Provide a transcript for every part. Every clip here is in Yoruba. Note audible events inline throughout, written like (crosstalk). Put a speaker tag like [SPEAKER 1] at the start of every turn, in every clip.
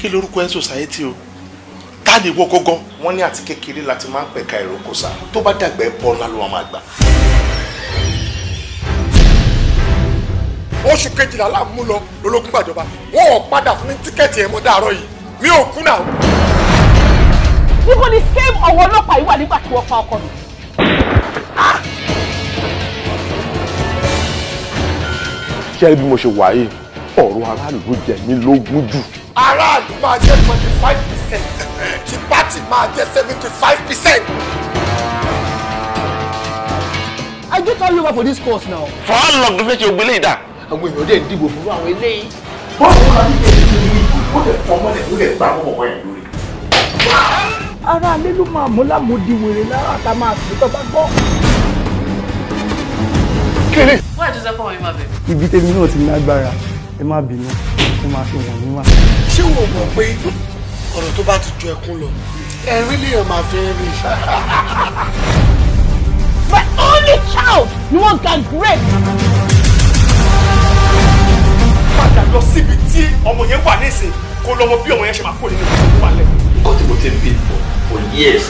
[SPEAKER 1] kí lorúkọ ẹ society o ta ni ìwọ gọgọ. wọ́n ní àti kékeré láti máa ń pẹ̀ka ìrókò sá tó bá dàgbà ẹ bọ́ ńlá ló máa gbà. oṣù kejìlá là lọ lológun gbàjọba wọn ò padà fún tíkẹ́ẹ̀tì ẹ̀mọ́ dàárọ̀ yìí mi ò kú náà. níbo ni same ọwọ́ ọlọ́pàá yìí wà nígbà tí wọ́n pa ọkọ mi. Ah! ṣé bí mo ṣe wà yìí ọ̀rọ̀ aráàlú ló jẹ mí lógún jù. aráàlú máa jẹ twenty five percent tí pátì máa jẹ seventy five percent. I just all over for this course now. For how long ló fẹ́ you ògbé lè dà? Àwọn èèyàn dẹ̀ ń dìbò fún àwọn eléyìí. Bọ́ọ̀lù máa ń tẹ̀lé ní ìlú, ó lè fọ́ mọ́lẹ̀ ló lè gbá àwọn yẹn lórí. Ara alẹ́ ló máa mú lámòdì wèrè lára ta máa sì tó gbọ́. Kí ni?
[SPEAKER 2] Wọ́n àti sẹ́kọ̀ọ́ mi máa bẹ̀rẹ̀.
[SPEAKER 1] Ibi tèmi náà ti lágbára ẹ má bínú ẹ má fi wọ̀n yín ṣé wo mọ̀ pé ọ̀rọ̀ tó bá ti ju ẹkún lọ ẹ̀rín lèèyàn máa fi ń rí my only child ni wọ́n ga grape. padà lọ síbi tí
[SPEAKER 3] ọmọ yẹn wà nísìnyí kó lọ́wọ́ bí ọmọ yẹn ṣe máa kó nínú ìlú wa lẹ́nu. ó ti mo ti ń bí for years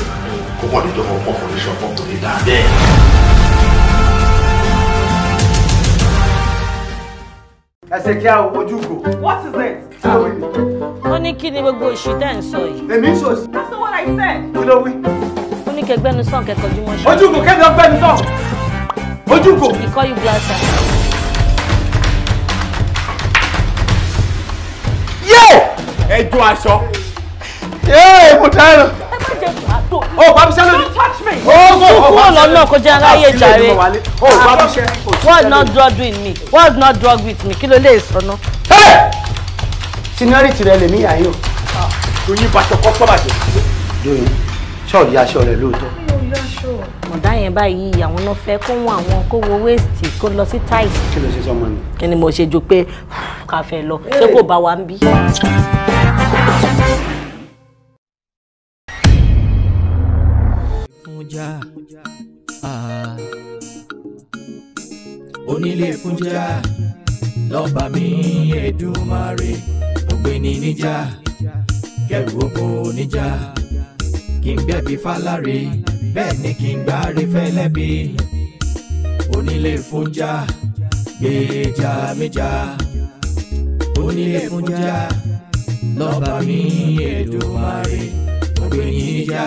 [SPEAKER 3] kó wà nítorí ọmọ foundation fún tòun dáadẹ́ẹ̀.
[SPEAKER 1] ẹsẹ̀ kí a ojú kò. what is it. kí ló
[SPEAKER 4] wí. ó ní kí ni gbogbo oṣù tẹ́ ń sọ yìí. èmi ń sọ sí. that's not what I said. kí ló wí. ó ní kẹgbẹ́nu sàn kẹkọ̀ọ́jú wọn ṣe. ojú kò kẹ́mi
[SPEAKER 1] ọgbẹ́ni sàn. ojú kò. he call you glasser. yóò. ẹ jó aṣọ. yéé mo dáná. Oh, babi sẹ lónìí. Oh, oh, oh, oh! lọ́nà kọjá aláyé jàre. o babi sẹ. word not drug with me word not drug with me kí ló lè sọ ná. seniority rẹ lèmi yà yín o. oyin bàtọ kọ pọ bàjẹ́. lóyún
[SPEAKER 5] ṣọ́ọ̀rì aṣọ rẹ lóòótọ́.
[SPEAKER 1] mọ̀dá yẹn báyìí ìyàwó náà fẹ́ kó wọn àwọn kó wo waste kó lọ sí tight. kí ló ṣe sọmọ mi. kí ni mo ṣe ju pé (sighs) ká fẹ́ lọ ṣé kò bá wa ń
[SPEAKER 2] bí.
[SPEAKER 6] fúnjà ah. onílé fúnjà lọ́ba mi Èdùmàrè ògbéni níjà kẹrù oko níjà kí n gbẹ̀bí fáláre bẹ́ẹ̀ ni kí n gbáre fẹ́lẹ́bí onílé fúnjà gbèjà méjà onílé fúnjà lọ́ba mi Èdùmàrè ògbéni níjà.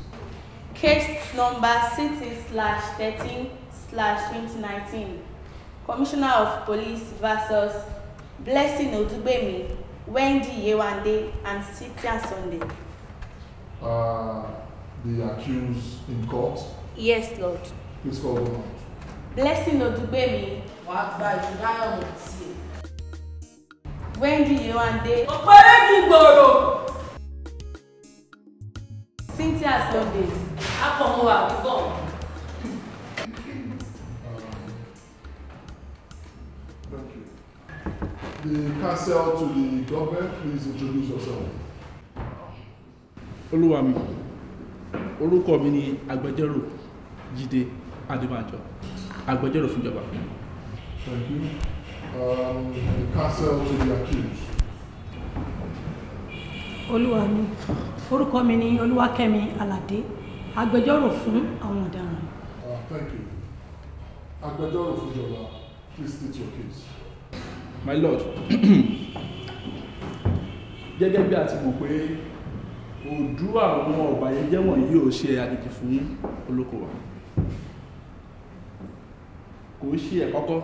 [SPEAKER 4] case number ct slash thirteen slash twenty nineteen commissioner of police versus
[SPEAKER 1] blessing odugbemi wendy yewande and cynthia sunday.
[SPEAKER 3] Uh, the accused in court.
[SPEAKER 1] yes lord. please call them out. blessing odugbemi. wàá gba ìdáyọ̀ mọ̀ tí. wendy yewande. ọ̀pọ̀ ẹ̀dùn gbòòrò.
[SPEAKER 4] cynthia sunday. Apọ̀ mo
[SPEAKER 3] The council to the government, please introduce yourself. Olúwa mi, orúkọ mi ni agbẹjọ́rò Jídé Adébánjọ, agbẹjọ́rò fúnjọba. Thank
[SPEAKER 7] you.
[SPEAKER 1] Um, the counsel to
[SPEAKER 3] the accused.
[SPEAKER 1] Olúwa mi, orúkọ mi ni Olúwakẹ́mi Aládé agbẹjọ́rò fún àwọn ọ̀daràn. Uh,
[SPEAKER 3] thank you agbẹjọ́rò fún ìjọba please state your case. my lord (clears throat) gẹ́gẹ́ bí a ti mọ̀ pé òdú àwọn ọ̀bàyéjẹ́ wọ̀nyí ò ṣe àjèjì fún olóko wa kò ṣe ẹ̀ kọ́kọ́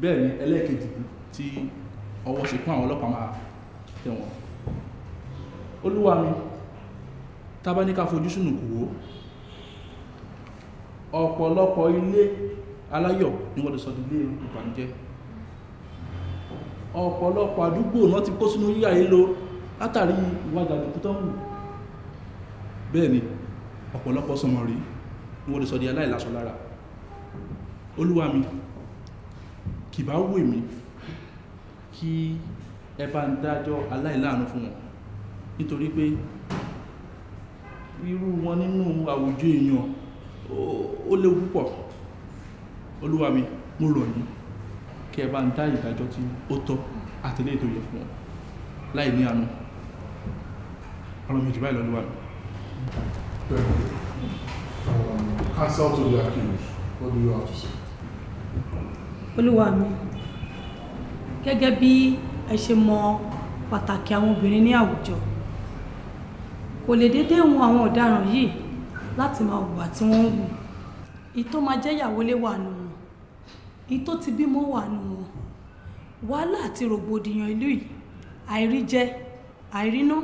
[SPEAKER 3] bẹ́ẹ̀ ni ẹlẹ́ẹ̀kejì tí ọwọ́ ṣe kún àwọn ọlọ́pàá máa tẹ̀wọ̀n olúwa mi tábá ní ká fojú sùnù kú wó ọ̀pọ̀lọpọ̀ ilé aláyọ̀ ní wọ́n ti sọ ilé ìbànújẹ́ ọ̀pọ̀lọpọ̀ àdúgbò náà ti kó sínú yíyà yìí lọ látàrí ìwà jàǹdùkú tó ń wù bẹ́ẹ̀ ni ọ̀pọ̀lọpọ̀ sọmọ rí ní wọ́n ti sọ di aláìláṣọ lára olúwa mi kì bá wù mí kí ẹ bá ń dájọ́ aláìláàánú fún wọn nítorí pé irú wọn nínú àwùjọ èèyàn ó léwu púpọ̀ olúwa mi mo rọ̀ yín kí ẹ bá ń dá ìdájọ́ tí ó tọ́ àtẹlẹ́yìn tó yẹ fún wọn láì ní àánú ọ̀rọ̀ mi jù báyìí lọ́lúwa mi. Counsel to
[SPEAKER 1] Olúwa mi, gẹ́gẹ́ bí ẹ ṣe mọ pàtàkì àwọn obìnrin ní àwùjọ kò lè déédéé hun àwọn ọ̀daràn yìí láti máa hùwà tí wọ́n ń hù ìtọ́ máa jẹ́ ìyàwó lé wà nù wọn ìtọ́ ti bímọ wà nù wọn wàhálà àti rògbòdìyàn ìlú yìí àìríjẹ àìríná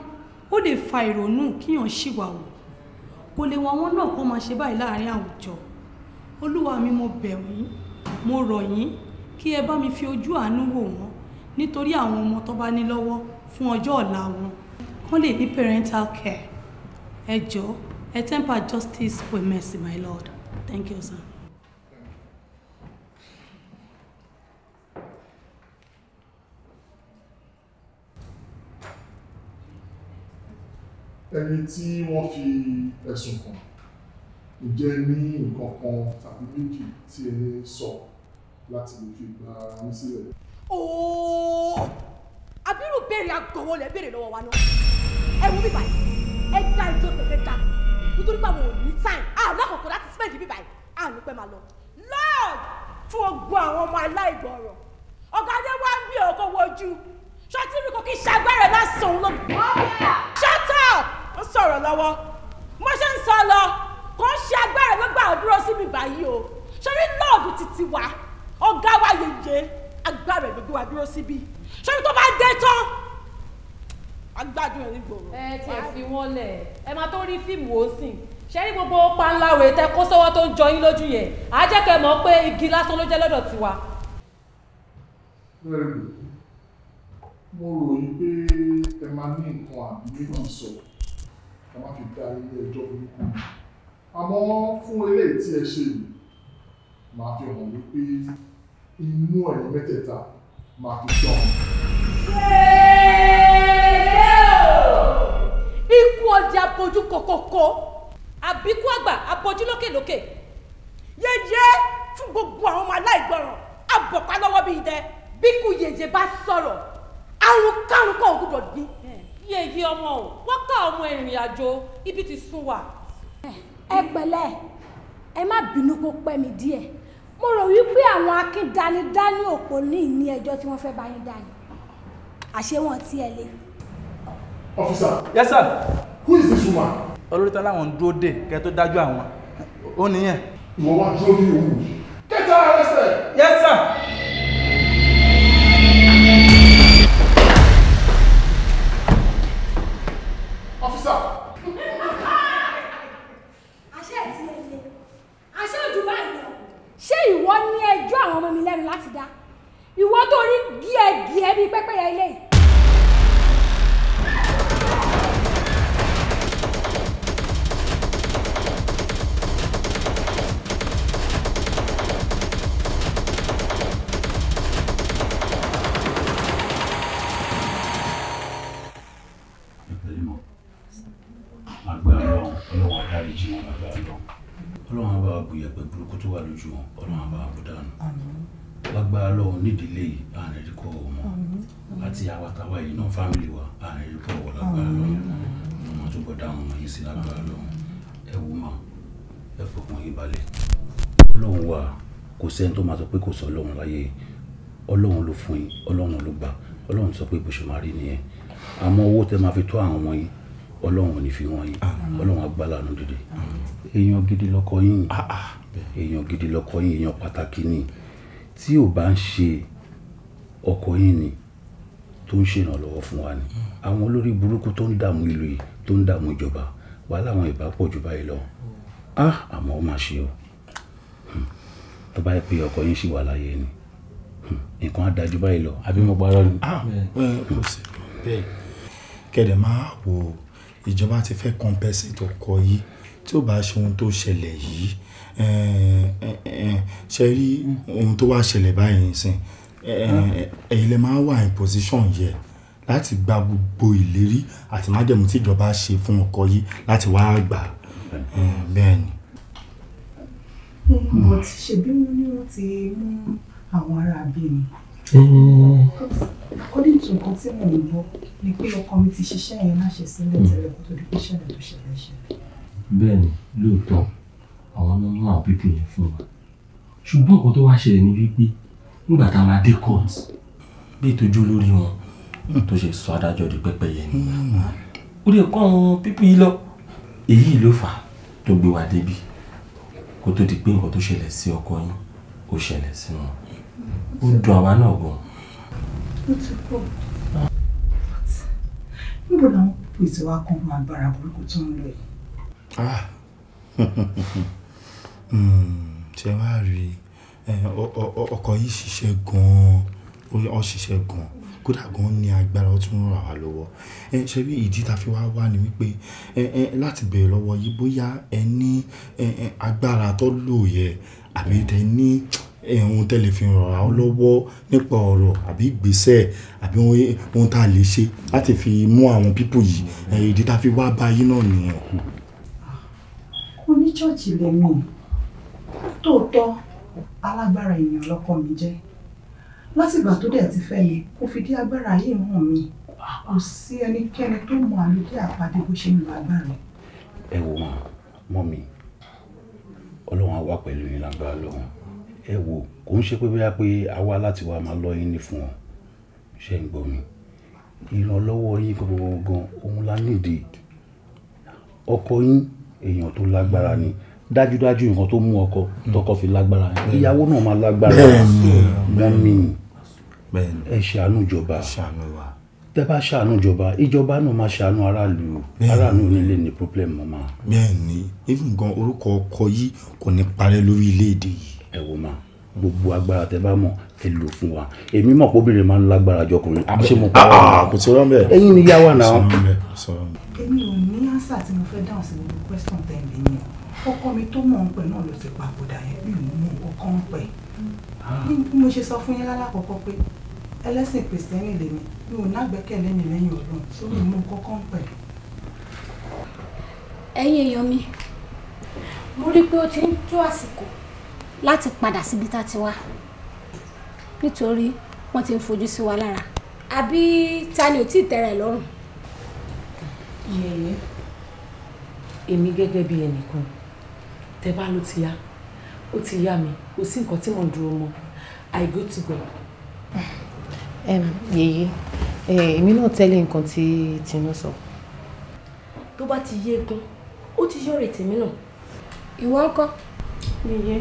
[SPEAKER 1] ó lè fa ìrònú kíyàn ṣìwà kò lè wọn àwọn náà kó máa ṣe báyìí láàrin àwùjọ olúwa mi mo bẹ̀ yín mo rọ̀ yín kí ẹ bá mi fi ojú àánú wò wọ́n nítorí àwọn ọmọ tó bá ní lọ́wọ́ fún ọjọ́ ọ̀la wọn kán lè ní parental care ẹ jọ̀ọ́ ẹ temper justice with mercy my lord thank you sir. ẹni tí wọ́n fi ẹ̀sùn kàn ǹjẹ́ ní nǹkan kan tàbí méjì tí ẹni sọ láti lè fi gba ẹni sílẹ̀.
[SPEAKER 4] ooo àbírù béèrè àgọ́wọ́ lẹ béèrè lọ́wọ́ wa náà ẹ wú bíbáyìí
[SPEAKER 1] nítorí pé àwọn ò ní time alákòókò láti spend bíbá yìí à ní pẹ́ máa lọ. lord fún ogun àwọn ọmọ aláìgbọràn ọ̀gá adé wá
[SPEAKER 4] ń bí òkò wojú ṣọtí mi kò kí ṣàgbára lásán òun ló gbọ́. shut up ó sọ̀rọ̀ lọ́wọ́ mo ṣe ń sọ lọ kò ń ṣe agbára gbogbo àdúró síbi
[SPEAKER 1] báyìí o ṣorí lord títí wa ọ̀gá wa yeye agbára gbogbo àdúró síbi ṣorí tó bá dé tán agbádùn ẹ̀ nígboro. ẹ tiẹ̀
[SPEAKER 4] fi wọ́n lẹ̀ ẹ máa tó rí fíìmù wò ó sìn ṣe rí gbogbo panláwe tẹ kó sọ́wọ́ tó ń jọ yín lójú yẹn
[SPEAKER 1] á jẹ́ kẹ́ mọ̀ pé igi lásán ló jẹ́ lọ́dọ̀ tiwa.
[SPEAKER 3] mo rò yí pé ẹ máa ní nǹkan àbí nígbà sọ ẹ má fi dá ilé ẹjọ́ burúkú àmọ́ fún eléyìí tí ẹ ṣe yìí máa fi hàn wípé inú ẹ̀yin mẹ́tẹ̀ẹ̀ta máa fi sọ
[SPEAKER 4] ikú ọdẹ abojú kokoko àbíkú àgbà abojú lókèlókè yeye fún gbogbo àwọn ọmọ aláìgbọràn àbọ̀pá lọ́wọ́ bíi dẹ bíkú yeye
[SPEAKER 1] bá sọ̀rọ̀ àrùn kárùn kan ògùdọ̀ gbin. yeye ọmọ o wọ́n ká ọmọ ìrìn àjò ibi ti sún wa. ẹ pẹ̀lẹ́ ẹ má bínú kó pẹ́ mi díẹ̀ mo rò wípé àwọn akíndánidání òpó ní ìní ẹjọ́ tí wọ́n fẹ́ bá yín dání àṣé wọn tiẹ̀ lé
[SPEAKER 3] officer. yes sir. who is this woman. olórí tán láwọn ń dúró dè kẹ tó dájú àwọn ó nìyẹn. ìwọ
[SPEAKER 1] wá dúró ní òwú.
[SPEAKER 4] get her arrested. yes sir.
[SPEAKER 2] officer. àṣẹ ẹ̀tí ẹ̀yẹ àṣẹ òjò
[SPEAKER 4] báyìí lọ ṣé ìwọ ní ẹjọ́ àwọn ọmọ mi lẹ́nu láti dá ìwọ tó rí gíẹ̀gíẹ̀ bíi pẹ́pẹ́yà ilé yìí
[SPEAKER 5] ọlọ́run àbá wa bùyẹ̀ pé burúkú tó wà lójú wọn ọlọ́run àbá wa bù dànù lágbára lọ́wọ́ nídìílé yìí àárín ẹ̀rí kọ́ ọmọ àti àwàtàwà yìí náà fámìlì wa àárín
[SPEAKER 2] ẹ̀rí kọ́ ọwọ́ lágbára lọ́wọ́
[SPEAKER 5] ọmọ tó gbọ́dọ̀ àwọn ọmọ yìí sí lágbára lọ́wọ́ ẹ wù mà ẹ fọkàn yìí balẹ̀ ọlọ́run wa kò sẹ́ni tó máa sọ pé kò sọ ọlọ́run láyé ọlọ́run ló fún yín ọlọ́run ló gbà ọlọ́run sọ pé bó ṣe máa rí nìyẹn àmọ́ owó tẹ máa fi tó àwọn ọmọ yín ọlọ́run ò ní fi wọ́n yín ọlọ́run á gbà èèyàn gidi lọkọ yín ah, ah, èèyàn gidi lọkọ yín èèyàn pàtàkì ni tí ò bá ń ṣe ọkọ yín ni tó ń ṣèrànlọ́wọ́ fún wa ni hmm. àwọn olórí burúkú tó ń dààmú ìlú yìí tó ń dààmú ìjọba wà láwọn ìbá pọ̀ jù báyìí lọ hmm. ah àmọ́ ó mà ṣe o hmm. tó bá yẹ pé ọkọ yín ṣì wà láyé ni nǹkan á dájú báyìí lọ àbí
[SPEAKER 7] mo parọ́ ni. Ah, kẹ̀dẹ̀ máa wo ìjọba ti fẹ́ compensate ọkọ yìí tí ò bá ṣe ohun tó ṣẹlẹ̀ yìí eh, eh, eh, ṣe rí ohun tó wá ṣẹlẹ̀ báyìí nìsín ẹ̀yin lè máa wà in position yẹ láti gba gbogbo ìlérí àti májẹ̀mú tí ìjọba ṣe fún ọkọ yìí láti wá gbà bẹ́ẹ̀ ni.
[SPEAKER 1] mo ti ṣèbí mo ní wọ́n ti mú àwọn ará bí mi
[SPEAKER 2] mm.
[SPEAKER 1] according to nǹkan tí mò ń gbọ́ ni pé ọkọ mi ti ṣiṣẹ́ yẹn láṣẹ sílẹ̀ tẹ́lẹ̀ kó tó di
[SPEAKER 2] pé ṣẹlẹ̀ tó ṣẹlẹ̀ ṣẹlẹ̀
[SPEAKER 5] bẹ́ẹ̀ ni lóòótọ́ àwọn náà mú àwọn pípé yẹn fún wa ṣùgbọ́n nǹkan tó wá ṣẹlẹ̀ ni wípé nígbà tá a máa dé court bí ìtọ́jú olórí wọn hmm. tó ṣe sọ adájọ́ di pẹ́pẹ́yẹ ni hmm.
[SPEAKER 1] ó lè kọ́ àwọn pípé yìí lọ
[SPEAKER 5] èyí ló fà á tó gbé wa débi kó tó di pé nǹkan tó ṣẹlẹ̀ sí ọkọ yín ó ṣẹlẹ̀ sí wọn ó dùn àwa náà gan.
[SPEAKER 1] níbo làwọn pípé ti kan fún agbára burúkú tó ń lọ yìí.
[SPEAKER 2] Ah. (laughs) Hmm,
[SPEAKER 7] ṣé wàá rí ọkọ̀ yìí ṣiṣẹ́ gan-an ó ṣiṣẹ́ gan-an kódà gan-an ní agbára ó tún ràn lọ́wọ́ ṣé bí ìdí tá fi wá wá ni wípé láti bèrè lọ́wọ́ yìí bóyá ẹ agbára tó lò yẹ àbí tẹ ní ohun tẹ́ fi ràn án lọ́wọ́ nípa ọ̀rọ̀ àbí ìgbésẹ̀ àbí ohun tá a lè ṣe láti fi mú àwọn pípò yìí ìdí tá fi wá bá náà nìyẹn
[SPEAKER 1] oníṣọ́ọ̀ṣì lèmi tóòtọ́ alágbára èèyàn lọ́kọ mi jẹ́ látìgbà tó dẹ̀ ti fẹ́ mi kò fi dé agbára yìí hàn mí kò sí ẹnikẹ́ni tó mọ àlùdí àpàdé bó ṣe ń
[SPEAKER 2] lo agbára.
[SPEAKER 5] ẹ wo wọn mọ mi ọlọ́run á wà pẹ̀lú yín lágbára lọ́hùn ẹ wo kò ń ṣe pé bóyá pé àwa láti wá máa lọ yín ní fún ọ ṣe ń gbọ́ mi ìrànlọ́wọ́ yín gbogbo gan òun la nídìí ọkọ yín èèyàn tó lágbára ni dájúdájú nǹkan tó mú ọkọ hmm. tọkọ fi lágbára yẹn ìyàwó náà máa lágbára wọn mi ẹ ṣàánú ìjọba tẹ bá ṣàánú ìjọba ìjọba náà máa ṣàánú aráàlú aráàlú nílé ní problem mọ́ máa.
[SPEAKER 7] bẹ́ẹ̀ni even gan orúkọ ọkọ yìí kò ní parẹ́ lórí
[SPEAKER 5] ilé èdè yìí. ẹ wo ma gbogbo agbára tẹ bá mọ̀ ẹ lò fún wa èmi mọ̀ pé obìnrin máa ń lágbára jọ ọkùnrin àmọ́ ṣé mo pa ah, ọ́ ah, kò sí ọ̀rọ̀ bẹ́ẹ̀ ẹ̀yin ni yàwá náà.
[SPEAKER 2] èmi ò ní
[SPEAKER 1] ánsà tí mo fẹ́ dáhùn sí gbogbo question tẹ̀ mí yẹn ọkọ mi tó mọ̀ ń pẹ̀ náà ló ti papòdà yẹn mi ò mọ̀ ọkọ ń pẹ̀ bí ah. mo ṣe sọ fún yín lálákọ̀ọ́kọ́ pé ẹlẹ́sìn kìrìsìtẹ́nì lèmi mi ò nágbẹ́kẹ̀lé mi lẹ́yìn ọlọ́run tó mi mú kọ́kọ́ ń pẹ̀. ẹ̀yin èèyàn mi mo rí i pé ó ti ń tó àsìkò láti padà síbi tá a ti wá nítorí wọ́n ti ń fojú sí wa lára àbí ta ni ò tí ì tẹ́ra lọ́rùn. yẹ̀yẹ́ èmi gẹ́gẹ́ bí ẹnìkan tẹ bá ló ti yá ó ti yá mi kò sí nǹkan tí mò ń dúró mọ́ i go to go. yèyé èmi náà tẹ́lẹ̀ nǹkan tí tìǹbù sọ. tó bá ti yé egun ó ti yọ̀rẹ̀ tèmi náà ìwọ ń kọ́. yèyé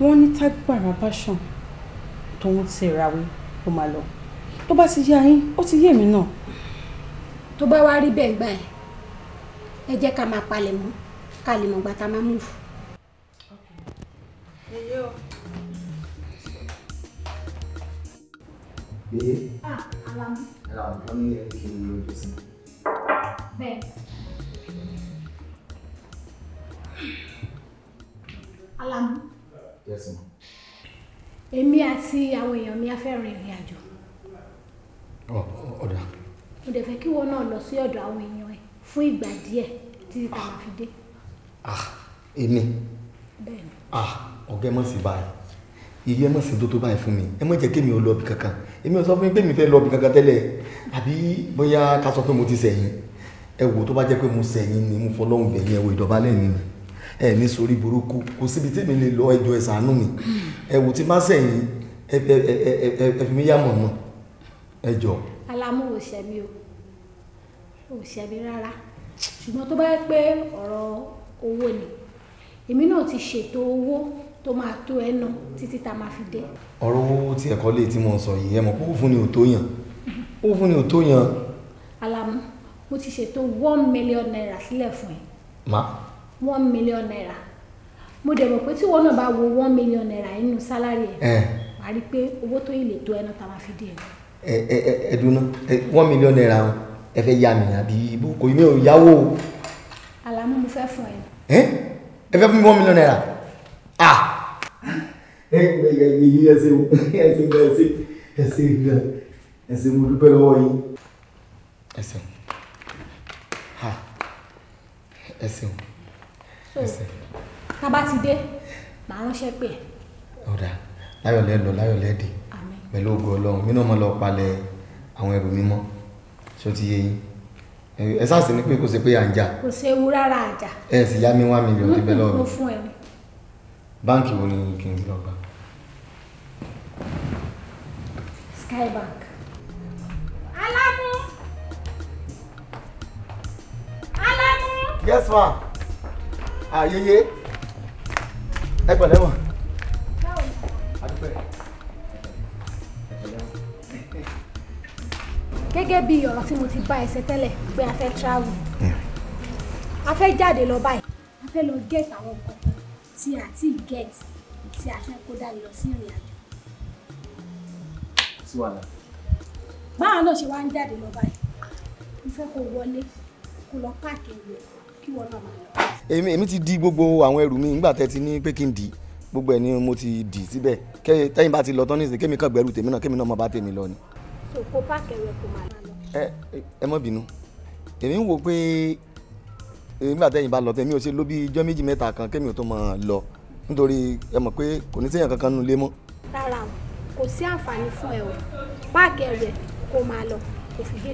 [SPEAKER 1] wọ́n ní tágbàrá bá ṣàn tó ń ṣèrawé ó máa lọ tó bá ti yá yín ó ti yé mi náà. tó bá wá rí bẹ́ẹ̀ gbà ẹ́ ẹ jẹ́ ká máa palẹ̀ mọ́ ká lè mọ̀gbà tá a máa múfù. Ah, Alamu. Yes, ma'am èmi àti àwọn èèyàn mi á fẹ́ rin ìrìn àjò. ọ̀dà. mo dẹ̀ fẹ́ kí wọn náà lọ sí ọ̀dọ̀ àwọn èèyàn
[SPEAKER 2] ẹ̀ fún ìgbà díẹ̀ títí tá a máa fi dé.
[SPEAKER 7] ah, ah èmi. bẹ́ẹ̀ni. ah ọ̀gá ẹ mọ̀ sí báyìí iye ẹ mọ̀ sí dótó báyìí fún mi ẹ mọ̀ jẹ́ kémi ò lọ ibì kankan
[SPEAKER 1] èmi ò sọ fún mi pé mi fẹ́ lọ ibì kankan tẹ́lẹ̀ àbí bóyá ká sọ pé mo ti sẹ̀yìn ẹ wò tó bá jẹ́ pé mo sẹ̀yìn ni mo fọlọ́hùn bẹ̀yìn ẹ wò ìdọ̀bálẹ̀ mi ẹ ní sórí burúkú kò síbi tí mi lè lọ ẹjọ́ ẹ ṣàánú mi ẹ wò tí má sẹ́yìn ẹ ẹ ẹ ẹ fi mí
[SPEAKER 7] yá mọ̀ náà ẹ jọ.
[SPEAKER 2] Alamu ò ṣẹ̀bi o ò ṣẹ̀bi
[SPEAKER 1] rárá ṣùgbọ́n tó bá yẹ pé ọ̀rọ̀ owó ni èmi náà ti ṣètò owó tó máa tó ẹ náà títí tá a máa fi dé.
[SPEAKER 7] ọ̀rọ̀ owó tí ẹ̀kọ́ lè tí mo sọ yìí ẹ mọ̀ pé fún ni ò tó yàn ó fún ni ò tó yàn.
[SPEAKER 1] Alamu mo ti ṣètò one million naira sílẹ̀ fún ẹ. ma one million naira mo dẹ̀ mọ̀ pé tí wọn náà bá wo one million naira nínú sálárì ẹ̀ wàá rí i pé owó tó yìí lè tó ẹnu tá a máa fi dé ẹ̀. ẹ ẹ ẹ ẹ dunu one million naira ẹ fẹ́ yá mi àbí ibo kò ní ìyàwó. àlámú mo fẹ́ fún ẹ. ẹ ẹ fẹ́ fún mi one million naira ah
[SPEAKER 7] ẹ ẹ ẹ ẹ ṣe ẹ ṣe ẹ ṣe ẹ ṣe ẹ ṣe mo dúpẹ́ lọ́wọ́ yín. ẹ ṣeun ẹ ṣeun
[SPEAKER 1] so tá a bá ti dé
[SPEAKER 2] màá ránṣẹ́ pé ẹ̀.
[SPEAKER 7] ọ̀dà láyọ̀lẹ́ lọ láyọ̀lẹ́ dé pẹ̀lú ògo ọlọ́run mí náà mọ́ lọ palẹ̀ àwọn ẹrù mímọ́ ṣó ti yé yín ẹ sáàsì ni pé kò sí
[SPEAKER 1] pé à ń jà kò sí ewu rárá àjà ẹ sì yá mi wá mi lòdì bẹ́ẹ̀ lọ́wọ́ mi fún ẹ ni báǹkì wo ni kì í lọ gbà.
[SPEAKER 4] Skybank. Alamu!
[SPEAKER 1] Alamu! Yes, ma àyèyè ẹ pẹ̀lẹ́ wọn.
[SPEAKER 4] gẹ́gẹ́ bí ọ̀rọ̀ tí mo ti bá ẹsẹ̀ tẹ́lẹ̀ pé a fẹ́ travel
[SPEAKER 1] a fẹ́ jáde lọ báyìí a fẹ́ lọ get àwọn nǹkan tí a ti get tí a fẹ́ kó dání lọ sí ìrìn àjò. sí wàhálà. báwa náà ṣe wá ń jáde lọ báyìí mo fẹ́ kó wọlé
[SPEAKER 2] kó lọ káàkiri rẹ̀ kí wọ́n náà máa lọ
[SPEAKER 1] èmi èmi ti di gbogbo àwọn ẹrù mi nígbà tẹ́ ti ní pé kí n dì í gbogbo ẹ̀ ni mo ti dì í síbẹ̀ kẹ́ tẹ́yìn bá ti lọ tán nísìnyí kémi kàn gbẹ́rù tèmi náà kémi náà mọ bá tèmi lọ ni.
[SPEAKER 2] so kó páàkì ẹ̀rọ kò máa lọ.
[SPEAKER 1] ẹ ẹ mọ bínú èmi ń wo pé nígbà tẹ́yìn bá lọ tẹ́mi ò ṣe ló bí ijọ́ méjì mẹ́ta kan kémi ò tó máa lọ nítorí ẹ mọ̀ pé kò ní séèyàn kankan nù lé mọ́. rárá o kò sí àǹfààní fún ẹ o páàkì ẹ̀rọ kò máa lọ kò fi gé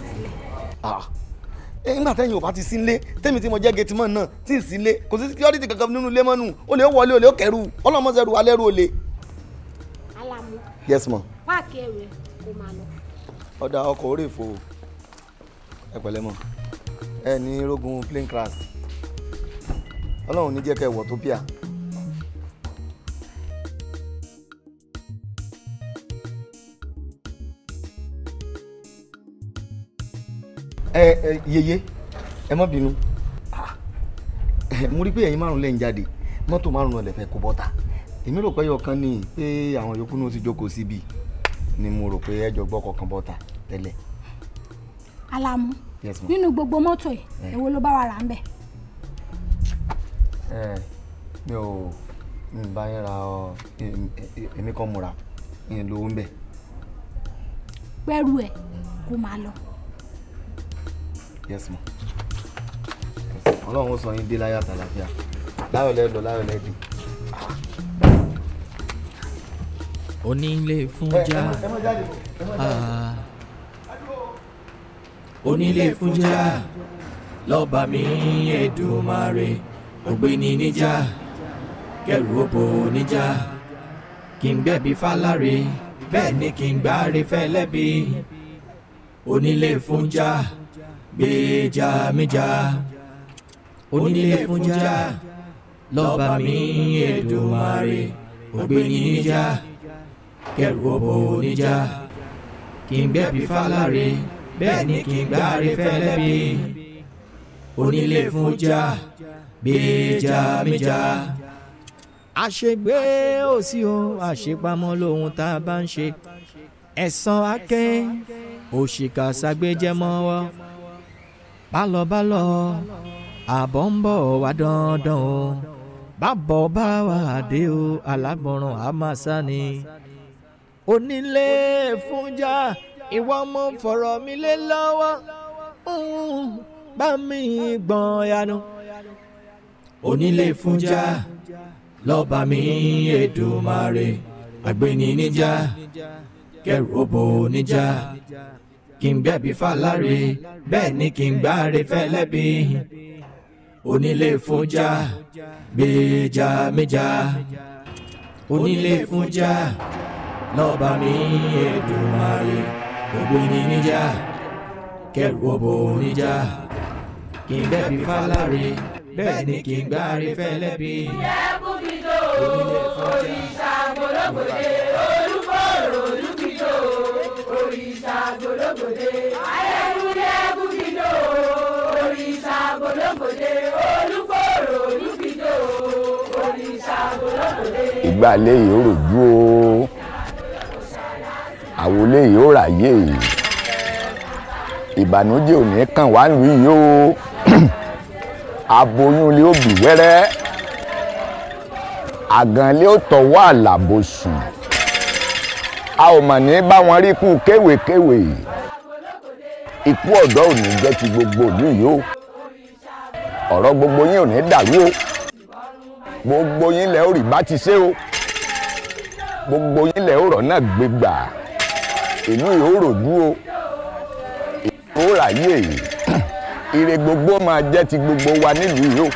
[SPEAKER 1] nígbà tẹ́yìn ò bá ti sí ilé tẹ́mi tí mo jẹ́ gẹ̀tìmọ̀ náà tí ì sí ilé kò sí security kankan nínú ilé mọ́nù olè ó wọlé olè ó kẹrù ọlọ́mọṣẹ́rù alẹ́rù olè. alamu yes ma. páàkì ẹrù kò máa lọ. ọ̀dà ọkọ̀ orí èfò ẹ mọ̀ ẹ ní rogun plane crash ọlọ́run ní jẹ́ kẹ́ wọ̀ tó bíà yeye ẹ má bínú ah, eh, mo rí pé ẹ̀yin márùn lẹ́yìn jáde mọ́tò márùn náà lè fẹ́ kó bọ́ta èmi rò pé ọ̀kan ni pé àwọn yòókù náà ti jókòó síbi ni mo rò ẹjọ gbọ́ bọ́ta Alamu nínú gbogbo mọ́tò yìí eh. èwo ló bá wa rà ń bẹ̀. ẹ eh, mi ò
[SPEAKER 7] bá ra ọ èmi kan
[SPEAKER 1] yes ma ọlọ́run sọ yín dé láyà tàlàfíà láyọ̀ lẹ́dọ̀ láyọ̀ lẹ́dì.
[SPEAKER 6] onílé fúnjà
[SPEAKER 2] onílé ah. fúnjà
[SPEAKER 6] lọ́ba mi Èdùmàrè ògbéni níjà kẹrù òbò níjà kí n gbẹ̀bí fáláre bẹ́ẹ̀ ni kí n gbáre fẹ́lẹ́bí onílé fúnjà gbèjà méjà onílé fúnjà lọ́ba mi Èdùmàrè ògbéni níjà kẹrù ọbọ oníjà
[SPEAKER 2] kì í gbẹ̀bí fáláre bẹ́ẹ̀ ni kì í gbáre fẹ́lẹ́bí onílé fúnjà gbèjà méjà.
[SPEAKER 6] àṣegbé ò sí o àṣepamọ́ lóhun tá a bá ń ṣe ẹ̀san akẹ́ òṣìkà ságbéjẹ́mọ́wọ́ bálọbálọ àbọ̀ ń bọ̀ wá dandan o bábọ̀ bá wà dé o alágbọ̀nràn àmàṣà ni onílé fúnjà ìwọ mọ fọ̀rọ̀ mi lé lọ́wọ́ bá mi gbọ̀n yanu onílé fúnjà lọ́ba mi Èdùmàrè àgbéni níjà kẹrù òbò níjà kí n gbẹ̀bí fàlàrí bẹ́ẹ̀ ni kí n gbáre fẹ́lẹ́bí onílé fúnjà gbèjà méjà onílé fúnjà lọ́ba mi Èdùmàrè ògbéni níjà kẹrù ọbọ níjà kí n gbẹ̀bí fàlàrí bẹ́ẹ̀ ni kì í gbáre fẹ́lẹ́bí. ìyá
[SPEAKER 2] kúbi tó
[SPEAKER 4] o òrìṣà ìgbà
[SPEAKER 1] léyìí ó ròjú o àwo léyìí ó ràyè ìbànújẹ́ òní kàn wá lù yìí o (clears throat) aboyún lé ó bì wẹ́rẹ́ àgàn lé ó tọ̀wọ́ àlàbò sùn a ò mà ní bá wọn rí kú kéwèkéwè ikú ọ̀dọ́ ò ní jẹ́ ti gbogbo ìlú yìí o ọ̀rọ̀ gbogbo yín ò dàrú o gbogbo yín lẹ́ ò rí bá ti ṣe o gbogbo yín lẹ́ ò rọ̀ náà gbé gbà ìlú ìhòòrò dúró ìhòòrà yìí (clears throat) ire gbogbo máa jẹ́ ti gbogbo wa nílùú yìí o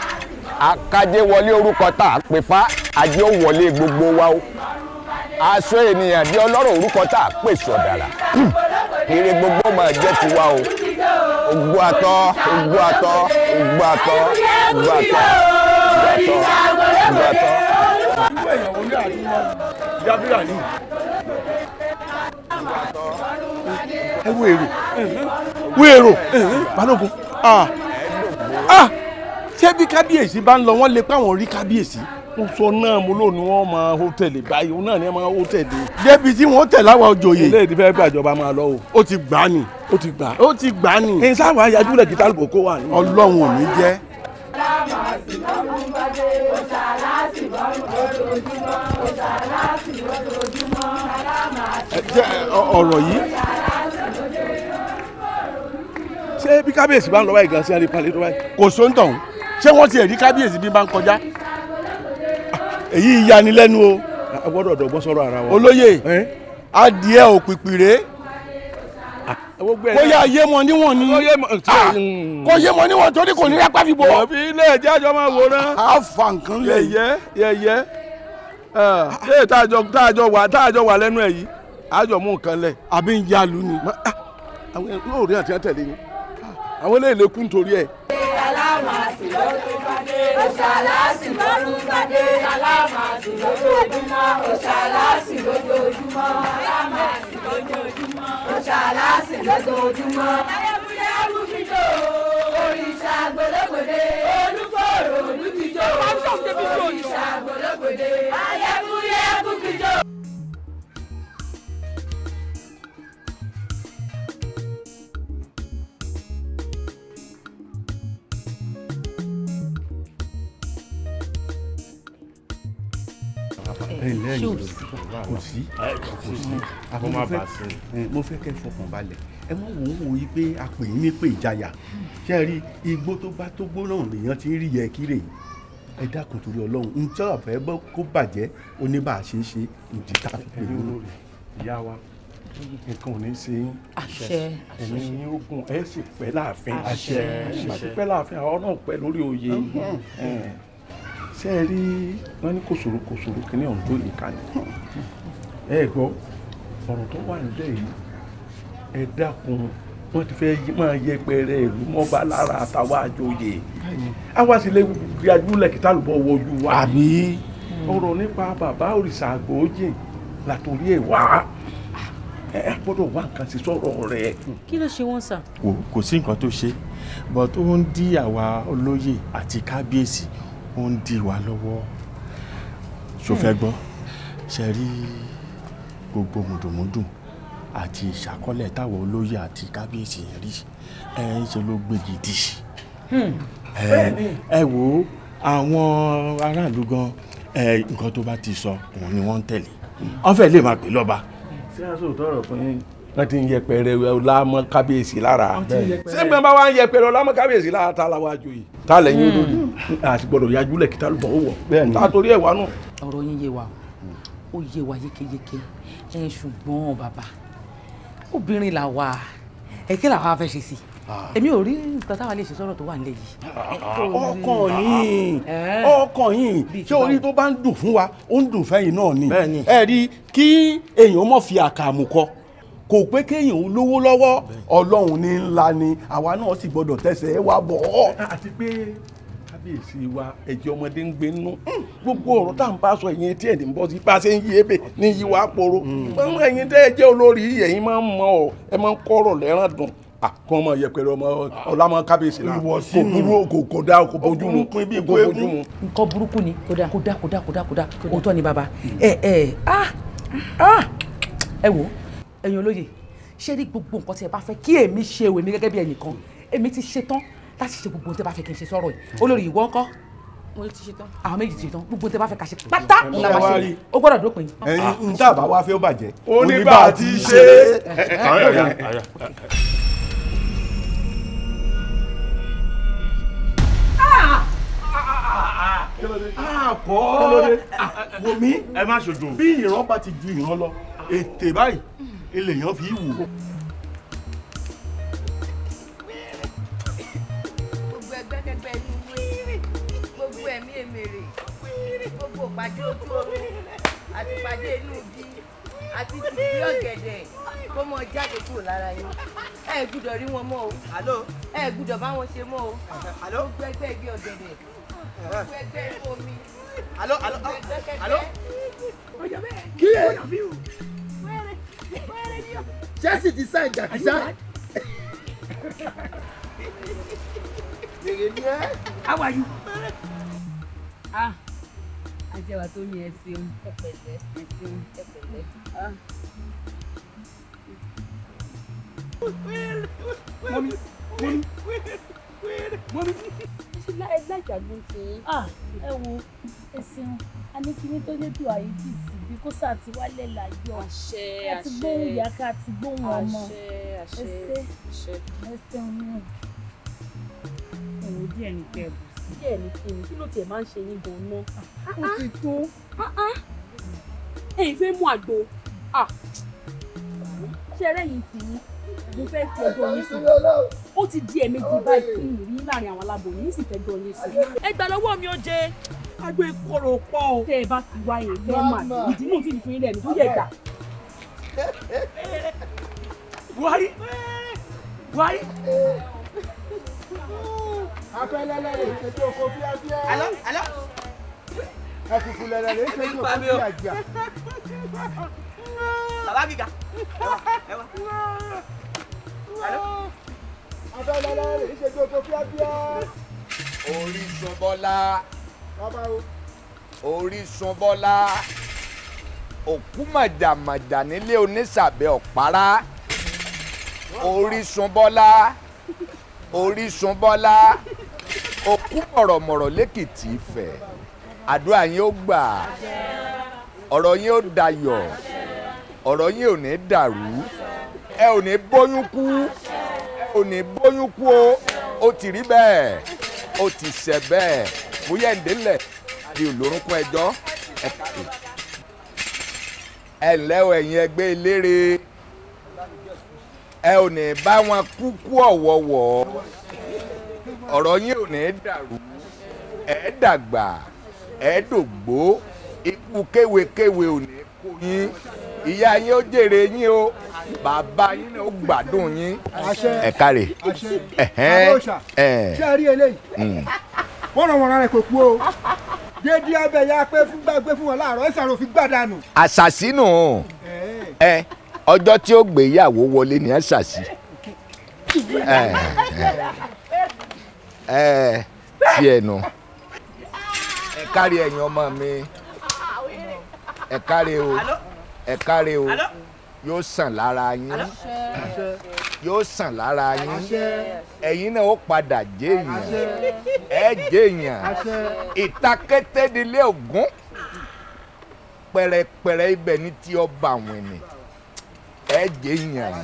[SPEAKER 1] akájé wọlé orúkọ tá a pè fá ajé ó wọlé gbogbo wa o aṣọ ènìyàn di ọlọ́rọ̀ orúkọ tá a pè sọ̀dàrà (clears throat) ire gbogbo máa jẹ́ ti wa o ogbó atọ́ ogbó atọ́ ogbó atọ́ ogbó atọ́ ogbó atọ́ ìgbà tán irú èèyàn wo ní àdúgbò jábírà ní.
[SPEAKER 3] ẹ wo èrò wo èrò balógun ah. Ah. ṣé bí kábíyèsí bá ń lọ wọ́n lè pé àwọn rí kábíyèsí ó sọ náà mo
[SPEAKER 1] lónìí wọn máa hótẹ́ẹ̀lì báyìí òun náà ni ẹ máa hótẹ́ẹ̀lì. débi tí wọn tẹ̀ láwa òjòyè. ilé ìdí fẹ́ẹ́ gbàjọba máa lọ o. ó ti gbà á nì. ó ti gbà. á nì. ẹ̀ ń sáwà rẹ̀ kí tálùbọ̀ kó wà ní. ọlọ́run ò ní jẹ́ lámàsì lọ́rùn gbọ́dé òṣàlásì lọ́rùn
[SPEAKER 2] lójoojúmọ́ òṣàlásì lójoojúmọ́ alámàsì lọ́rùn
[SPEAKER 1] ọ̀rọ̀ yìí
[SPEAKER 3] ṣé bí kábíyèsí bá ń lọ wáyé gan sí àdìpalẹ̀ tó
[SPEAKER 1] wáyé kò sóńtàn ṣé wọ́n ti ẹ̀rí kábíyèsí bí bá ń kọjá èyí yanilẹ́nu o a gbọ́dọ̀ dọ̀gbọ́n sọ̀rọ̀ ara wa. olóyè adìẹ òpìpìrè
[SPEAKER 3] kó yá yé
[SPEAKER 1] mọ níwọ̀n ni kó yé mọ ah,
[SPEAKER 3] mm.
[SPEAKER 1] níwọ̀n torí kò ní rápá fi bọ̀. òbí ilé ẹ̀jẹ̀ àjọ máa wò ná. Ah, a fa nǹkan lẹ. yẹyẹ yẹyẹ ẹ ah, eh, táàjọ táàjọ wà táàjọ wà lẹ́nu ẹ̀ yìí àjọ mú nǹkan lẹ. àbí ń yá lu ni. àwọn ẹ̀rọ òòrùn àti àtẹ̀lé ni àwọn eléyìí lè kú nítorí ẹ̀.
[SPEAKER 4] aláàmà sí
[SPEAKER 2] ṣé ò ah, ah, ah, sí kò sí kò sí àmọ́
[SPEAKER 1] mo fẹ́ kẹ́ fọkàn balẹ̀ ẹ mọ̀ wò ó yí pé a pè ní pé ìjayà ṣe rí igbó tó bá tó gbó náà ti ń rí yẹ kí rèé ẹ dákun torí ọlọ́run ń tọ́ àfẹ́ bọ́ kó bàjẹ́ oníbà ṣe ìdí tá fi pè é. ìyá wa nǹkan
[SPEAKER 3] ò ní ṣe yín ẹ̀mí yín ó ẹ̀ sì pẹ́ láàfin àṣẹ àṣẹ pẹ́ láàfin àwọn náà pẹ́ lórí oyè
[SPEAKER 1] ṣé ẹ rí wọn ní kòsòrò
[SPEAKER 3] kòsòrò kìíní ọ̀hún tó yìí kalẹ̀ ẹ gbọ́ ọ̀rọ̀ tó wà nílẹ̀ yìí ẹ dákun wọ́n ti fẹ́ máa yẹpẹrẹ ìlú mọ́ba lára àtàwọn àjòyè àwa sì lè gbìyànjú lẹ́kìtà lùbọ̀ wọjú wa àbí ọ̀rọ̀ nípa bàbá òrìṣà àgbòójì látòrí ẹ̀ wá ẹ gbọ́dọ̀ wá nǹkan sí sọ̀rọ̀ rẹ̀.
[SPEAKER 1] kí ló ṣe wọ́n sà.
[SPEAKER 3] kò sí nǹkan tó ṣe but ó ń dí
[SPEAKER 1] àwa olóyè àti kábíyèsí ó ń dì wá lọ́wọ́ ṣó fẹ́ gbọ́ ṣe rí gbogbo mùdùmùdù àti ìṣàkọlẹ̀ táwọn olóyè àti kábíyèsí yẹn rí ẹ ń ṣe ló gbé gidi
[SPEAKER 2] hmm.
[SPEAKER 3] ẹ wo àwọn aráàlú gan nǹkan tó bá ti sọ òun ni wọ́n ń tẹ̀lé wọ́n fẹ́ lè máa pè lọ́ba.
[SPEAKER 5] ṣé aṣọ ọ̀rọ̀ fún yín
[SPEAKER 3] wọ́n ti ń yẹpẹrẹ ọlámọ kábíyèsí lára ṣé gbọ́n bá wà ń yẹpẹrẹ ọlámọ kábíyèsí lára tá a la
[SPEAKER 1] wá jò yìí tá a lẹ́yìn olórí
[SPEAKER 3] àti hmm. gbọ́dọ̀ yájú lẹ̀ kí tálùbọ̀ ó wọ̀ tá a
[SPEAKER 1] torí ẹ̀ wá nù. ọ̀rọ̀ yín yé wa ó yé wa yékéyéké ẹ ṣùgbọ́n bàbá obìnrin là wà ẹ kí làwọn afẹ́ ṣe sí èmi ò rí nǹkan táwa lè ṣe sọ́rọ̀ tó wà nílẹ̀ yìí. ọkàn yìí ọkàn yìí ṣé orí tó bá ń dùn fún wa ó ń dùn fẹ́yìn náà ni ẹ rí kí èèyàn mọ̀ fi àkàmù kọ kò pé kéèyàn lówó lọ́wọ́ ọlọ́run ní ni àwa náà sì gbọ́dọ̀ tẹsẹ̀ wá bọ̀ ọ́. àti pé kábíyèsí wa ẹ̀jẹ̀ ọmọdé ń gbé hmm. gbogbo ọ̀rọ̀ tá à ń bá sọ ìyẹn tí ẹ̀dín bọ́ sí pàṣẹ ń yí ebè ní yí poro hmm. ẹ̀yin tẹ́ ẹ ọ
[SPEAKER 3] ẹ máa ń kọ́rọ̀ lẹ́ràn dùn ọmọ yẹpẹrẹ ọmọ ọlámọ kábíyèsí la kò burú
[SPEAKER 1] kò kò bójú mu ni kódà kódà kódà ẹ̀yin olóye ṣé rí gbogbo nǹkan tí ẹ bá fẹ́ kí èmi ṣe o èmi gẹ́gẹ́ bí ẹnìkan èmi ti ṣetán láti ṣe gbogbo nǹkan tí ẹ bá fẹ́ kí n ṣe sọ̀rọ̀ yìí hmm. olórí ìwọ ńkọ́ mo ti ṣe tán. àwọn méjì ti ṣe tán gbogbo tẹ bá fẹ́ ká ṣe pátá la wá ṣe o gbọ́dọ̀ dópin. ẹyin ah. n tá a bá wá fẹ́ ó bàjẹ́. ó ní bá a ti ṣe. àpọ̀ wo mi ẹ má ṣojo bí ìran bá ti ju ìran lọ ètè báyìí eléyàn fi wò. gbogbo ẹgbẹ́kẹgbẹ́ ni gbogbo ẹ̀mí èmèrè gbogbo pàdé ojú omi àti pàdé inú bí àti tìbí ọ̀gẹ̀dẹ̀ kó mọ jáde kúrò lára yín ẹ gbúdọ̀ rí wọn mọ́ o ẹ gbúdọ̀ bá wọn ṣe mọ́ o
[SPEAKER 6] gbogbo ẹgbẹ́ ọ̀gẹ̀dẹ̀ gbogbo ẹgbẹ́ omi gbogbo ẹgbẹ́ kẹkẹ.
[SPEAKER 1] kí ẹ. Chelsea ti sign Jakisa. How are you? Ah, àjẹwà tó ní ẹ ṣeun. Ẹ pẹ̀lẹ́ ẹ ṣeun ẹ pẹ̀lẹ́. Mọ́mí ah. mọ́mí wẹ́rẹ́ mọ́ wo ẹsìn anikini tó lé dùn àyè kì í sì bí kó sà ti wálẹ̀ láyọ̀ àṣẹ àṣẹ ká ti gbóhùn ìyá ká ti gbóhùn ọmọ àṣẹ àṣẹ
[SPEAKER 7] ẹsìn mi.
[SPEAKER 1] ẹ̀wọ̀n díẹ̀ ní kẹ́ ẹ̀ bù sí. díẹ̀ ní kí ni ah, ah, ah. fẹ́ mú àgbo ṣẹ́rẹ́ yìí ti yín mo fẹ́ fi ẹjọ́ yín sùn ó ti di ẹ̀ẹ̀mejì báyìí kí n rí láàrin àwọn aláboyún ní ìsìnkẹ́ ẹjọ́ yín sùn.
[SPEAKER 4] ẹ lọ́wọ́ mi ó jẹ
[SPEAKER 1] agbo ìkorò pọ̀ o. ẹ bá ti wá yẹn lọ́mà ìdí mò ń fi ìfún ilẹ̀ tó yẹ gbà. Buhari Buhari.
[SPEAKER 2] afẹ́lẹ́lẹ́ lè ṣe
[SPEAKER 1] tó fíafíà. alọ́ alọ́. ẹ̀fùfù lẹ̀lẹ̀ lè ṣe tó fíafíà. bàbá gíga ẹ wá abẹ́lẹ́lá rè é ṣe gbogbo kíákíá. Orísun Bọ́lá. Orísun Bọ́lá. Òkú màjàmàjà nílé onísàbẹ̀ ọ̀pára. Orísun Bọ́lá. Orísun Bọ́lá. Òkú mọ̀rọ̀mọ̀rọ̀ lẹ́kìtì Ifẹ̀. Àdúrà yín ó gbà. Ọ̀rọ̀ yín ó dayọ̀. Ọ̀rọ̀ yín ò ní dàrú ẹ ò ní bóyún kú ẹ ò ní bóyún kú o ó ti rí bẹ́ẹ̀ ó ti ṣẹ bẹ́ẹ̀ Múyẹ̀ǹdé ńlẹ̀ di olórúnkún ẹjọ́ ẹ kàwé ẹ ǹlẹ́ o ẹ̀yin ẹgbẹ́ eléré ẹ ò ní bá wọn kúkú ọ̀wọ̀wọ̀ ọ̀rọ̀ yín ò ní dàrú ẹ dàgbà ẹ dògbó ikú kéwékéwé ò ní kó yín ìyá yín ó jèrè yín o bàbá yín náà ó gbádùn yín ẹ káre ṣé ẹ rí eléyìí wọ́n ràn wọ́n rárá kò kú o dédé ọbẹ̀ ya pé fún gbàgbé fún wọn láàárọ̀ ẹ sàrò fi gbàdánù. àṣàṣínù ẹ ọjọ́ tí ó gbéyàwó wọlé ni àṣàṣì ẹ sí ẹnu ẹ káre ẹ̀yin ọmọ mi ẹ káre o ẹ káre o yóò sàn lára yín yóò sàn lára yín ẹ̀yin náà ó padà jéèyàn ẹ jéèyàn ìtakété nílé ògún pẹ̀rẹ̀pẹ̀rẹ̀ ibẹ̀ ní tí ọba àwọn ẹni ẹ jéèyàn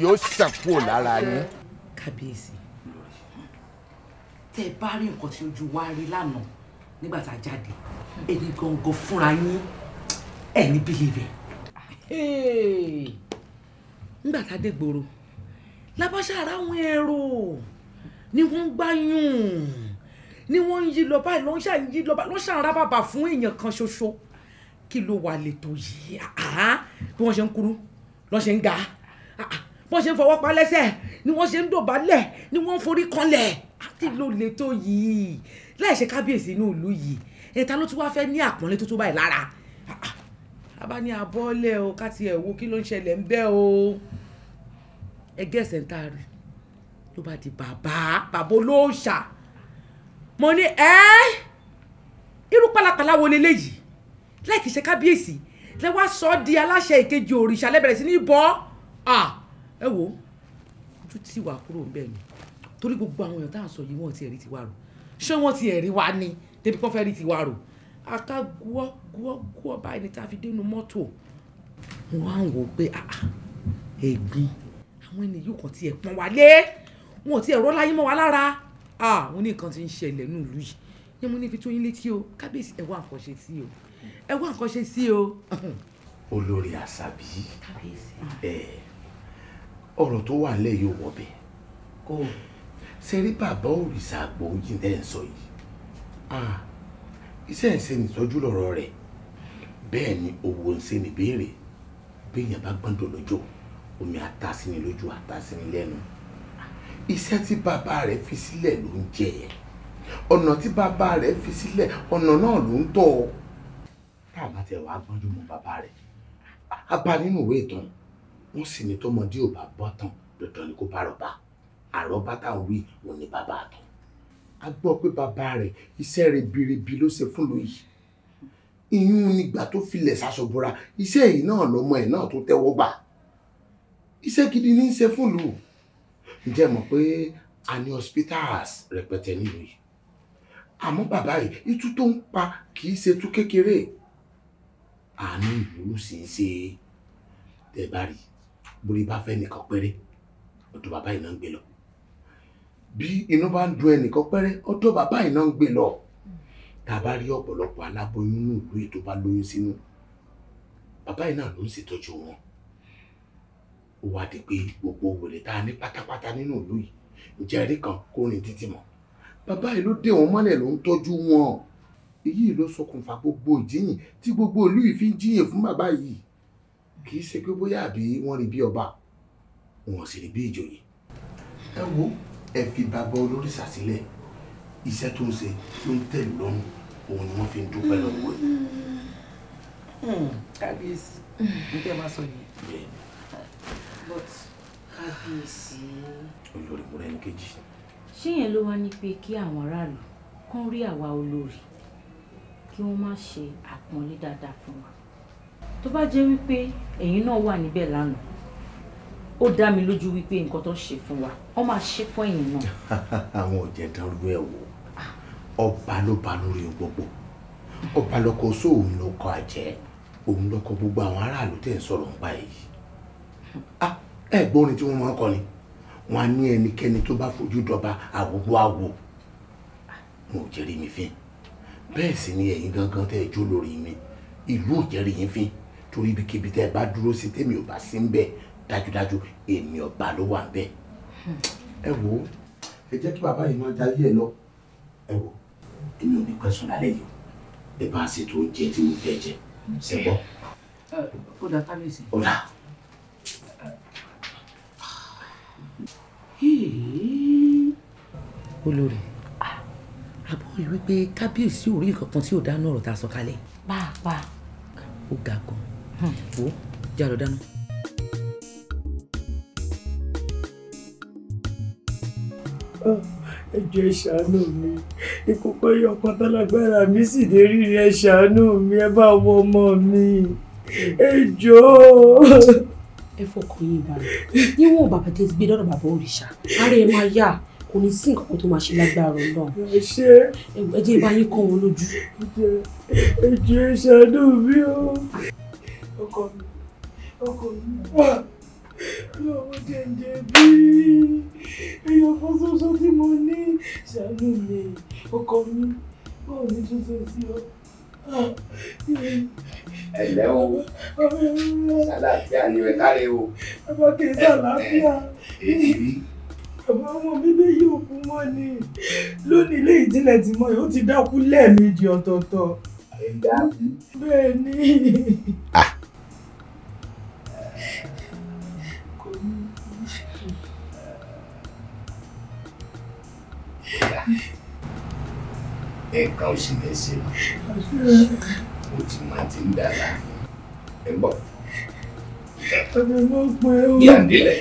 [SPEAKER 1] yóò sàn kúrò lára yín. kábíyèsí tẹ ẹ bá rí nǹkan tí ojú wa rí lánàá nígbà tá a jáde èyí gangan fúnra yín
[SPEAKER 2] ẹ ní bílíìbẹ
[SPEAKER 1] nígbà tá a dé gbòòrò lábáṣá ara àwọn èrò ni wọ́n ń gbáyùn ni wọ́n ń yí lọ báyìí lọ́n ṣàn yí lọ báyìí lọ́n ṣàn ra bàbà fún èèyàn kan ṣoṣo kí ló wà lẹ́tọ̀ yìí bí wọ́n ṣe ń kúrú lọ́n ṣe ń ga bọ́n ṣe ń fọwọ́ pa lẹ́sẹ̀ ni wọ́n ṣe ń dọ̀bálẹ̀ ni wọ́n ń forí kanlẹ̀ kí ló lẹ́tọ̀ yìí láì ṣe kábíyèsí inú ìlú yìí ẹ̀ta ló tún wá fẹ́ ní àpọ́nlé tó tó báyìí lára a bá ní abọ́lẹ̀ o ká tiẹ̀ wo kí ló ń ṣẹlẹ̀ ń bẹ́ o ẹ gẹ̀ẹ́sẹ̀ ń taari ló bá di bàbá bàbá olóòṣà mo ní ẹ irú pálapàla wo leléyìí láì kìí ṣe kábíyèsí lẹ́wọ́ sọ ọ́ di aláṣẹ ìkejì òrìṣà lẹ́bẹ̀rẹ̀ sí ní bọ́ ẹ wò ó ojú tí wàá kúrò ń bẹ̀ ni torí gbogbo àwọn èèyàn tá à ń sọ yìí wọ́n ti ẹ̀rí tiwa rò ṣé wọ́n ti ẹ̀rí wa ni débi kọ́ fẹ́ rí tiwa rò ata guọ́ guọ́ guọ́ báyìí ni tá a fi dénú mọ́tò wọn á wò ó pé ẹ̀gbin ah, ah, àwọn ènìyàn yóò kàn tiẹ̀ pọ́n wá lé wọn ò tiẹ̀ rọ́ láyé mọ́ wa lára àwọn ah, oníkan ti ń ṣẹlẹ̀ ní ìlú yìí yẹn mo ní fi tó yín létí o kábíyèsí ẹ wá nǹkan ṣe sí o ẹ wá nǹkan ṣe sí o. olórí àṣàbí ọ̀rọ̀ tó wà nílẹ̀ yóò wọ̀bẹ̀ ṣe rí bàbá òrìṣà àgbò yìí sọ yìí iṣẹ́ ìṣe nìtọ́jú lọ̀rọ̀ rẹ̀ bẹ́ẹ̀ ni owó ìṣe nìbéèrè béèyàn bá gbọ́ndọ̀ lójó omi àtàsíni lójú àtàsíni lẹ́nu iṣẹ́ tí bàbá rẹ̀ fi sílẹ̀ ló ń jẹ yẹn ọ̀nà tí bàbá rẹ̀ fi sílẹ̀ ọ̀nà náà ló ń tọ̀ ọ́ tá a bá tẹ̀ wá gbọ́njú mọ́ bàbá rẹ̀ a bá nínú ìwé ìtàn wọ́n sì ní tọmọdé ò bá bọ́ tán dandan ni kó bá rọ̀ bá àrọ́bá táwọn wí òun ni bàbá àtọ̀ a gbọ́ pé bàbá rẹ̀ iṣẹ́ ribiribi ló ṣe fún lóyìí ìyún nígbà tó filẹ̀ ṣàṣọ̀bọ̀ra iṣẹ́ yìí náà lọ́mọ ẹ̀ náà tó tẹ́wọ́ gbà iṣẹ́ gidi ní í ṣe fún lù ǹjẹ́ mọ̀ pé a ní hospitals rẹpẹtẹ nílùú yìí àmọ́ bàbá yìí itú tó ń pa kì í ṣe tú kékeré àánú ìwúlò sì ń ṣe tẹ̀ bá rí borí bá fẹ́ nìkan péré ọ̀dọ̀ bàbá yìí náà ń gbé lọ bí inú bá ń dun ẹnìkan pẹ́rẹ́ ọ̀dọ̀ bàbá iná ń gbé lọ tá a bá rí ọ̀pọ̀lọpọ̀ aláboyún ní ìlú ètò bá lóyún sínú bàbá iná ló ń ṣètọ́jú wọn ó wá di pé gbogbo wòlé tá a ní pátápátá nínú ìlú yìí ǹjẹ́ ẹ̀rí kan kó rìn títì mọ́ bàbá yìí ló dé wọn mọ́lẹ̀ ló ń tọ́jú wọn èyí ló ṣokùnfà gbogbo ìjíyìn tí gbogbo ìlú yìí fi ń jíyìn fún bàbá yìí kì í ṣe pé bóyá àbí wọ́n rí bí ọba wọn sì rí bí ìjòyè ẹ wo ẹ fi bàbá olórìṣà sílẹ̀ iṣẹ́ tó ń ṣe tó ń tẹ̀lé lọ́rùn òun ni wọ́n fi ń dúpẹ́ lọ́wọ́ ẹ̀. Hmm, kábíyèsí ní tẹ́ máa sọ yìí. bẹ́ẹ̀ni. but kábíyèsí. olórí mo rẹ ní kejì. ṣé yẹn ló wá ní pé kí àwọn aráàlú kán rí àwa olórí kí wọ́n má ṣe àpọ́nlé dáadáa fún wa tó bá jẹ́ wípé ẹ̀yin náà wà níbẹ̀ lánàá ó dá mi lójú wípé nǹkan tó ń ṣe fún wa wọ́n máa ṣe fún ẹ̀yìn náà. (laughs) àwọn ò jẹ́ dánrú ẹ̀ wò ọba ló ba lórí gbogbo ọba lọkọ sóòun lọkọ àjẹ́ òun lọkọ gbogbo àwọn aráàlú tẹ̀ ń sọ̀rọ̀ ń pa èyí. Ah, ẹ gbórin tí wọ́n máa ń kọ ni wọ́n á ní ẹnikẹ́ni tó bá fojú dọba àwògbó àwò wọn ò jẹ́rìí mi fín bẹ́ẹ̀ sì ni ẹ̀yin gangan tẹ́ ẹ jó lórí mi ìlú ò jẹ́rìí yín fín torí ibikíbi tẹ́ ẹ bá dúró sí tèmi ò bá sí ń bẹ́ẹ̀ dájúdájú èmi ọba ló wà bẹ́ẹ̀. Hmm. ẹ wo ẹ jẹ́ kí bàbá yìí máa jayé ẹ lọ ẹ wo èmi ò ní pẹ́ sùn lálẹ́ yìí ẹ bá ṣètò oúnjẹ tí mo fẹ́ jẹ ṣe gbọ́. ó dá kábíyèsí. ó dá. olórí àbọ̀ yìí wípé kábíyèsí ò rí nǹkan kan tí ò dáná ọ̀rọ̀ tá a sọ kalẹ̀. pàápàá. ó ga gan-an hmm. wo jáde dáná. ẹjọ́ ẹ ṣàánú mi ikú pẹ́yọ pátálágbára mi sì dé rírí ẹ ṣàánú mi ẹ bá wọ ọmọ mi ẹjọ́. ẹ fọkàn yín balẹ̀ níwọ̀n bàbá tẹ́ ti gbé lọ́dọ̀ bàbá òrìṣà ara ẹ máa yá kò ní sí nǹkan tó máa ṣe lágbára Ọlọ́run ẹ jẹ́ ìbá yín kọ́ wọn lójú. ẹjọ́ ẹ ṣàánú mi o
[SPEAKER 2] ọkọ mi ọkọ
[SPEAKER 1] mi lọ́wọ́ jẹ̀ǹjẹ̀ bí ẹyọ kan ṣoṣo tí mo ní ṣàánú mi ọkọ mi bọ́ọ̀ mi tún ṣe sí ọ. ẹ̀lẹ́ o ṣàlàáfíà ni ẹ káre o. bàbá kì í ṣàlàáfíà. bàbá ọmọ mi bẹ́ yí òkú mọ́ ni lónìí ilé ìdílé ti mọ́ yóò ti dákú lẹ́ẹ̀mejì ọ̀tọ̀ọ̀tọ̀. bẹ́ẹ̀
[SPEAKER 2] ni. ah
[SPEAKER 1] nǹkan ò sì ní ṣe mo ti mọ ti ń dára ẹ bọ.
[SPEAKER 2] ẹgbẹ́ mọ́ pé ó yà nílẹ̀.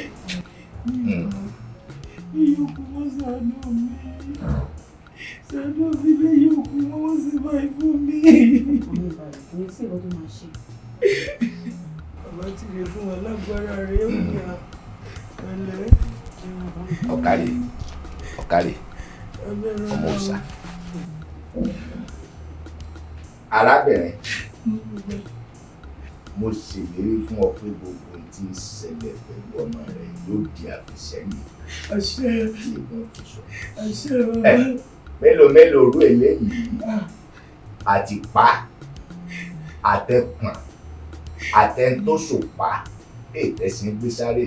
[SPEAKER 1] ìyókù wọn ṣàánú mi ṣàánú mi lé ìyókù wọn wọ́n sì bá ikú mi. ọkùnrin sì lọ́dún máa ṣe. bàbá ti lè fún wa lágbára rẹ̀ ó ní à pẹ̀lẹ́. ọ̀kàrí ọ̀kàrí ọmọ òòsà arábìnrin mm-hmm. mo ṣèlérí fún ọ pé gbogbo ohun tí ń ṣẹlẹ̀ pẹ̀lú ọmọ rẹ yóò di àfisẹ́yìn
[SPEAKER 7] àṣẹ ìgbọ́n fi sọ àṣẹ ẹ
[SPEAKER 1] mélòó mélòó rú eléyìí ah. àtìpá àtẹkùn àtẹntóṣòpá ètẹsí ń gbé sáré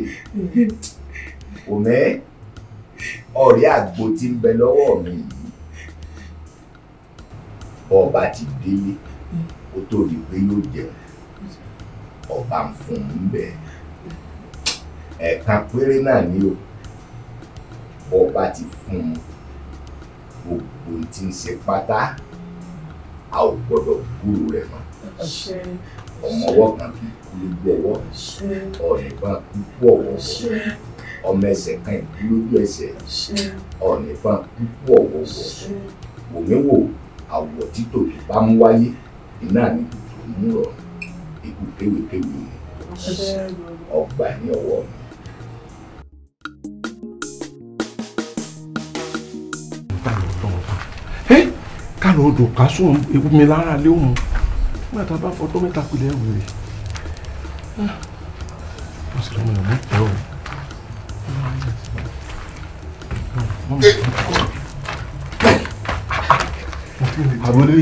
[SPEAKER 1] òmẹ mm-hmm. ọ̀rẹ́ àgbo tí ń bẹ lọ́wọ́ mi yìí ọba ti délé mm. ó tó di pé yóò jẹun ọba ń fún un bẹ́ẹ̀ ẹ̀ka péré náà ni o ọba ti fún un gbogbo tí ń ṣe pátá a ò gbọdọ̀ gbúrò rẹ̀ mọ́ ọmọ ọwọ́ kan kì í kú lójú ọwọ́ ọ̀rẹ́ kan kú kú ọ̀wọ́ ọmọ ẹsẹ̀ kan kú lójú ẹsẹ̀ ọ̀rẹ́ kú kú ọ̀wọ́ wò mí àwọ̀ títò bá ń wáyé iná ni kòtò ń rọ̀ ikú kéwékéwé ni ọgbà ní ọwọ́ mi.
[SPEAKER 3] kálọ̀ odò kásù ewu mi lára lé òun nígbà tá a bá fọdún mẹ́ta pilẹ̀ wèrè ah, wọ́n sì lọ́mọ ìyàwó pẹ́ o. Ah,
[SPEAKER 1] àròlé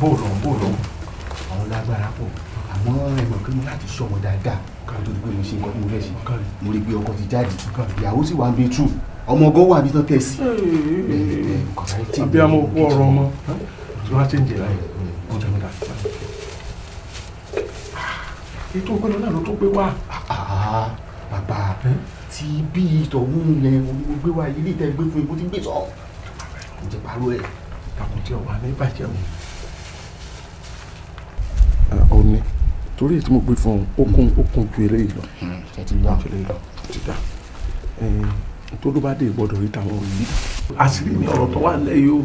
[SPEAKER 1] bóòlù bóòlù àwọn lágbára pọ̀ àmọ́ ẹ̀mọ̀ kí mo láti sọ wọn dáadáa kan tó di pé ṣe nǹkan tí mo fẹ́ mo rí i pé ọkọ ti jáde ìyàwó sì wà ń bẹ tù ọmọ ọgọ́ wà bí tán tẹ̀ àbí àmọ́ òkú ọ̀rọ̀ ọmọ tí wọ́n á ṣe ń jẹ láyé ọjọ́ mi láti ètò ògbẹ́ni náà ló tó gbé wá. Ah, ah, ah, bàbá tí bí ìtọ̀hún yẹn gbé wá ilé ìtẹ́gbé fún ikú ti gbé sọ kò ti parọ́ ẹ̀ àkùtì ọ̀wà mi bàjẹ́ o.
[SPEAKER 3] ọ̀nẹ́ torí èyí tí mo gbé fún un ó kún ó kún ju eléyìí lọ. ṣe ti gbà ju eléyìí lọ. ti dà tó ló bá dé ìgbọ́dọ̀ rí tàwọn òyìn. àṣírí ni ọ̀rọ̀ tó wà lẹ́yìn o.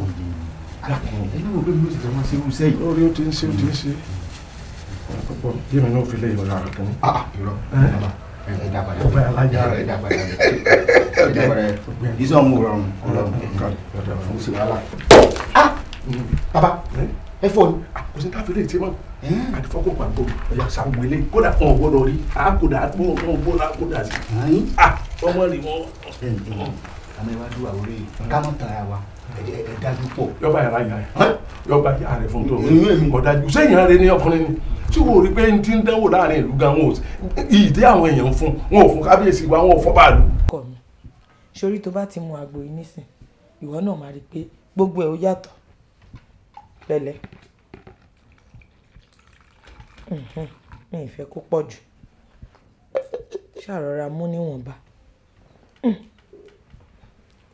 [SPEAKER 3] ẹni wo bẹ́ẹ̀ ló ti fẹ́ máa ṣe irúṣẹ́ yìí. lórí ó ti ń
[SPEAKER 1] ṣe ó ti ń ṣe. ọ̀pọ̀ yémi náà fi lè yọ̀ lára tó ń ìsọ̀n mú rọrùn ọlọ́run fún sí wàhálà. bàbá ẹ fọ ni. kò sí
[SPEAKER 3] táfi lè ṣe mọ àti fọkàn pàgbọ ọyà sàgbọn ilé kódà kan ò gbọ́dọ̀ rí a kò dà mọ ọ
[SPEAKER 1] bọ la kò dà sí. ọmọ rẹ wọn. àmì ìwádìí wà wọlé ká mọ̀ tàn á wa ẹ dájú pọ̀. yọba yàrá yà ẹ yọba yà rẹ fún tó ọ̀dájú sẹ́yìn ara rẹ ní ọkùnrin ni tí o rí pé n ti ń dánwò láàrin ìlú gan wọn ìdí àwọn èèyàn fún wọn ò fún kábíyèsí wa wọn ò fọ́ báàlú. ọkọ mi sori tó bá ti mu àgbo yìí nísìn ìwọ náà máa rí i pé gbogbo ẹ ó yàtọ̀ lẹ́lẹ́ mi ì fẹ́ kó pọ̀ jù ṣàrọ̀ra mú níwọ̀nba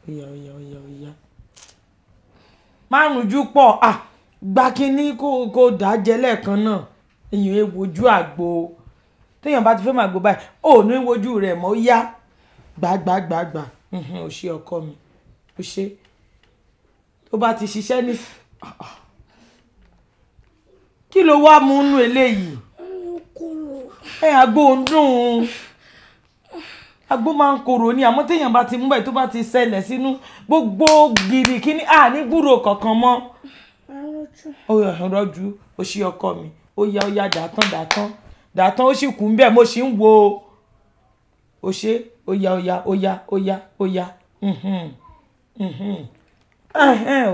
[SPEAKER 1] ó yá ó yá ó yá ó yá márùnjú pọ̀ ah, gba kínní kó kó dájẹ́ lẹ́ẹ̀kan náà èèyàn ẹ wojú àgbo téèyàn bá ti fẹ́ màgbo báyìí ò ní wojú rẹ̀ mọ́ yá gbàgbàgbàgbà ò ṣe ọkọ mi ò ṣe tó bá ti ṣiṣẹ́ ní. Ah, ah. kí ló wá mú inú eléyìí ẹ àgbo ń dùn ún agbó máa ń korò ni àmọ́ téèyàn bá ti mú báyìí tó bá ti ṣẹlẹ̀ sínú gbogbo gìrì kíní à ní gbúrò kankan mọ́ rọ́jú ó ṣí ọkọ mi ó yá ó yá dàtán dàtán dàtán ó sì kú ń bẹ̀ mo sì ń wo ó ṣe ó yá ó yá ó yá ó yá ó yá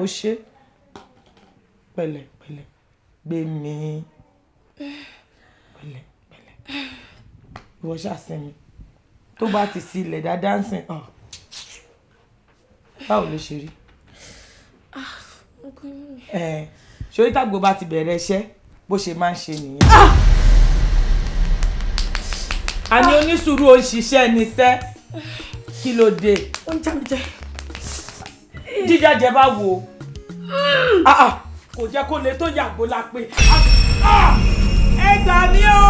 [SPEAKER 1] ó ṣe pẹ̀lẹ́ pẹ̀lẹ́ gbé mi pẹ̀lẹ́ pẹ̀lẹ́ ìwọ ṣàṣẹ mi tó bá ti si sílẹ̀ dáadáa ń sìn hàn báwo ló ṣe rí. Ah, ṣorí tàgbò bá ti bẹ̀rẹ̀ iṣẹ́ bó ṣe máa ń ṣe nìyẹn. àní ah! onísùúrù ò ń ṣiṣẹ́ níṣẹ́ kí ló dé. ó bá wo ah, kò jẹ́ kó lè tó yàgò la pé. ẹ gbà mí o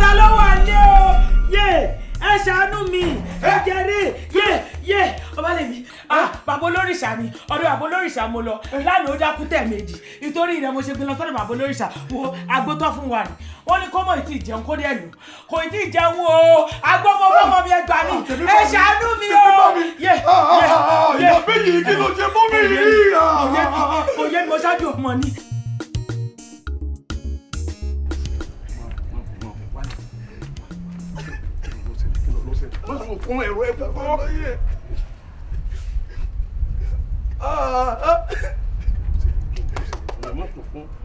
[SPEAKER 1] ta ló wà o. Yeah ẹ ṣàánú mi ẹ jẹrí yé yé ọbalẹmi ah bàbá olórìṣà ni ọ̀dọ̀ bàbá olórìṣà mo lọ lánàá ó dákú tẹ̀ẹ̀mejì nítorí rẹ̀ mo ṣe gbin lọ sọ́dọ̀ bàbá olórìṣà wo agbótọ́ fún wa ni wọ́n ní kọ́mọ̀ ìtì ìjẹun kó dẹ̀ lù kò ìtì ìjẹun o agbọ́mọ fọmọ mi ẹ gbà mí ẹ ṣàánú mi o yé ah, ah, yé ah, yé ìyá méjì kí ló ṣe fún mi yìí. kò yé mi mo ṣáájú ọmọ ni. mo sunkún ẹ̀rọ ẹ̀kọ́ kọ́ lóye.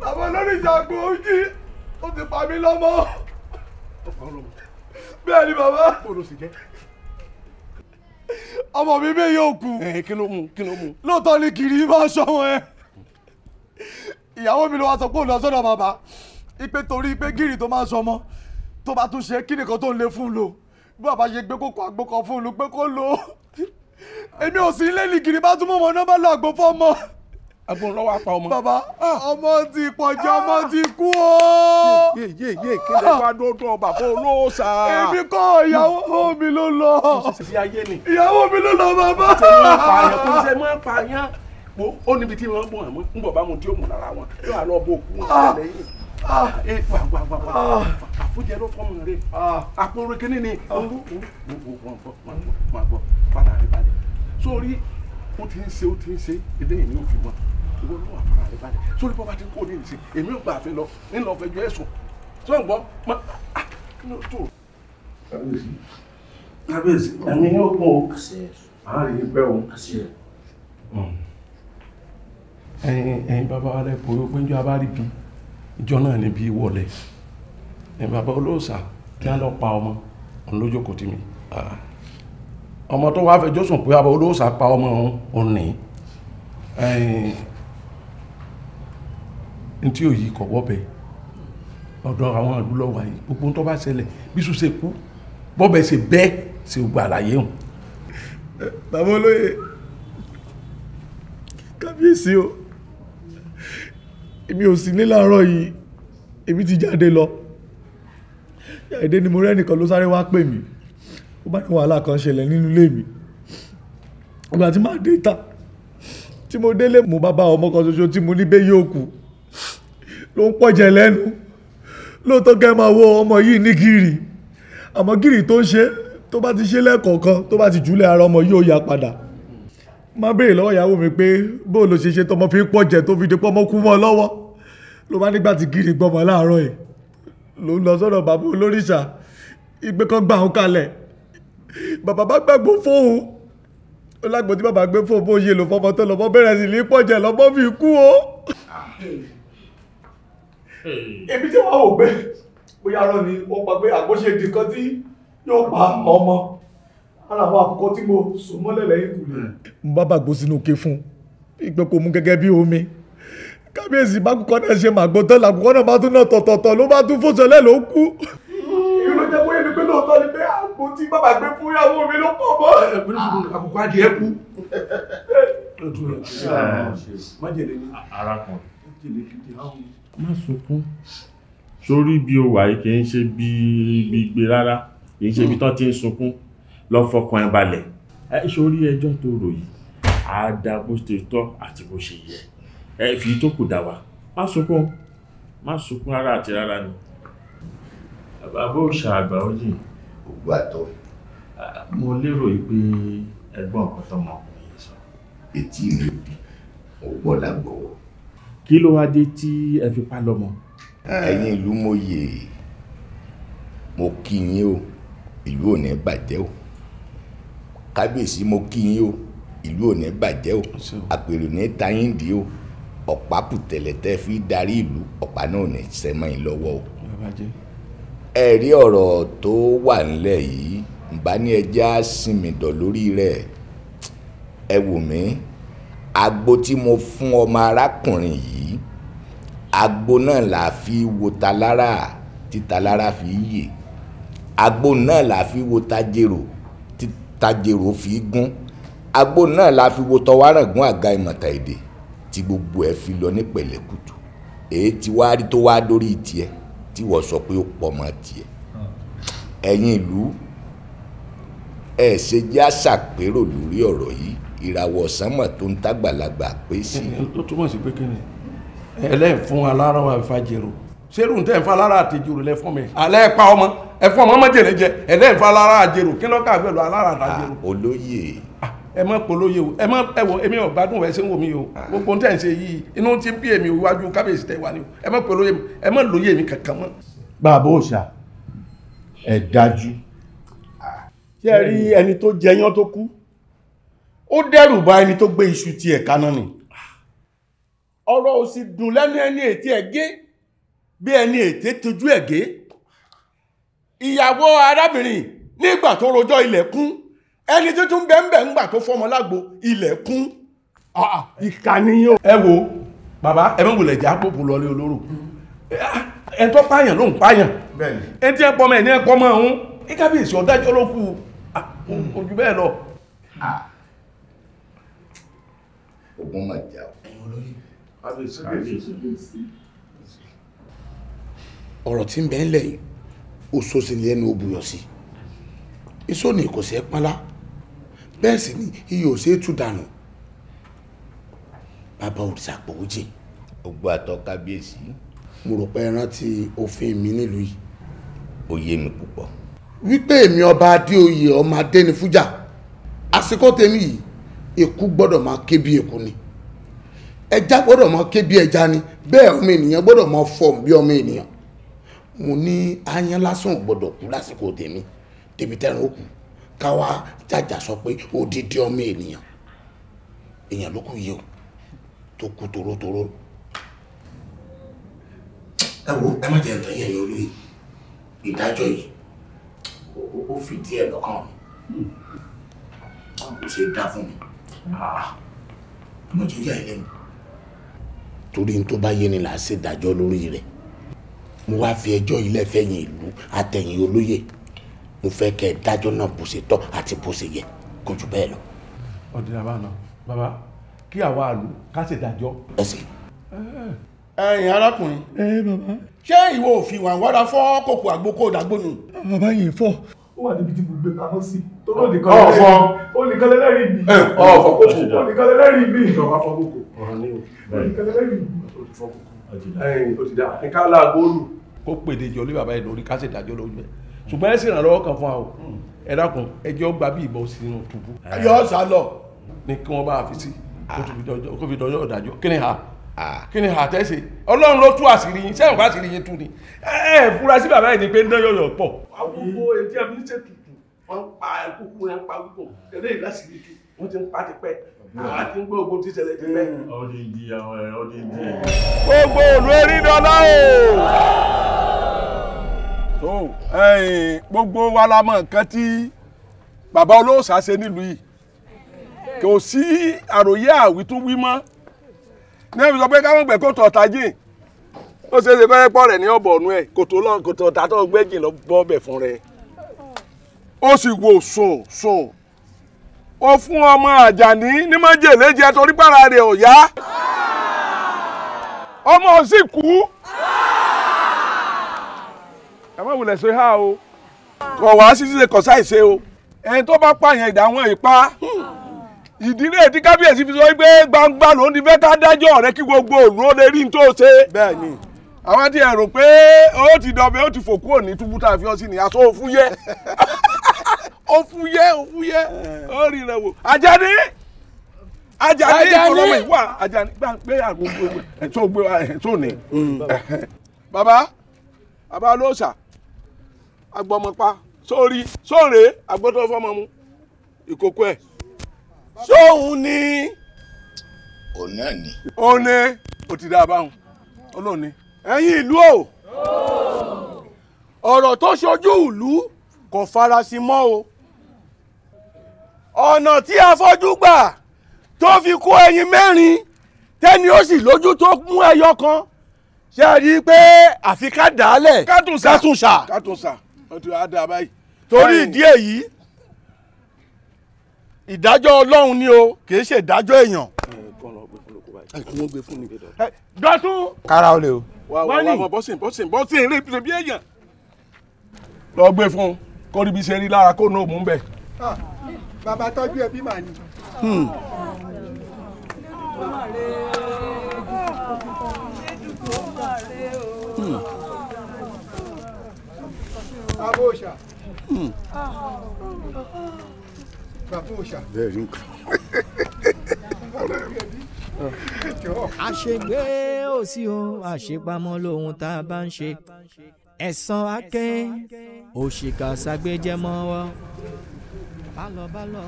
[SPEAKER 1] bàbá lórí ìjàgbó ojú ó ti pa mí lọ́mọ. bẹ́ẹ̀ ni bàbá. ọmọ mi bẹ́ẹ̀ yóò kú. kí ló mú kí ló mú. lóòótọ́ ni kiri máa ń ṣọwọ́ ẹ ìyàwó mi ló wá sọ pé òun lọ sọ́dọ̀ bàbá ipe torí pé gírì tó máa ń sọmọ tó bá tún ṣe kí nìkan tó ń lé fún un lò bí bàbá ṣe gbé kókó àgbo kan fún olùgbé kó lò ó èmi ò sí ilé nìgiri bá túmọ̀ ọmọ nọ́mbà lọ àgbo fọ́mọ. agbóhùn lọ́wọ́ apá ọmọ. bàbá ah. ọmọ ti pọ̀jù ọmọ ah. ti kú o. yé yé yé kílẹ̀ wá dọ́dọ̀ bàbá olóòṣà. èmi kọ́ ìyàwó hmm. Hmm. mi ló lọ. ìyàwó mi ló lọ bàbá. kò ṣe máa pààyàn kò ṣe máa
[SPEAKER 3] pààyàn ó níbi tí wọ́n bọ̀ àmọ́ ń bọ̀ bá mu tí ó mú lára wọn yóò wà wà wà wà àfúnjẹ ló fọmù rẹ àpòrò kínní ni òru
[SPEAKER 1] òru wọn gbọ wọn gbọ fara rẹ balẹ̀ sórí ó ti ń ṣe ó ti ń ṣe eléyìí ni ó fi mọ ìwọ ló wà fara rẹ balẹ̀ sórí bọ́ bá ti kó ní ìsìn èmi ò gbà àfin lọ nílò ọ̀fẹ́ ju ẹ̀sùn tí wọ́n gbọ́ mọ kí ló tó. kábíyèsí
[SPEAKER 3] kábíyèsí ẹ̀mí yóò kún o àárín pẹ́ o ẹ̀yin ẹ̀yin bàbá wa rẹ̀ bòrò péjọ abárìbí ìjọ náà níbi wọlé bàbá olóòsà tí wọ́n lọ pa ọmọ òun lójú kò tí mi ah. ọmọ tó wá fẹjọ́ sùn pé bàbá olóòsà pa ọmọ òun ní ẹ̀yìn tí òyì kọ̀ wọ́bẹ̀ ọ̀dọ̀ àwọn àdúlọ́wà yìí gbogbo tó bá ṣẹlẹ̀ bísú ṣe kú bọ́bẹ̀ ṣe bẹ́ẹ̀ se gbà àlàyé hùn.
[SPEAKER 1] bàbá olóye kábíyèsí o èmi ò sí ilé láàárọ̀ yìí èmi ti jáde lọ jáde ni mo rẹ́nìkan ló sáré wá pè mí ó bá ní wàhálà kan ṣẹlẹ̀ nínú ilé mi ìgbà tí màá dé ta tí mo délé mo bá bá ọmọ kan ṣoṣo tí mo ní bẹ́ẹ̀ yóò kú ló ń pọ̀jẹ̀ lẹ́nu lóòótọ́ kẹ́ máa wo ọmọ yìí ní gírì àmọ́ gírì tó ń ṣe tó bá ti ṣe lẹ́ẹ̀kọ̀ọ̀kan tó bá ti jùlẹ̀ ara ọmọ yóò yá padà máa béèrè lọ́wọ́ ìyàwó mi pé bó ló ṣe ṣe tọmọ fi ń pọ̀ jẹ tó fi di pọ́mọ kú mọ́ lọ́wọ́ ló bá nígbà tí gírì gbọmọ láàárọ̀ yìí ló ń lọ sọ́dọ̀ bàbá olóríṣà ìgbé kan gbà òun kalẹ̀ bàbá bá gbàgbó fóun ó lágbo tí bàbá gbé fóun bó ṣe lò fọmọ tó lọmọ bẹ̀rẹ̀ sí ní pọ̀jẹ̀ lọmọ fi kú o. èmi tí wọn ò gbé bóyá rọ ni wọn pa pé àgbóṣe dìkan tí yóò pa ọmọ ara àwọn àkókò tí mo sò mọ́lẹ̀ lẹ́yìn kù lè. mo bá bàgbó sínú òkè fún ìgbẹ́ kò mú gẹ́gẹ́ bí omi kábíyèsí bákùkọ náà ṣe màgbọ́n tán làkùkọ náà bá tún náà tọ̀tọ̀tọ̀ ló bá tún fòṣọlẹ̀ ló kú. irú ló jẹ́ bóyá ni pé lóòótọ́ ni pé àgbo tí bàbá gbé fún ìyàwó mi ló pọ̀ mọ́. àkùkọ adìẹ kú.
[SPEAKER 3] má sunkún sórí bí o wà yìí kì í ṣe bí gbígbé rárá kì í ṣe bí tán ti ń sunkún lọ fọkàn ẹ balẹ̀ ẹ sórí ẹjọ́ tó rò yìí á da bó ṣe tọ́ àti bó ṣe yẹ ẹ fi tó kù dà wá má sunkún má sunkún rárá àti rárá ni bàbá bó ṣàgbà ó yìí. gbogbo àtọ.
[SPEAKER 1] mo lérò pé
[SPEAKER 7] ẹ̀gbọ́n nǹkan tó mọ ọkùnrin yìí sọ. etí
[SPEAKER 1] mi ò di mo gbọ́ lágbọ̀wọ́. kí ló wá dé tí ẹ fi pa lọ́mọ. ẹ̀yin ìlú mo yè mo kí yín o ìlú ò ní bàjẹ́ o kábíyèsí mo kí yín o ìlú ò ní bàjẹ́ o àpèrè ní tayíǹdì o ọ̀pá pùtẹ̀lẹ̀tẹ̀ fi darí ìlú ọ̀pá náà ní sẹ́mọ́ yín lọ́wọ́ o. ẹ̀rí ọ̀rọ̀ tó wà nílẹ̀ yìí ǹbá ní ẹja sinmi dọ̀ lórí rẹ̀ ẹ wò mí agbo tí mo fún ọmọ arákùnrin yìí agbo náà là fi wo ta lára fi yè agbo náà là fi wo ta tajero fi gún agbo náà la fi wo tọwárangún àga ìmọ̀ta èdè tí gbogbo ẹ̀ fi lọ ní pẹ̀lẹ́kùtù èyí tí wàá rí tó wàá dórí tiẹ̀ tí wọ́n sọ pé ó pọ̀ mọ́ tiẹ̀ ẹ̀yin ìlú ẹ̀ ṣe jẹ́ àṣàpérò lórí ọ̀rọ̀ yìí ìràwọ̀ sánmọ̀ tó ń tágbàlagbà pé sí. ó túmọ̀ sí pé kíni ẹlẹ́yìn fún alára wa fàjèrò
[SPEAKER 3] ṣé irú tẹ́ ń fa alára àtẹjù rẹ̀ lẹ́fọ́n mi alẹ́ pa ọmọ ẹ fún ọmọ mọ́jẹ̀lẹ̀ jẹ ẹlẹ́ẹ̀fà alára àjèrò kí lọ́kà pẹ̀lú alára ah, àjèrò. olóyè ah, ẹ mọ polóye o ẹ mọ ẹ wọ èmi ọgbádùn
[SPEAKER 1] ẹ ṣe ń wò mí o ah. gbogbo tẹ̀ ń ṣe yìí inú ti bí èmi iwájú kábíyèsí tẹ̀ wá ni o ẹ mọ polóye mi ẹ mọ lóye mi kankan mọ. bàbá òòṣà ẹ dájú ṣé ẹ rí ẹni tó jẹyán tó kú ó dẹ́rù bà ẹni tó gbé iṣu tiẹ̀ kaná ni ọ̀rọ̀ ò sì dùn lẹ́nu ẹni ètí ẹ̀ gé bí ẹni ètè tójú ẹ̀ gé ìyàwó arábìnrin nígbà tó rojọ́ ilẹ̀kùn ẹni tuntun bẹ́ẹ̀nbẹ́ẹ̀ ńgbà tó fọmọ lágbo ilẹ̀kùn ah, ah, ìkànnìyàn. ẹ wo bàbá ẹ mọ̀ wùlẹ̀ jà pòpò lọlé olóró
[SPEAKER 3] ẹ tó pààyàn ló ń pààyàn ẹ tí ẹ pọmọ ẹ ní ẹ pọmọ ọhún ẹ kábíyèsí ọ̀dájọ́ ló kù ojú ah, bẹ́ẹ̀ lọ.
[SPEAKER 1] ogun máa jà o. ọ̀rọ̀ tí ń bẹ ń lẹ̀ yìí ososi ni ẹnu obùyọ̀ sí iṣó ni kò sí ẹ bẹ́ẹ̀ sì ni iye ò ṣe é tú dànù bàbá òrìṣà pòwó jì. ogbó àtọ kábíyèsí. mo rò pé ẹ òfin mi nílùú yìí. ó yé mi púpọ̀. wípé èmi ọba adéoyè ọmọ adénifújà àsìkò tèmi yìí èkú gbọ́dọ̀ máa ké bí èkú ni ẹja gbọ́dọ̀ máa ké bí ẹja ni bẹ́ẹ̀ ọmọ ènìyàn gbọ́dọ̀ máa fọ̀ bí ọmọ ènìyàn mo ní aáyán lásán ò gbọdọ̀ kú lásìkò tèmi tèmi tẹ́ran ó kù káwa jàjà sọ pé odidi ọmọ ènìyàn èèyàn ló kù yìí o tó kú torótoró. ẹ wo ẹ má jẹ ǹtọ́ yẹn yóò rí ìdájọ́ yìí ó fi díẹ̀ lọ́kàn mi kò ṣe dá fún mi ọmọ ìjọba ilé mi. torí n tó bá yé ni là á ṣèdájọ́ lórí rẹ̀ mo wá fi ẹjọ́ ilé fẹ̀yìn ìlú àtẹ̀yìn olóyè mo fẹ́ kẹ́ ẹ dájọ́ náà bó ṣe tọ́ àti bó ṣe yẹ kò jù bẹ́ẹ̀ lọ.
[SPEAKER 3] ọ̀dẹ̀ bàbá náà bàbá
[SPEAKER 1] kí àwa àlù ká ṣe dájọ́. ẹ sì. ẹ̀yin arákùnrin. ẹ bàbá. ṣé ìwọ ò fi wàǹwàrà fọ́ kòkò àgbókò dàgbónú. bàbá yìí fọ́ ó wà níbi tí mo gbé pamọ́ sí tóró nìkan lẹ́rìí olùkan lẹ́rìí mi olùkan lẹ́rìí mi
[SPEAKER 3] ìjọba fọ́kùnkùn olùkan lẹ́rìí mi ó ti dá nǹkan láàgbó lù kó pèdè jọ lé bàbá yẹn lórí ká sì dájọ́ lójú ẹ̀ ṣùgbọ́n ẹ sì ràn lọ́wọ́ kan fún wa ẹ dákun ẹjọ́ gba bí ìbọn sínú túbú. yọ sá lọ. ni kí wọ́n bá fi sí kó fi dọjọ́ ìdájọ́ kí ni ha kí ni ha tẹ́sí ọlọ́run ló tú àṣírí yín sẹ́wọ̀n bá yín tú ni ẹ fura sí bàbá yìí ni pé ń dán yọ̀yọ̀ pọ̀.
[SPEAKER 1] àwòkọ etí ẹbí ń ṣètùtù
[SPEAKER 3] wọn pa kúkú wọn pa gbogbo tẹ́lẹ̀ ìlàsìrì tú wọn ti ń pa tipẹ́ àwọn ti ń gbọ́ ogun tí
[SPEAKER 1] ṣẹlẹ̀ tipẹ́. ọdún ìdí ọdún ìdí.
[SPEAKER 4] gbogbo olú erin o
[SPEAKER 3] tó gbogbo wa la mọ̀ nǹkan tí bàbá olóòṣà ṣe nílùú yìí kò sí àròyé àwítúwí mọ́ ní ẹ̀mí sọ pé káwọn gbẹ̀ kó tọ̀ tajìn ó ṣe é ṣe pé pọ̀
[SPEAKER 1] rẹ̀ ní ọ̀bọ̀ ọ̀nù ẹ̀ kò tó lọ kò tó ta tó lọ bọ́ ọbẹ̀ fún rẹ̀ ó sì wò sùn sùn ó fún ọmọ àjàní ní májèlé jẹ torí pàrà rẹ̀ ò yá ọmọ ò sì kú
[SPEAKER 3] ẹ má wulẹ̀ ṣe há o kọ̀ wá sí ṣíṣe kọ̀ sáì ṣe o ẹni tó bá pààyàn ìdá wọn ìpa ìdílé ètí kábíyèsí fi sọ pé
[SPEAKER 1] gbangba ló ń di fẹ́ẹ́ ká dájọ́ rẹ kí gbogbo òru ó lè rí n tó ṣe. bẹ́ẹ̀ni. àwọn ti ẹ̀rù pé ó ti dọ̀bẹ ó ti fò kúrò ní túbú tá a fi ọ sí ni aṣọ ó fúyẹ́ (laughs) ó fúyẹ́ ó fúyẹ́ ó rí rẹ wò. Ajani, Ajani,
[SPEAKER 2] ìfọlọ́mọ ìwà
[SPEAKER 3] Ajani? gbà pé àgbo gbogbo ẹ̀ tó gbé wa ẹ̀ tó ní. baba mm. baba ló ṣà agbọmọpa sórí sóòrè
[SPEAKER 1] agbọ́dọ̀ fọmọ mu ìkókó ẹ̀ sóhun ni. òun náà ni. òun ni ó ti dáa báwọn ọlọ́run ni ẹ̀yin ìlú o ọ̀rọ̀ tó ṣojú ìlú kò farasin mọ́ o ọ̀nà tí afọ́jú gbà tó fi kó ẹyin mẹ́rin tẹ́ni ó sì lójú tó mú ẹyọ kan ṣe é pé àfi ká dàálẹ̀ ká tún ká tún ṣà wọ́n ti wá dá a báyìí. torí ìdí èyí ìdájọ́ ọlọ́run ni o kì í ṣe ìdájọ́ èèyàn. dọ́tún. kára o lè o. wà á wà á bọ́sìn
[SPEAKER 3] bọ́sìn bọ́sìn rè é bí èèyàn.
[SPEAKER 1] lọ gbé fún un kó ríbi ṣe rí lára kó nù mú bẹ. Ah, bàbá tọ́jú ẹbí màá ni.
[SPEAKER 3] Hmm.
[SPEAKER 6] bàbá òòṣà bàbá òòṣà. bẹ́ẹ̀ ni àṣegbé ò sí o àṣepamọ́ lóhun tá a bá ń ṣe ẹ̀san akẹ́ òṣìkà ṣàgbéjẹmọ́ wọ́ bálọ̀bálọ̀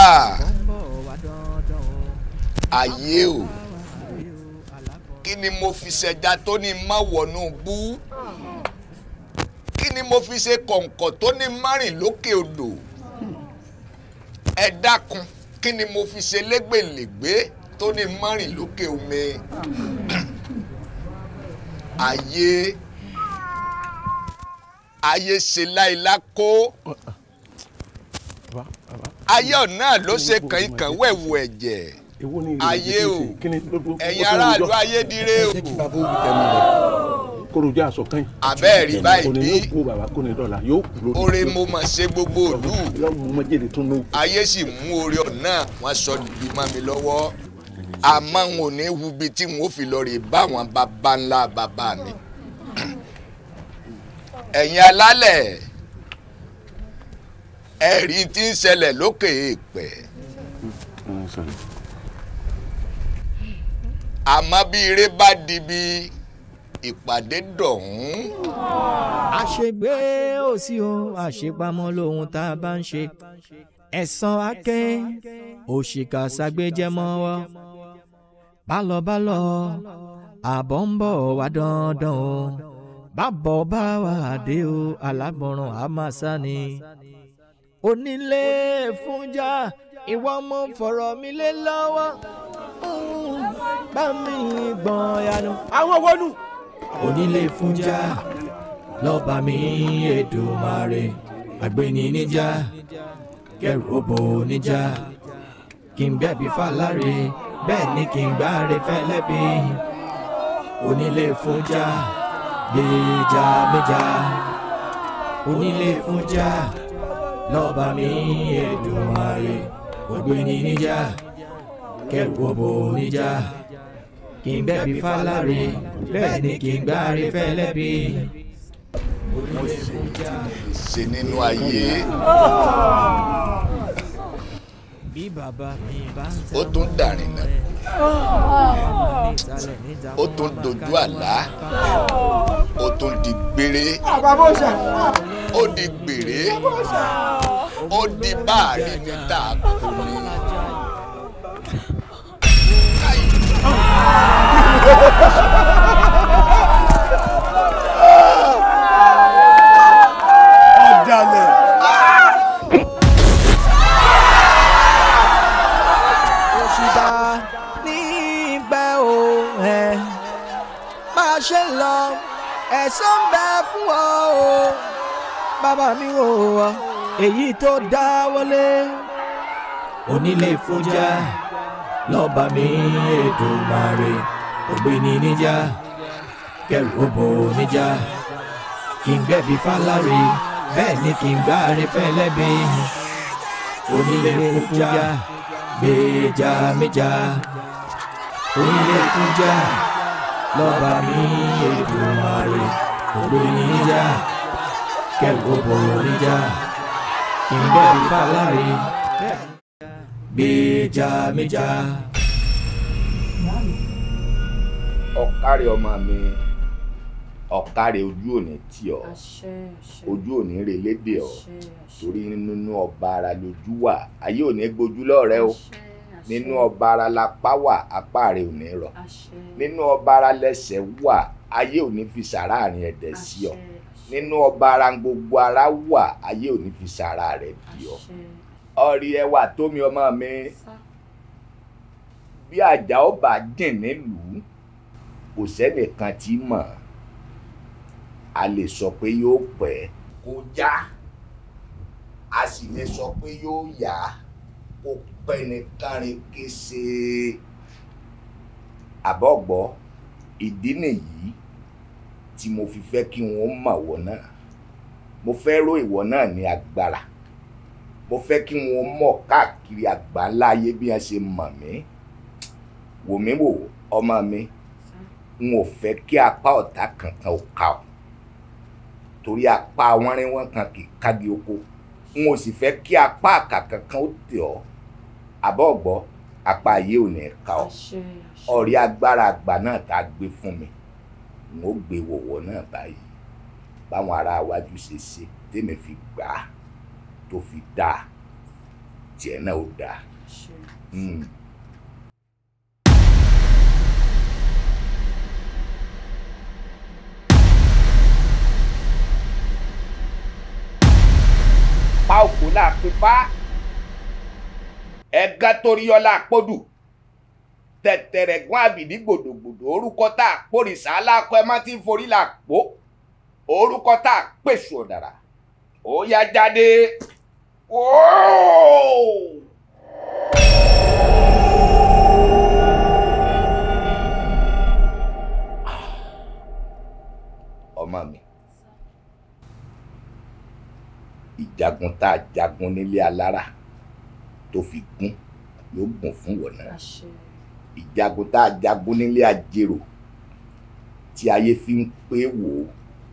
[SPEAKER 6] ah. bọ́ wà dandan
[SPEAKER 1] o. àyè o kí ni mo fi ṣẹ̀dá tó ní má wọ̀nú bú. Ah kí ni mo fi ṣe kọ̀ǹkọ̀ tó ní márìn lókè odò ẹ dákun kí ni mo fi ṣe légbèlégbé tó ní márìn lókè omi ayé ayé ṣe láìlá kó ayé ọ̀nà ló ṣe kàn ikàn wẹ̀wù ẹ̀jẹ̀ ayé o ẹ̀yin aráàlú ayé dire o kórojá aṣọ kan. abẹ́ẹ̀ rí báyìí bí orin kó bàbá kó ní dọ́là yóò kú lórí. orin mo mà ṣe gbogbo òlù. ayé sì mú orí ọ̀nà wọn sọ dìbò má mi lọ́wọ́ àmọ́ n ò ní wubi tí n ò fi lọ rè bá àwọn baba ńlá baba mi. ẹ̀yin alálẹ̀ ẹ̀rí tí ń ṣẹlẹ̀ lókè èèpẹ̀. àmọ́ bí ire bá di bíi ìpàdé dọ̀hún.
[SPEAKER 6] àṣegbé ò sí o àṣepamọ́ lohun tá a bá ń ṣe ẹ̀san akẹ́ òṣìkà ṣàgbéjẹ́mọ́wọ́ bálọ̀bálọ̀ àbọ̀ ń bọ̀ wá dandan o bábọ̀ bá wà dé o alágbọ̀nràn àmàṣà ni onílé fúnjà ìwọ mọ fọ̀rọ̀ mi lé lọ́wọ́ bá mi gbọ̀n yanu. àwọn wọnú onílé fúnjà lọ́ba mi Èdùmàrè àgbéni níjà kẹrù òbò níjà kí n gbẹ̀bí fàlàrè bẹ́ẹ̀ ni kí n gbáre fẹ́lẹ́bí onílé fúnjà gbèjà méjà onílé fúnjà lọ́ba mi Èdùmàrè àgbéni níjà kẹrù òbò níjà kì í gbẹ̀bí fáláre bẹ́ẹ̀ ni kì í gbáre fẹ́lẹ́bí. mo ti ṣe nínú ayé. bí bàbá mi bá ń tẹ́ ó tún dàrin náà
[SPEAKER 1] ó tún dojú àlá ó tún di gbére ó di gbére ó di báàrí ní tààkù ni.
[SPEAKER 2] ọ̀dàlẹ̀.
[SPEAKER 6] òṣìbà nígbà ò ẹ̀ máa ṣe lọ ẹ̀san ń bẹ fún ọ o bàbá mi ò wọ èyí tó dá wọlé onílé fújà lọ́ba mi Èdùmàrè ògbéni níjà kẹrù òbò níjà kí n gbẹ̀bí fáláre bẹ́ẹ̀ ni kí n gbáre fẹ́lẹ́bí onílé fújà
[SPEAKER 2] gbèjà
[SPEAKER 6] méjà onílé fújà lọ́ba mi Èdùmàrè
[SPEAKER 2] ògbéni níjà kẹrù níjà kí n gbẹ̀bí fáláre bẹ́ẹ̀
[SPEAKER 6] gbèjàmíjà.
[SPEAKER 1] ọ̀kárẹ̀ ọmọ mi ọ̀kárẹ̀ ojú òní tì ọ́ ojú òní relédè ọ́ torí nínú ọba ara lójú wà ayé òní gbójú lọ́rẹ́ o nínú ọba ara lápá wà apá rẹ̀ òní rọ̀ nínú ọba ara lẹ́sẹ̀ wà ayé òní fi sàrà àrìn ẹ̀dẹ̀ sí ọ nínú ọba ara gbogbo ara wà ayé òní fi sàrà rẹ̀
[SPEAKER 2] bí ọ. Àṣẹ
[SPEAKER 1] ọ̀rì ẹwà tómi ọmọ mi bí àjà ó bá dìn nílùú kò sẹ́nìkan tí mọ̀ a lè sọ pé yóò pẹ́ kó já a sì lè sọ pé yóò yá kó pẹ́ nìkan rìn kése àbọ̀gbọ́ ìdí nìyí tí mo fi fẹ́ kí wọ́n mọ̀ wọ́n náà mo fẹ́ ró ìwọ náà ní agbára mo fẹ́ kí wọ́n mọ̀ káàkiri àgbáńlá ayé bí wọ́n ṣe mọ̀ mí wò mí wò ọmọ mi n ò fẹ́ kí apá ọ̀tá kankan ò ká ọ torí apá wọ́nrínwọ́n kan kì í kági oko n ò sì fẹ́ kí apá àkà kankan ó tẹ̀ ọ́ àbọ̀ ọ̀gbọ́ apá ayé ò ní ká ọ ọ̀rẹ́ agbára àgbà náà tá a gbé fún mi n ó gbé wọ̀wọ̀ náà báyìí báwọn ará iwájú ṣe ṣe tèmi fi gbà á tó fi dáa tiẹ̀ náà ó dáa. Mm. pa òkú láàpin fá ẹ̀gán torí ọlá àpọ́dù tẹ̀tẹ̀rẹ̀gún àbìdí gbòdògbòdò orúkọ tá a pòrìṣà aláàkọ ẹ má ti ń forí làpò orúkọ tá a pèsè ọ̀dàrà ó yá jáde. Whoa! ọmọ mi ìjagun tá a jagun nílé alára tó fi gún yóò gùn fún wọn náà ìjagun tá a jagun nílé ajérò tí ayé fi ń pé wò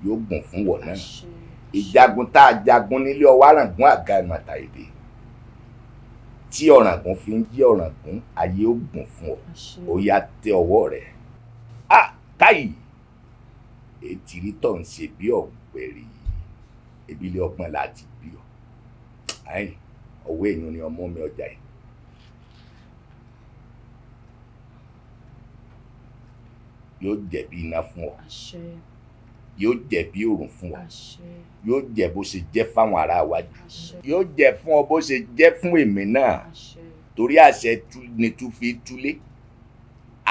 [SPEAKER 1] yóò gùn fún wọn náà ìjagun tá a jagun nílé ọwọ́ àràǹgún àga ìmọ̀ àtàyèdè tí ọ̀ràǹgún fi ń jí ọ̀ràǹgún ayé ó gùn fún ọ ó yá tẹ ọwọ́ rẹ̀ a káyì ètí rí tọ̀ ń ṣe bí ọ̀gbẹ̀rì ìbílẹ̀ ọgbọ́n láti bí ọ ọwọ́ èèyàn ni ọmọ mi ọjà yìí. yóò jẹ̀bi iná fún ọ yóò jẹ́ bí òòrùn fún wa yóò jẹ́ bó ṣe jẹ́ fáwọn ará wa yóò jẹ́ fún ọ bó ṣe jẹ́ fún èmi náà torí àṣẹ ni tún fi túlé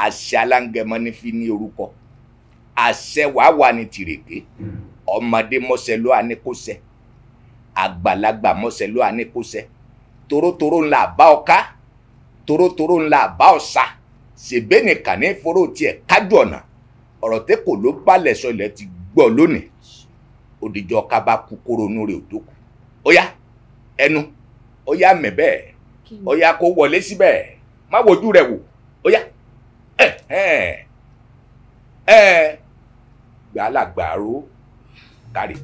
[SPEAKER 1] àṣẹ aláǹgẹmọ ni fi ní orúkọ àṣẹ wàá wà ní tìrèké ọmọdé mọ́ṣẹ́ ló àníkóṣẹ́ àgbàlagbà mọ́ṣẹ́ ló àníkóṣẹ́ torótoró ńlá àbá ọká torótoró ńlá àbá ọ̀sà ṣèbénìkà ní foró tiẹ̀ kájú ọ̀nà ọ̀rọ̀ tẹ́ kò ló balẹ̀ sọ ilẹ̀ ti gbọ́ lónìí òdìjọ kaba kú kóronú rẹ̀ òdòkú ọ̀yá ẹnu ọ̀yá mẹ̀bẹ́ ọ̀yá kó wọlé síbẹ̀ má wojú rẹ̀ wò ọ̀yá ẹ̀ ẹ̀ ẹ̀ gbàlagbàro kárí.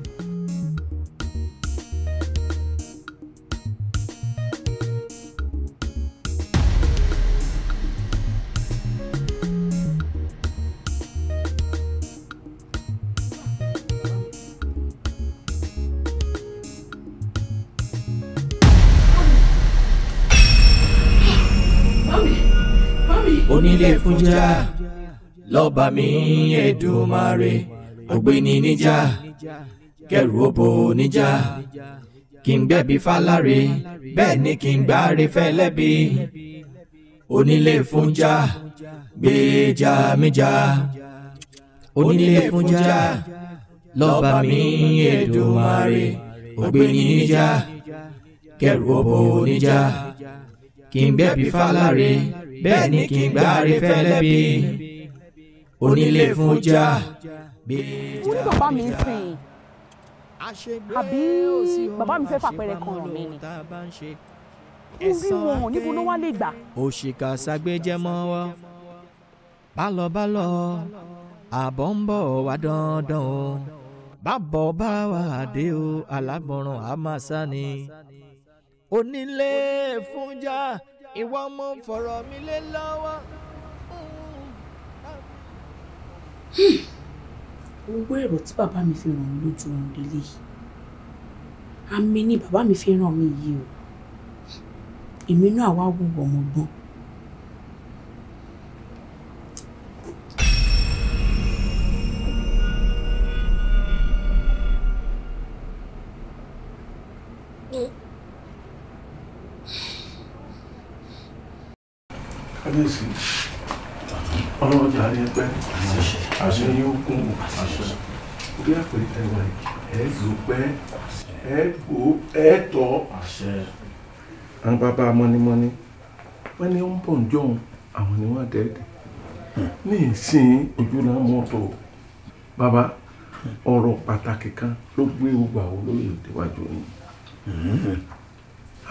[SPEAKER 6] níjà lọ́ba mi Èdùmàrè ògbéni níjà kẹrù òbò níjà kí n gbẹ̀bí fáláre bẹ́ẹ̀ ni kí n gbáre fẹ́lẹ́bí onílé fúnjà gbèjà méjà onílé fúnjà
[SPEAKER 2] lọ́ba mi Èdùmàrè
[SPEAKER 6] ògbéni níjà kẹrù òbò níjà kí n gbẹ̀bí fáláre bẹ́ẹ̀ ni kì í gbáre fẹ́lẹ́bí onílé fún já gbèjà. wọ́n ní bàbá mi
[SPEAKER 1] ń sìn àbí bàbá mi fẹ́ fàpẹẹrẹ kan ràn mí ni n rí wọn níbo ló wá
[SPEAKER 6] lè gbà. òṣìkà ságbéjẹ́ mọ́ wọ́ bálọ̀bálọ̀ àbọ̀ ń bọ̀ wá dandan o bàbọ̀ bá wà dé o alágbọ̀nràn àmàṣà ni onílé fúnjà ìwọ ọmọ fọ̀rọ̀ mi lé lọ́wọ́. Hmm. owó èrò
[SPEAKER 1] tí bàbá mi fi ràn mí lójú oorun délé yìí àmì ni bàbá mi fi ràn mí yìí o èmi náà wá wúwo ọmọ gbọ́n.
[SPEAKER 3] gbẹ́ ẹ bò ẹ tọ́ àwọn bàbá mọ́nímọ́ní wọ́n ní ó ń bọ̀ ǹjọ́ àwọn ni wọ́n dẹ́ẹ̀dẹ́ ní ìsìn ojú náà mọ́tò bàbá ọ̀rọ̀ pàtàkì kan ló gbé gbogbo àwọn olóyè òdewájú yìí hmm.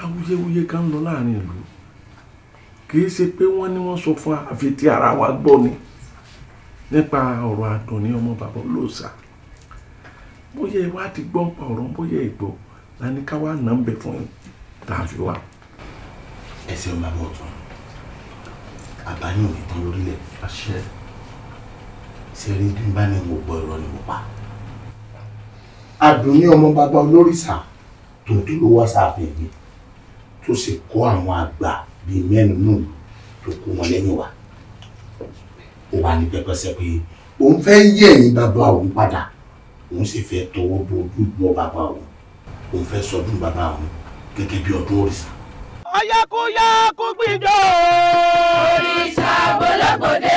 [SPEAKER 3] awuyewuye kan lọ láàrin ìlú kìí ṣe pé wọ́n ní wọ́n sọ fún àfi ara wa gbọ́ ni nípa ọ̀rọ̀ àdùnní ọmọ bàbá olóòṣà bóyá ìwádìí gbọ́ ọ̀rọ̀ bóyá ìgbò lánìká wà nà ń bẹ fún yín
[SPEAKER 5] tá a fi wá. ẹsẹ ọmọ àbọ ọtún àbáyọ òní tán lórílẹ̀ àṣẹ ṣeré bí bá ní mo gbọ́ ìrọ ni mo pa. àdùnní ọmọ bàbá olórìṣà tòótọ́ ló wá sáfẹ́ mi tó sì kó àwọn àgbà bíi mẹ́rin nù tó kó wọn lẹ́yìn wa ó wà ní pẹpẹsẹ pé òun fẹ́ yí ẹ̀yìn bàbá òun padà òun sì fẹ́ tọwọ́ bọ ọdún ìgbọ́ bàbá òun òun fẹ́ sọdún bàbá òun gẹ́gẹ́
[SPEAKER 4] bí ọdún òrìṣà. ọ̀yàkúyà kúgbìjọ́ òrìṣà bọ́lọ́gbọ̀dẹ.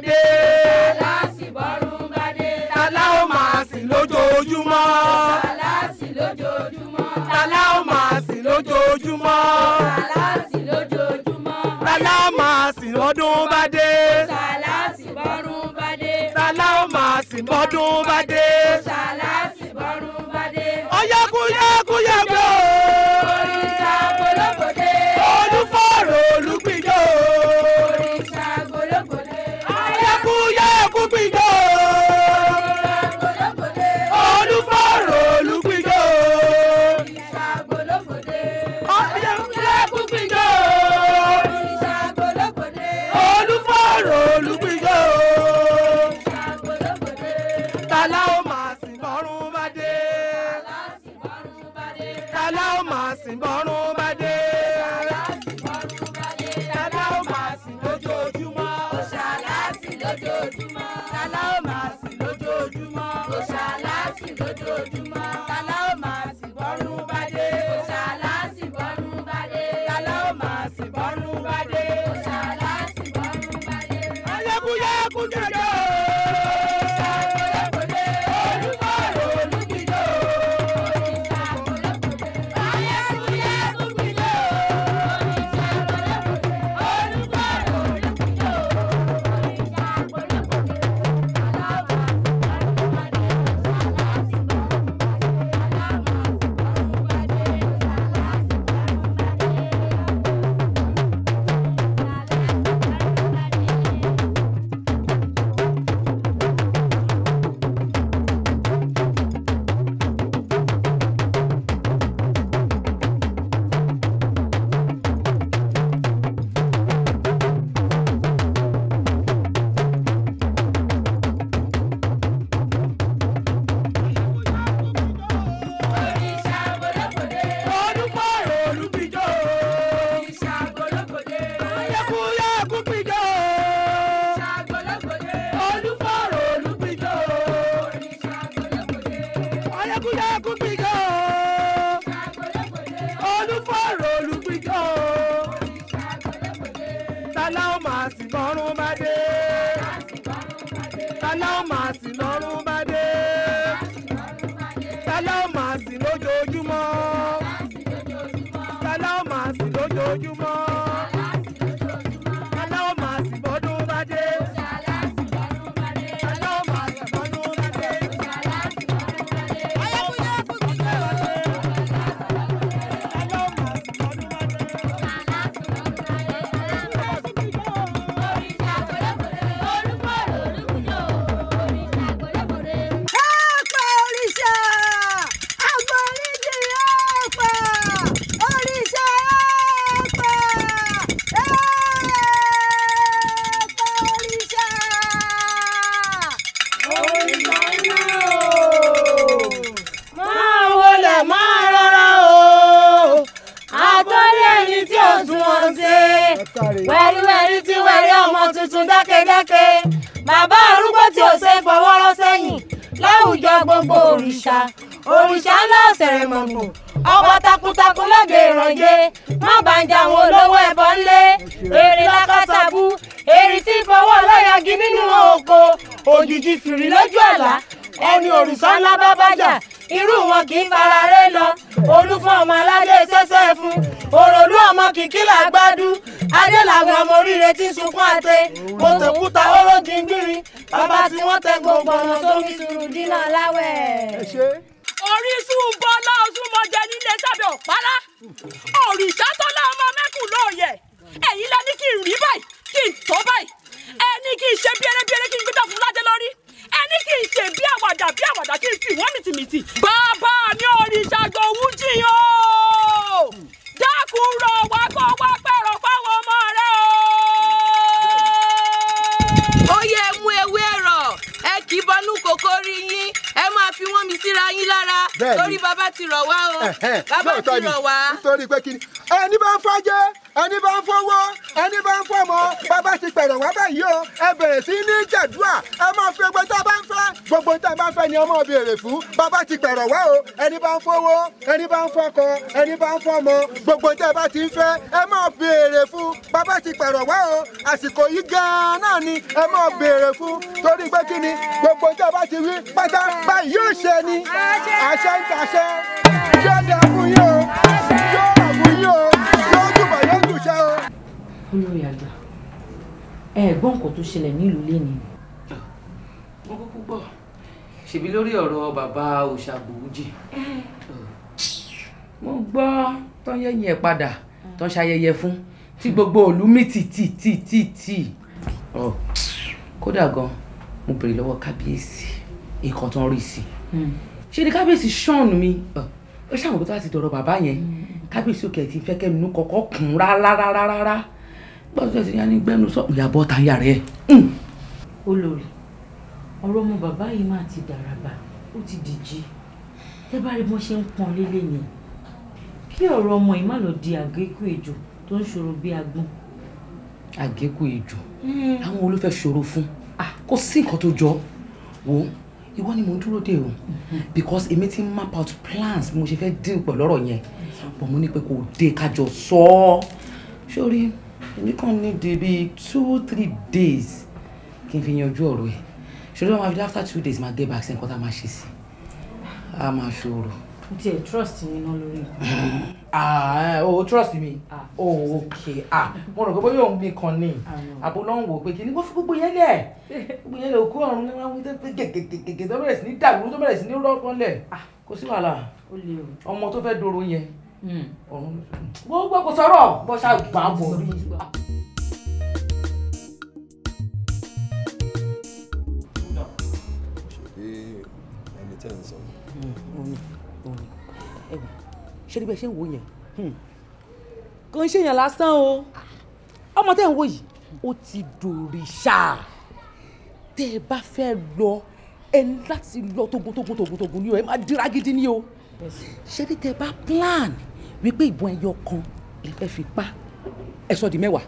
[SPEAKER 4] bá dé. tàlá sì bọ́run bá dé. tàlá ó máa sìn lójoojúmọ́. tàlá sì lójoojúmọ́. tàlá ó máa sìn lójoojúmọ́. tàlá
[SPEAKER 2] lójoojúmọ́.
[SPEAKER 4] tàlá ó máa sìn lọ́dún bá dé. tàlá sì tàlá ó máa sìn bọ́dún bá dé. fún òròlú ọmọ kìkì là gbádú adélàwé ọmọ oríire tí sunkún àtẹ kòtòkúta oró jìngbìrin bàbá tí wọ́n tẹ gbogbo ọ̀nà sómi sùúrù dínà láwẹ̀. Orísun bọ́lá Ọ̀ṣunmọ̀jẹ nílé sábẹ́ ọ̀pára òrìṣà tọ́lá ọmọ mẹ́kùn lóòyẹ̀ ẹ̀yin lẹ́ni kí n rí báyìí kí n tọ́ báyìí ẹni kí n ṣe bí erébí eré kí n gbé tàfún lájẹ lórí ní kí n ṣe bí àwàdà bí àwàdà kí n fi wọ́n mìtìmìtì. bàbá mi ò rí ìṣàgbọ̀ òun jiyàn o dákun rọ̀ wá kó wá pẹ̀rọ̀ fáwọn ọmọ rẹ̀ o. ó yẹ mú ewé rọ̀ ẹ kì í bọnú kòkó rí yín ẹ máa fi wọ́n mi síra yín lára torí bàbá ti rọ̀ wá o bàbá ti rọ̀
[SPEAKER 2] wá.
[SPEAKER 1] nítorí pé kí ni ẹni bá fàjẹ́ ẹni bá ń fowó ẹni bá ń fọmọ bàbá ti pẹ̀rẹ̀ wá báyìí o ẹ bẹ̀rẹ̀ sí ní jẹ̀dúà ẹ máa fi gbogbo tá a bá ń fẹ́ gbogbo tá a bá ń fẹ́ ni ọmọ béèrè fún bàbá ti pẹ̀rẹ̀ wá o ẹni bá ń fowó ẹni bá ń fọkọ ẹni bá ń fọmọ gbogbo tá a bá ti ń fẹ́ ẹ máa béèrè fún bàbá ti pẹ̀rẹ̀ wá o àsìkò yìí gan-an náà ni ẹ máa béèrè fún torí pé kí ni gbogbo tá a bá ti wí pátá báyìí
[SPEAKER 4] yóò bọ̀ yóò dùn ṣe o.
[SPEAKER 1] olórí àgbà ẹ̀gbọ́n nǹkan tó ṣẹlẹ̀ nílùú lẹ́ni. wọ́n kúkú gbọ́ ṣèbí lórí ọ̀rọ̀ bàbá òṣàgbòwújì. mo gbọ́ tó ń yẹ̀yìn ẹ̀ padà tó ń ṣayẹyẹ fún tí gbogbo òlú mi tì tì tì tì tì. kódà gan mo béèrè lọ́wọ́ kábíyèsí nǹkan tó ń rí sí i hmm. ṣe ni kábíyèsí ṣọ́ọ̀nù mi ó ṣàmùkú tó dọ̀rọ̀ bàbá yẹn hmm kábíyèsí òkè ti fẹ́ kẹ́mi nú kọ́kọ́ kùn rárá rárá rárá gbọ́dọ̀ ti yan ní gbẹ́nu sọ ìyàbọ̀ ta
[SPEAKER 6] yàrá ẹ̀. Hmm.
[SPEAKER 1] olórí ọ̀rọ̀ ọmọ bàbá yìí máa ti dàràbà ó ti dìjì tẹ́ bá rí bọ́n ṣe ń pọn lélẹ̀ ni kí ọ̀rọ̀ ọmọ yìí má lọ di àgékù ejò tó ń ṣòro bí agbọ́n. àgékù ejò hmm. àwọn olùfẹ́ ṣòro fún ah, kò sí nǹkan tó jọ wò ó ìwọ ni mò ń dúró dè o because èmi ti ń map out plans mo ṣe fẹ́ dín pẹ̀lú ọ̀rọ̀ yẹn but mo ní pé kò dé kájọ sọ ọ́ sórí èmi kàn ní di bíi two three days kí n fi yanjú ọ̀rọ̀ ẹ̀ sórí wọn máa fi after two days máa get back sí nǹkan tá a máa ṣe sí i a máa ṣòro mo ti ẹ̀ trust mi ná lórí ìlú. (laughs) Ah, eh, o trust mi ah. o ok ah, mo rò pé bóyá òun mi kan ní àbò lọ́hùn wò pé kíní wọ́n fi gbogbo yẹn lẹ̀ (laughs) gbogbo yẹn lẹ̀ òkú ọ̀run ní wọn tó gègègègè tó bẹ̀rẹ̀ sí ní dàrú tó bẹ̀rẹ̀ sí ní rọ́ọ̀kan lẹ̀ kò sí wàhálà ọmọ tó fẹ́ dòrò yẹn hmm. ọ̀run gbogbo kò sọ̀rọ̀ bọ́ṣà gbà bọ̀ rí. ṣe rí bẹ́ẹ̀ ṣe ń wò yẹn hmm. kò ń ṣèyàn lásán o ọmọ tẹ́ ń wò yìí ó ti dòrìṣà tẹ́ ẹ bá fẹ́ lọ ẹ ní láti lọ tógúntógún ni o ẹ máa dira gidi ni o ṣe rí tẹ́ ẹ bá plan wípé ìbọn ẹyọ kan lè fẹ́ fi pa ẹ sọ di mẹ́wàá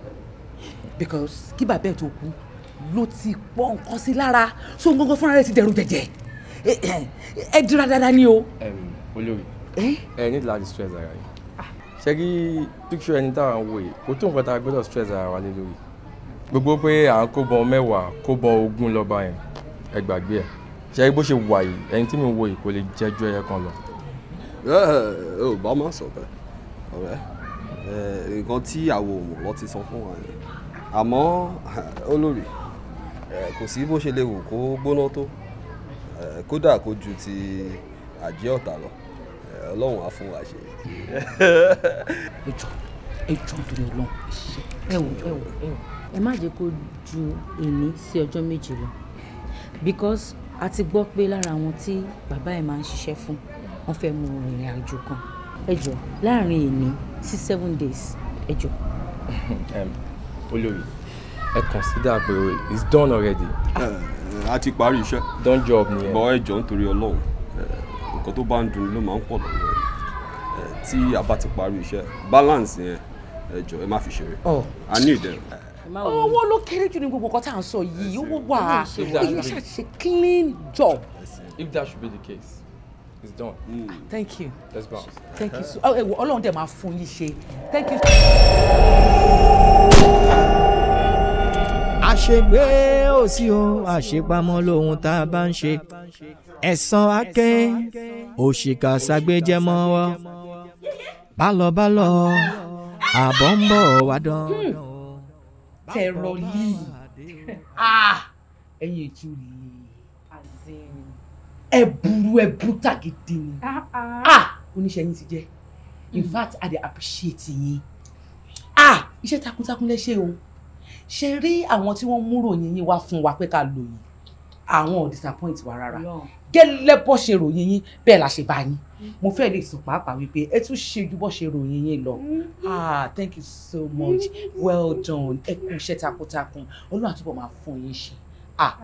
[SPEAKER 1] because kí bàbá ẹ̀ tó kú ló ti pọ̀ nǹkan sí lára so ngangan fúnra rẹ̀ ti dẹ̀rù jẹ̀jẹ̀ ẹ dira dáadáa ni o.
[SPEAKER 3] olórí Eh? ẹ ní láti stress ara yìí ṣé kí picture ẹni tá à ń wò yìí kò tó nǹkan tá a gbọ́dọ̀ stress ara wa lé lórí gbogbo pé à ń kóbọn mẹ́wàá kóbọn ogún lọ́ba yẹn ẹ gbàgbé ẹ ṣé bó ṣe wà yìí ẹni tí mi wò yìí kò lè jẹ́jú ẹyẹ kan lọ.
[SPEAKER 6] ẹ ẹ ò bá má sọ bẹ́ẹ̀ ọ̀rẹ́ nǹkan tí àwọ̀ òmò lọ ti sọ fún wa yẹn àmọ́ olórí kò sí bó ṣe lè wù kó gbóná tó kódà kó ju ti àjẹ́ ọ̀tá lọ ọlọ́run á fún wa ṣe. (laughs)
[SPEAKER 2] ẹjọ ẹjọ nítorí ọlọ́run ẹ wò
[SPEAKER 1] ẹ wò ẹ wò ẹ má jẹ́ kó ju èmi sí ọjọ́ méje lọ because a ti gbọ́ pé lára àwọn tí bàbá ẹ̀ máa ń ṣiṣẹ́ fún wọ́n fẹ́ mú ìrìn àjò kan ẹjọ láàrin èmi sí seven days ẹjọ.
[SPEAKER 3] (laughs) olórí ẹ consider pé it's done already. a ti parí iṣẹ́. don job nìyẹn. bọ́ ẹjọ́ nítorí ọlọ́run
[SPEAKER 6] nǹkan tó bá ń dùn ló máa ń pọ̀ lọ́wọ́ ẹ tí a bá ti parí iṣẹ́ balance yẹn ẹ jọ ẹ má fi ṣeré oh. a ní ìdẹ.
[SPEAKER 1] owó ló kéré jù ní gbogbo nǹkan tá à ń sọ yìí owó wà á èyí ṣàṣe clean job. if
[SPEAKER 3] that should be the case it's done. Mm. thank you. let's bounce. thank you so much. Oh,
[SPEAKER 1] ọlọ́run dẹ̀ máa fún yín ṣe thank you.
[SPEAKER 6] àṣegbé ò sí o àṣepamọ́ lóhun tá a bá ń ṣe ẹ̀san akẹ́ òṣìkà ságbéjẹmọ́ wọ́ bálọ̀bálọ̀ àbọ̀ ń bọ̀ wá dán. Hmm,
[SPEAKER 1] tẹ̀rọ̀lì (laughs) ah, ẹ̀yìn ètò lè ẹ burú ẹ burú tàgídé ni ah, ah. oníṣẹ́ ti jẹ́ in hmm. fact i dey appreciate yín iṣẹ́ takuntakun lẹ ṣe o ṣe rí àwọn tí wọ́n múrò yín yín wá fún wa pé ká lò yìí àwọn ò disappoint wa rárá gẹ́lẹ́ bọ́ ṣe ròyìn yín bẹ́ẹ̀ la ṣe bá yín mm-hmm. mo fẹ́ lè sọ pàápàá wípé ẹ tún ṣe ju bọ́ ṣe ròyìn yín lọ mm-hmm. ah thank you so much mm-hmm. well done ẹ kú iṣẹ́ takuntakun olúwa túbọ̀ máa fún yín ṣe ah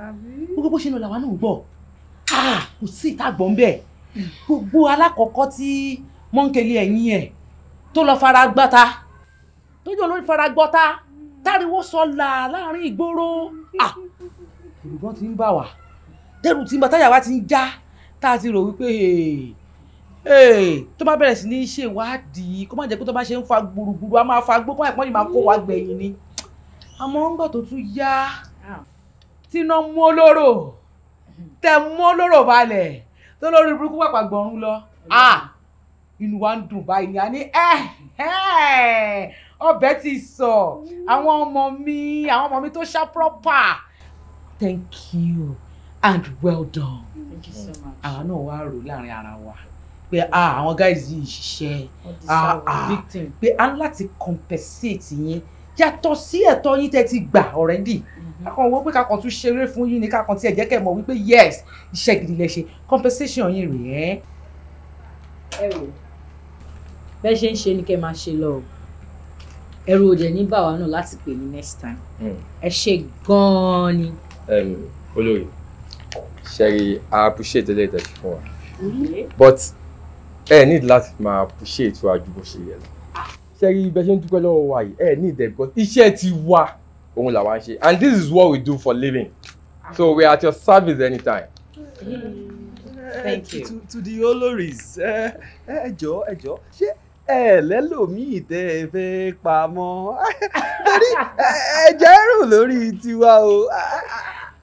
[SPEAKER 1] gbogbo bó ṣe lọ làwa náà ń gbọ́ ah kò sí ìta gbọ́n bẹ́ẹ̀ gbogbo alákọ̀ọ́kọ́ tí mọ́ńkẹ́lì ẹ̀yìn ẹ̀ tó lọ fara gbọ́ta tójú olórí fara gbọ́ta táriwo sọ là láàrin ìgboro ah ìgbọ́n ti ń bà wá tẹ́rù tí ń bá táyà wa ti ń já tá a ti rò wípé tó bá bẹ̀rẹ̀ sí ní ṣèwádìí kó má jẹ́ pé tó bá ṣe ń fa gbùrùgbùrù a máa fa gbó kó má ìpọ́njú máa kó wa gbẹ̀yìn ni àmọ́ ńgbà tó tún yá ah. tíná mú olóró tẹ mú olóró balẹ̀ tó lórí burúkú pàpà gbọ̀rún lọ ah, inú wa ń dùn báyìí ni a ní ọbẹ̀ ti sọ mm. àwọn ọmọ mi àwọn ọmọ mi tó ṣá proper thank you and well done. Thank you so much. àwa náà wá rò láàrin ara wa pé àwọn guys yìí ṣiṣẹ́ pé a ní láti compensate yín yàtọ̀ sí ẹ̀tọ́ yín tẹ́ ti gbà already mm-hmm. kakọ wo pé kakọ tún ṣeré fún yín ni kakọ tí ẹ jẹ́ kẹ́ mọ̀ wípé yes iṣẹ́ gidi lẹ ṣe compensation yín rèé. ẹ wò bẹ́ẹ̀ ṣe ń ṣe ni kẹ́ máa ṣe lọ o ẹ̀rù ò dẹ̀ ní bàwá náà láti pè ní next time hmm. ẹ ṣe
[SPEAKER 2] gan-an ni.
[SPEAKER 3] olórí Sherry, I appreciate eléyìí tẹ̀sí
[SPEAKER 2] fún
[SPEAKER 3] wa but ẹ need last, my appreciate to our bó Sherry, yẹ lọ ṣẹ́rí bẹ́ẹ̀ ṣe ń need them because iṣẹ́ ti wà òun làwa ń ṣe and this is what we do for living so we are at your service anytime.
[SPEAKER 1] Thank you. To, to the oloris ẹ Joe, ẹ jọ ṣé ẹ lẹ́lòmíì tẹ́ ẹ fẹ́ Daddy, (laughs) torí ẹ̀jẹ̀ rùn lórí tiwa o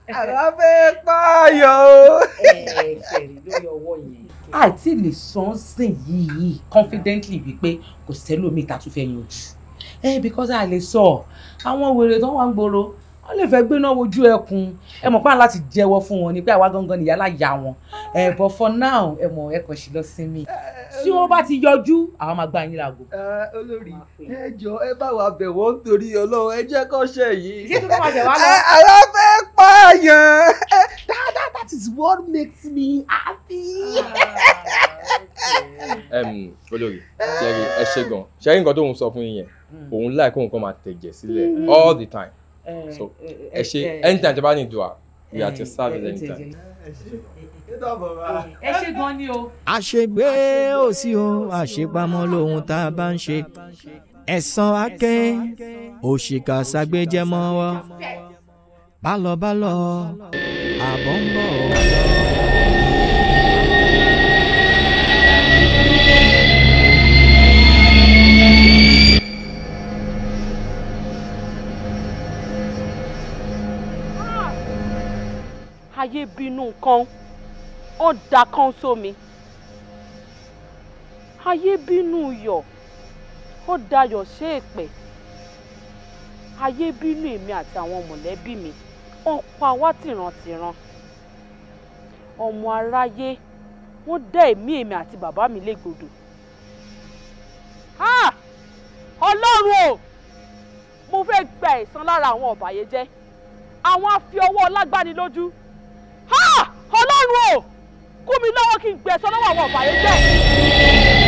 [SPEAKER 4] àlàfẹ́ pààyàn o. ẹ̀ẹ́dẹ̀rì lórí ọwọ́
[SPEAKER 1] yẹn. àti lè sàn sìn yìí confidently wípé kò sẹ́lómi ta tún fẹ́ yanjú ẹ because I lè sọ àwọn wèrè tó wà ń gbòòrò wọn lè fẹ́ gbéná wojú ẹkùn ẹ mọ̀ pàrọ̀ láti jẹ́wọ́ fún wọn ni pé àwa gangan nìyá láyà wọn ẹ but for now ẹ mọ̀ ẹ kàn sí lọ sinmi tí wọ́n bá ti yọjú àwọn máa gbá yín láago. olórí ẹ jọ ẹ bá wa bẹ̀ wọ́n torí ọlọ́run ẹ jẹ́ kó ṣe yìí. ṣé tó bá wà bẹ̀ wá lọ. Oh that, that, that is what makes me happy.
[SPEAKER 3] olórí ṣẹ́rí ẹ ṣe gan ṣẹ́rí nǹkan tó ń sọ fún yín yẹn òun láì kóun kan máa tẹ̀jẹ̀ sílẹ̀ all the time so ẹ ṣe anytime tí a bá ní ìdùà we are to serve anytime.
[SPEAKER 4] ẹ
[SPEAKER 2] ṣe gan ni o.
[SPEAKER 6] àṣegbé ò sí o àṣepamọ́ lóhun tá a bá ń ṣe ẹ̀san akẹ́ òṣìkà ságbéjẹ́ mọ́ wa bá lọ bá lọ àbọ̀ ń
[SPEAKER 2] bọ̀ lọ.
[SPEAKER 1] ayé bínú kan ó da kan sómi ayé bínú yọ̀ ó dayọ̀ ṣe èpè ayé bínú èmi àti àwọn mọ̀lẹ́bí mi wọ́n pa wá tìrantìran ọmọ aráyé wọ́n dá èmi èmi àti bàbá mi légbodò
[SPEAKER 4] ah! ọlọ́run o mo fẹ́ gba ẹ̀san lára àwọn ọ̀bàyéjẹ́ àwọn afi ọwọ́ ọlágbáni lójú ọlọ́run o kú mi lọ́wọ́ kí n gbẹ̀san lọ́wọ́ àwọn ọ̀bàyéjẹ́.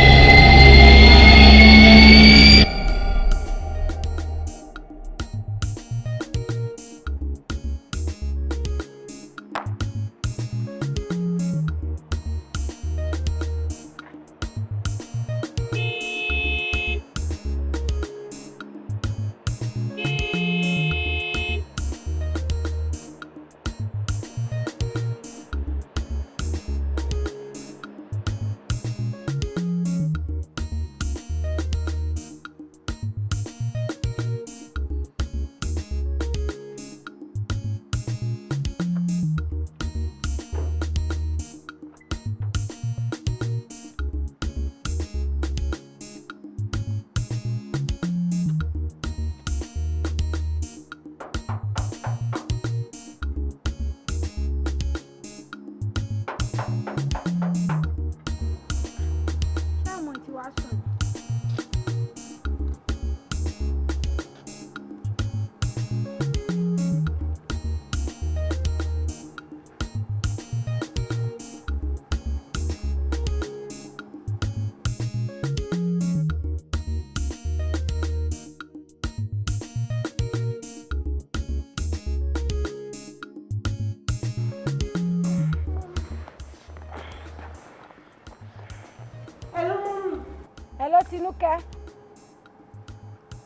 [SPEAKER 4] Tinúkẹ́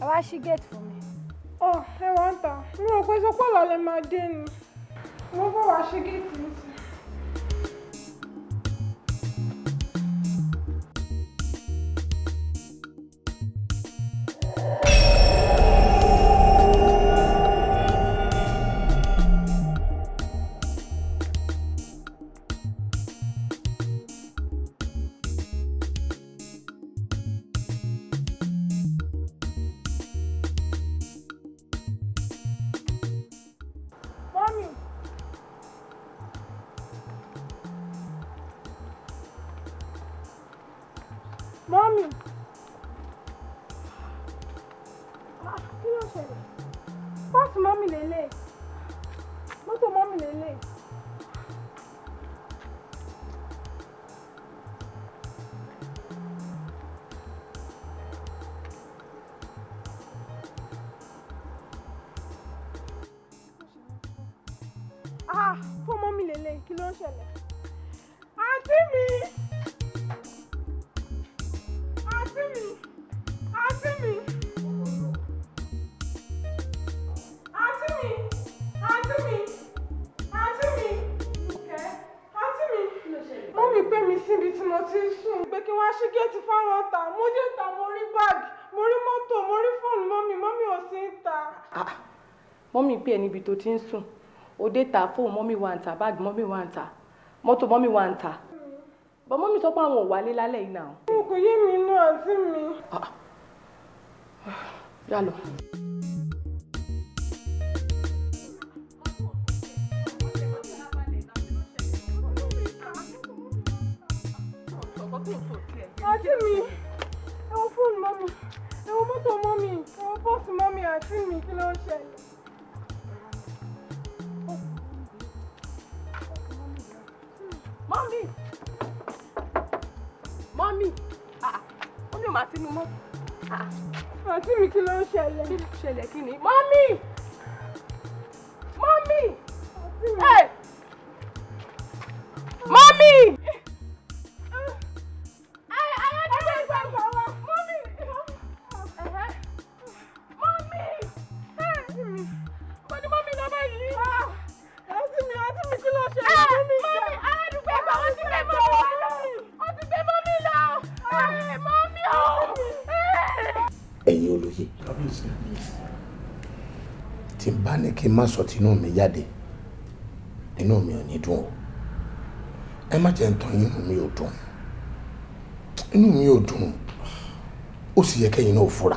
[SPEAKER 4] ẹ wá ṣí gate fún mi. ọ oh, ẹ wá ń tà mi ò pé sọpọ́ làlẹ́ máa dé ni
[SPEAKER 2] mo fọwọ́ ṣí gate
[SPEAKER 1] mọ́mì pè é níbi tó ti ń sùn òde ta fóònù mọ́mì wà ń ta báàgì mọ́mì wà ń ta mọ́tò mọ́mì wà ń ta bọ́ mọ́mì sọ pé àwọn ò wálé lálẹ́ yìí náà. kò yé mi náà àti mi. Ah, ah. yálò. má sọ tinú mi jáde inú mi ò ní dùn o ẹ má jẹ́ ń tàn inú mi ò dùn inú mi ò dùn ó sì yẹ kẹ́yìn náà fura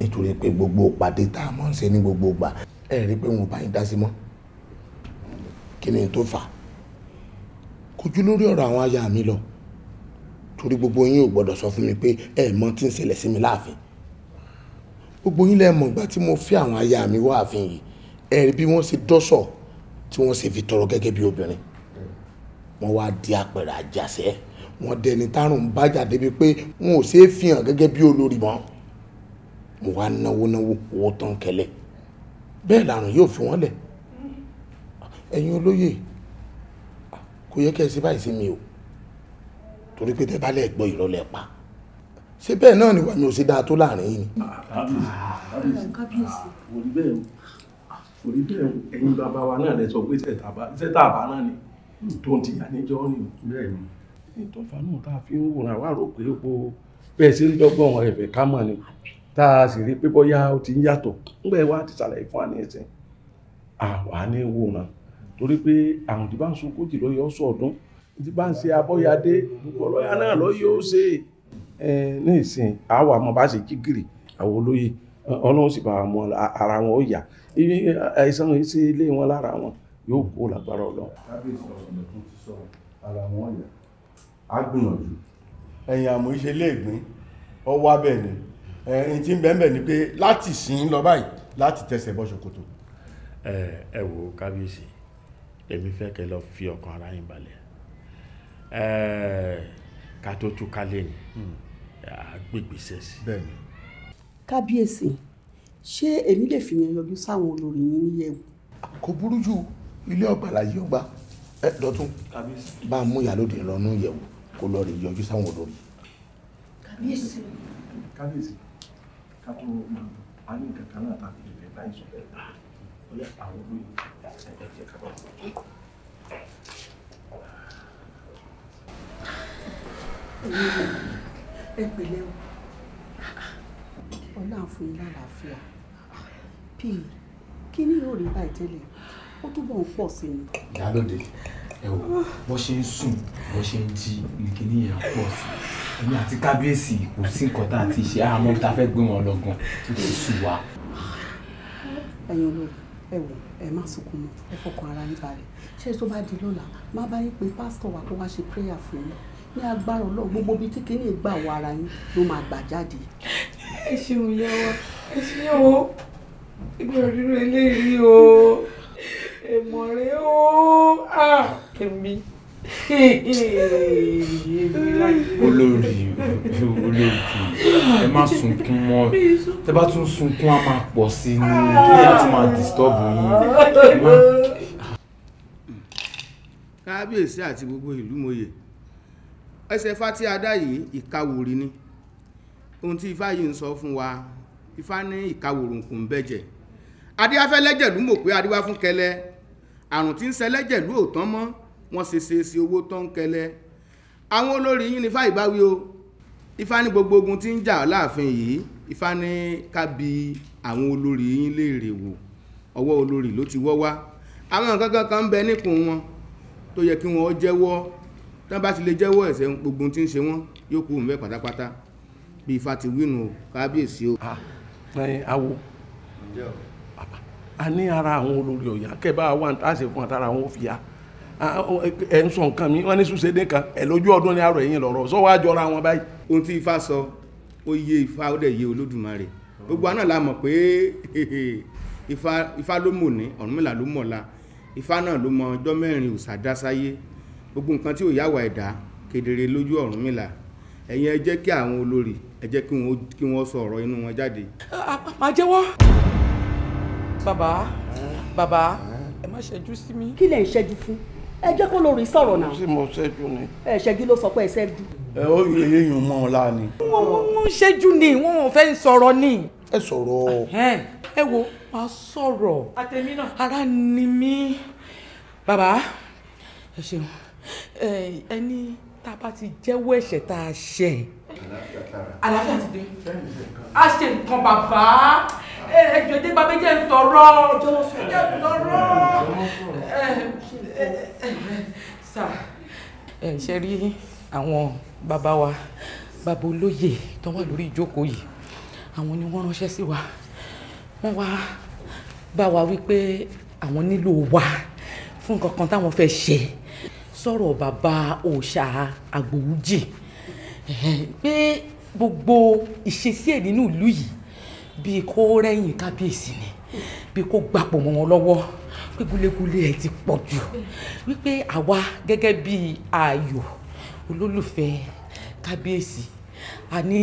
[SPEAKER 1] nítorí pé gbogbo pàdé tá a mọ̀ ń ṣe ní gbogbo gbà ẹ rí i pé wọn ò bá yín dá sí mọ́ kí ni tó fà á kojú lórí ọ̀rọ̀ àwọn aya mi lọ torí gbogbo yín ò gbọ́dọ̀ sọ fún mi pé ẹ mọ̀ tí ń ṣẹlẹ̀ sí mi láàfin gbogbo yín lẹ mọ̀ ìgbà tí mo fi àwọn aya mi wá ààfin yìí ẹ rí bí wọ́n ṣe dọ́sọ̀ tí wọ́n ṣe fi tọrọ gẹ́gẹ́ bí obìnrin wọ́n wá di apẹ̀rẹ̀ àjàṣẹ́ wọ́n dẹni tárùn ń bájà débi pé wọn ò ṣe é fi hàn gẹ́gẹ́ bí olórí mọ́ mo wá náwó náwó owó tán kẹlẹ̀ bẹ́ẹ̀ làrùn yóò fi wọ́n lẹ̀ ẹ̀yin olóyè kò yẹ kẹ́ ẹ ṣe báyìí sí mi o torí pé tẹ́ bá lẹ́ẹ̀ gbọ́ ìrọ̀lẹ́ pa ṣé bẹ́ẹ̀ náà ni wà mí ò ṣe dáa tó láàrin yìí ni. Ah,
[SPEAKER 3] kábíyèsí orí ah, ah, bẹ́ẹ̀ orí bẹ́ẹ̀ ẹ̀yin bàbá wa náà lẹ sọ pé ni tó ń ti yà níjọ́ rìn. bẹ́ẹ̀ni ìtọ́fà náà tá a fi ẹ̀fẹ̀ ká mọ̀ ni tá a sì rí pé bóyá ó ti ń yàtọ̀ nígbà ẹ̀ wá ti ṣàlàyé fún wa ní ẹ̀sìn àwa ní wòran torí pé àrùn tí bá ń sunkún jì lóye ọ̀sọ̀ ọdún abọ́yadé gbogbo ọlọ́yà náà lọ́yẹ̀ ó ṣe ní ìsìn àwa mọ̀ bá ṣe kígìrì àwọn olóyè ọlọ́run sì bá mọ ara wọn ó yà àìsàn yìí sí ilé wọn lára wọn yóò kó lágbára ọlọ́run. kábíyèsí ọ̀sán tó ti sọ ara wọn yà
[SPEAKER 1] á gbìyànjú. ẹ̀yìn àmọ́ iṣẹ́ ilé ìgbín ọwọ́ abẹ́ ni ẹ̀yìn tí ń bẹ́ẹ̀ bẹ́ẹ̀ ni pé láti sìn lọ báyìí láti tẹsẹ̀ bọ́ ṣòkòtò. ẹ ẹ wo kábíyèsí èmi fẹ́ kẹ́ lọ fi ọkàn ara yín balẹ̀
[SPEAKER 7] ẹ ká tó túká lẹ́yìn àgbègbèsẹ̀ sí. bẹ́ẹ̀ni.
[SPEAKER 1] kábíyèsí ṣé èmi lè fi yẹn yọjú sáwọn olórí yín o kò burú ju ilé ọgbà láyé ọgbà ẹ dọ̀tún bá a mú ìyálòdì lọ́nú yẹ̀wò kó lọ rí yọjú sáwọn olórí.
[SPEAKER 3] kábíyèsí. kábíyèsí ká tó a ní nǹkan kan náà tàbí ìfẹ́ láì sọ bẹ́ẹ̀ bóyá àwọn
[SPEAKER 2] olóyè ẹ̀jẹ̀ ká bá Thank you ẹ pẹ̀lẹ́ o
[SPEAKER 1] ọlọ́run fún yín lálàáfíà pí kí ni yóò rí báyìí tẹ́lẹ̀ ó túbọ̀ ń pọ̀ sí ni. ìyálòde ẹ wò bó ṣe ń sùn bó ṣe ń jí nìkíní yẹn pọ̀ sí èmi àti kábíyèsí kò sí nǹkan tá a ti ṣe àmọ́ tá a fẹ́ gbé wọn lọ́gàn tó ti sù wá.
[SPEAKER 2] ẹ̀yin olórí ẹ wò
[SPEAKER 1] ẹ má sunkún mọ́ ẹ fọkàn ara yín balẹ̀ ṣé tó bá di lọ́la má bá yín pe pásítọ̀ wa kó wá ṣe prayer fún yín ní agbára Ọlọ́run gbogbo bíi tí kìíní gbà wọ ara yín ló máa gbà jáde. ẹ ṣeun yẹ wa ẹ ṣe o ibi òrírò eléyìí o
[SPEAKER 4] èmọ̀ rẹ o èmi
[SPEAKER 1] olórí
[SPEAKER 3] olórí ẹ má sunkún
[SPEAKER 1] mọ́ tẹ bá tún sunkún á máa pọ̀ sí i ní kí á tún máa disturb yín. kábíyèsí àti gbogbo ìlú mòye ẹsẹ̀ ifá tí a dá yìí ìkawòrì ni ohun tí ifá yìí ń sọ fún wa ifá ní ìkawòrò kò ń bẹ̀jẹ̀ adíáfẹ́lẹ́jẹ̀lú mọ̀ pé adíwá fún kẹlẹ́ àrùn tí ń ṣẹlẹ́jẹ̀lú ò tán mọ́ wọ́n ṣe ṣe sí owó tán kẹlẹ́ àwọn olórí yín ní ifá ìbáwí o ifá ní gbogbo ogun tí ń jà láàfin yìí ifá ní kábi àwọn olórí yín léèrè wò ọwọ́ olórí ló ti wọ́ wá àwọn nǹkan kan ń bẹ níkùn wọn tó yẹ kí wọ́n jẹ́wọ́ tán bá ti lè jẹ́wọ́ ẹ̀ṣẹ̀ gbogbo tí ń ṣe wọ́n yóò kú mẹ́ pátápátá bí ifá ti wínú kábíyèsí o. Ah, awo a ní ara àwọn olórí ọ̀yà kẹ́bà wà á sì fún àtàrà àwọn òfìyà ẹ̀ ń sọ nǹkan mi wọ́n ní sùsèdè kan ẹ̀ lójú ọdún ní àrò ẹ̀yìn lọ́rọ̀ sọ wá jọra wọn báyìí. ohun tí ifá sọ ó yé ifá ó dẹ̀ yé olódùmarè gbogbo àná la mọ̀ pé (laughs) ifá ló mọ̀ ní Ọ̀rúnmìlà ló mọ̀ la ifá náà ló mọ ọjọ́ mẹ́rin òsàdásáyé gbogbo nǹkan tí ò yá wa ẹ̀dá kedere lójú Ọ̀rúnmìlà ẹ̀yin ẹ jẹ́ kí àwọn olórí ẹ jẹ́ kí wọ́n sọ ọ̀rọ̀ inú wọn jáde. màá jẹ́wọ́. bàbá bàbá
[SPEAKER 6] ẹ má ṣẹ́jú sí mi.
[SPEAKER 1] kí lẹ̀ ń ṣẹ́jú fún ẹ jẹ́ kó lórí sọ̀rọ̀ náà. ṣé mo ṣẹ́jú ni. ẹ ṣẹ́jú ló sọ pé ẹ ṣẹ́jú. ẹ ó yẹ yíyún mọ́ ọ láà ni. wọ́n ń ṣẹ́jú ni wọ́n ò fẹ́ sọ̀rọ̀ ni. ẹ sọ̀rọ̀. ẹ wo màá sọ̀rọ̀. àtẹ̀mí náà. ara ni mí. bàbá ẹ ṣeun ẹni tá a bá ti jẹ́wọ́ ẹ̀ṣẹ̀ tá a ṣẹ̀ àlàáfíà ti dé a ṣe nǹkan bàbá ẹjọ dé bàbá jẹ́ nsọ̀rọ̀ jẹ́ nsọ̀rọ̀
[SPEAKER 2] sà
[SPEAKER 6] ẹ ṣe
[SPEAKER 1] rí àwọn bàbá wa bàbá olóyè tó wà lórí ìjókòó yìí àwọn ni wọ́n ránṣẹ́ sí wa wọ́n wá bá wa wípé àwọn nílò wa fún nǹkan kan táwọn fẹ́ ṣe sọ̀rọ̀ bàbá òòṣà àgbòwújì pé gbogbo ìṣesí ẹ̀ nínú ìlú yìí bíi kó rẹ́yìn kábíyèsí ni bíi kó gbapò mọ́ wọn lọ́wọ́ pé gúlégúlé ẹ̀ ti pọ̀ jù wípé àwa gẹ́gẹ́ bíi ààyò olólùfẹ́ kábíyèsí a ní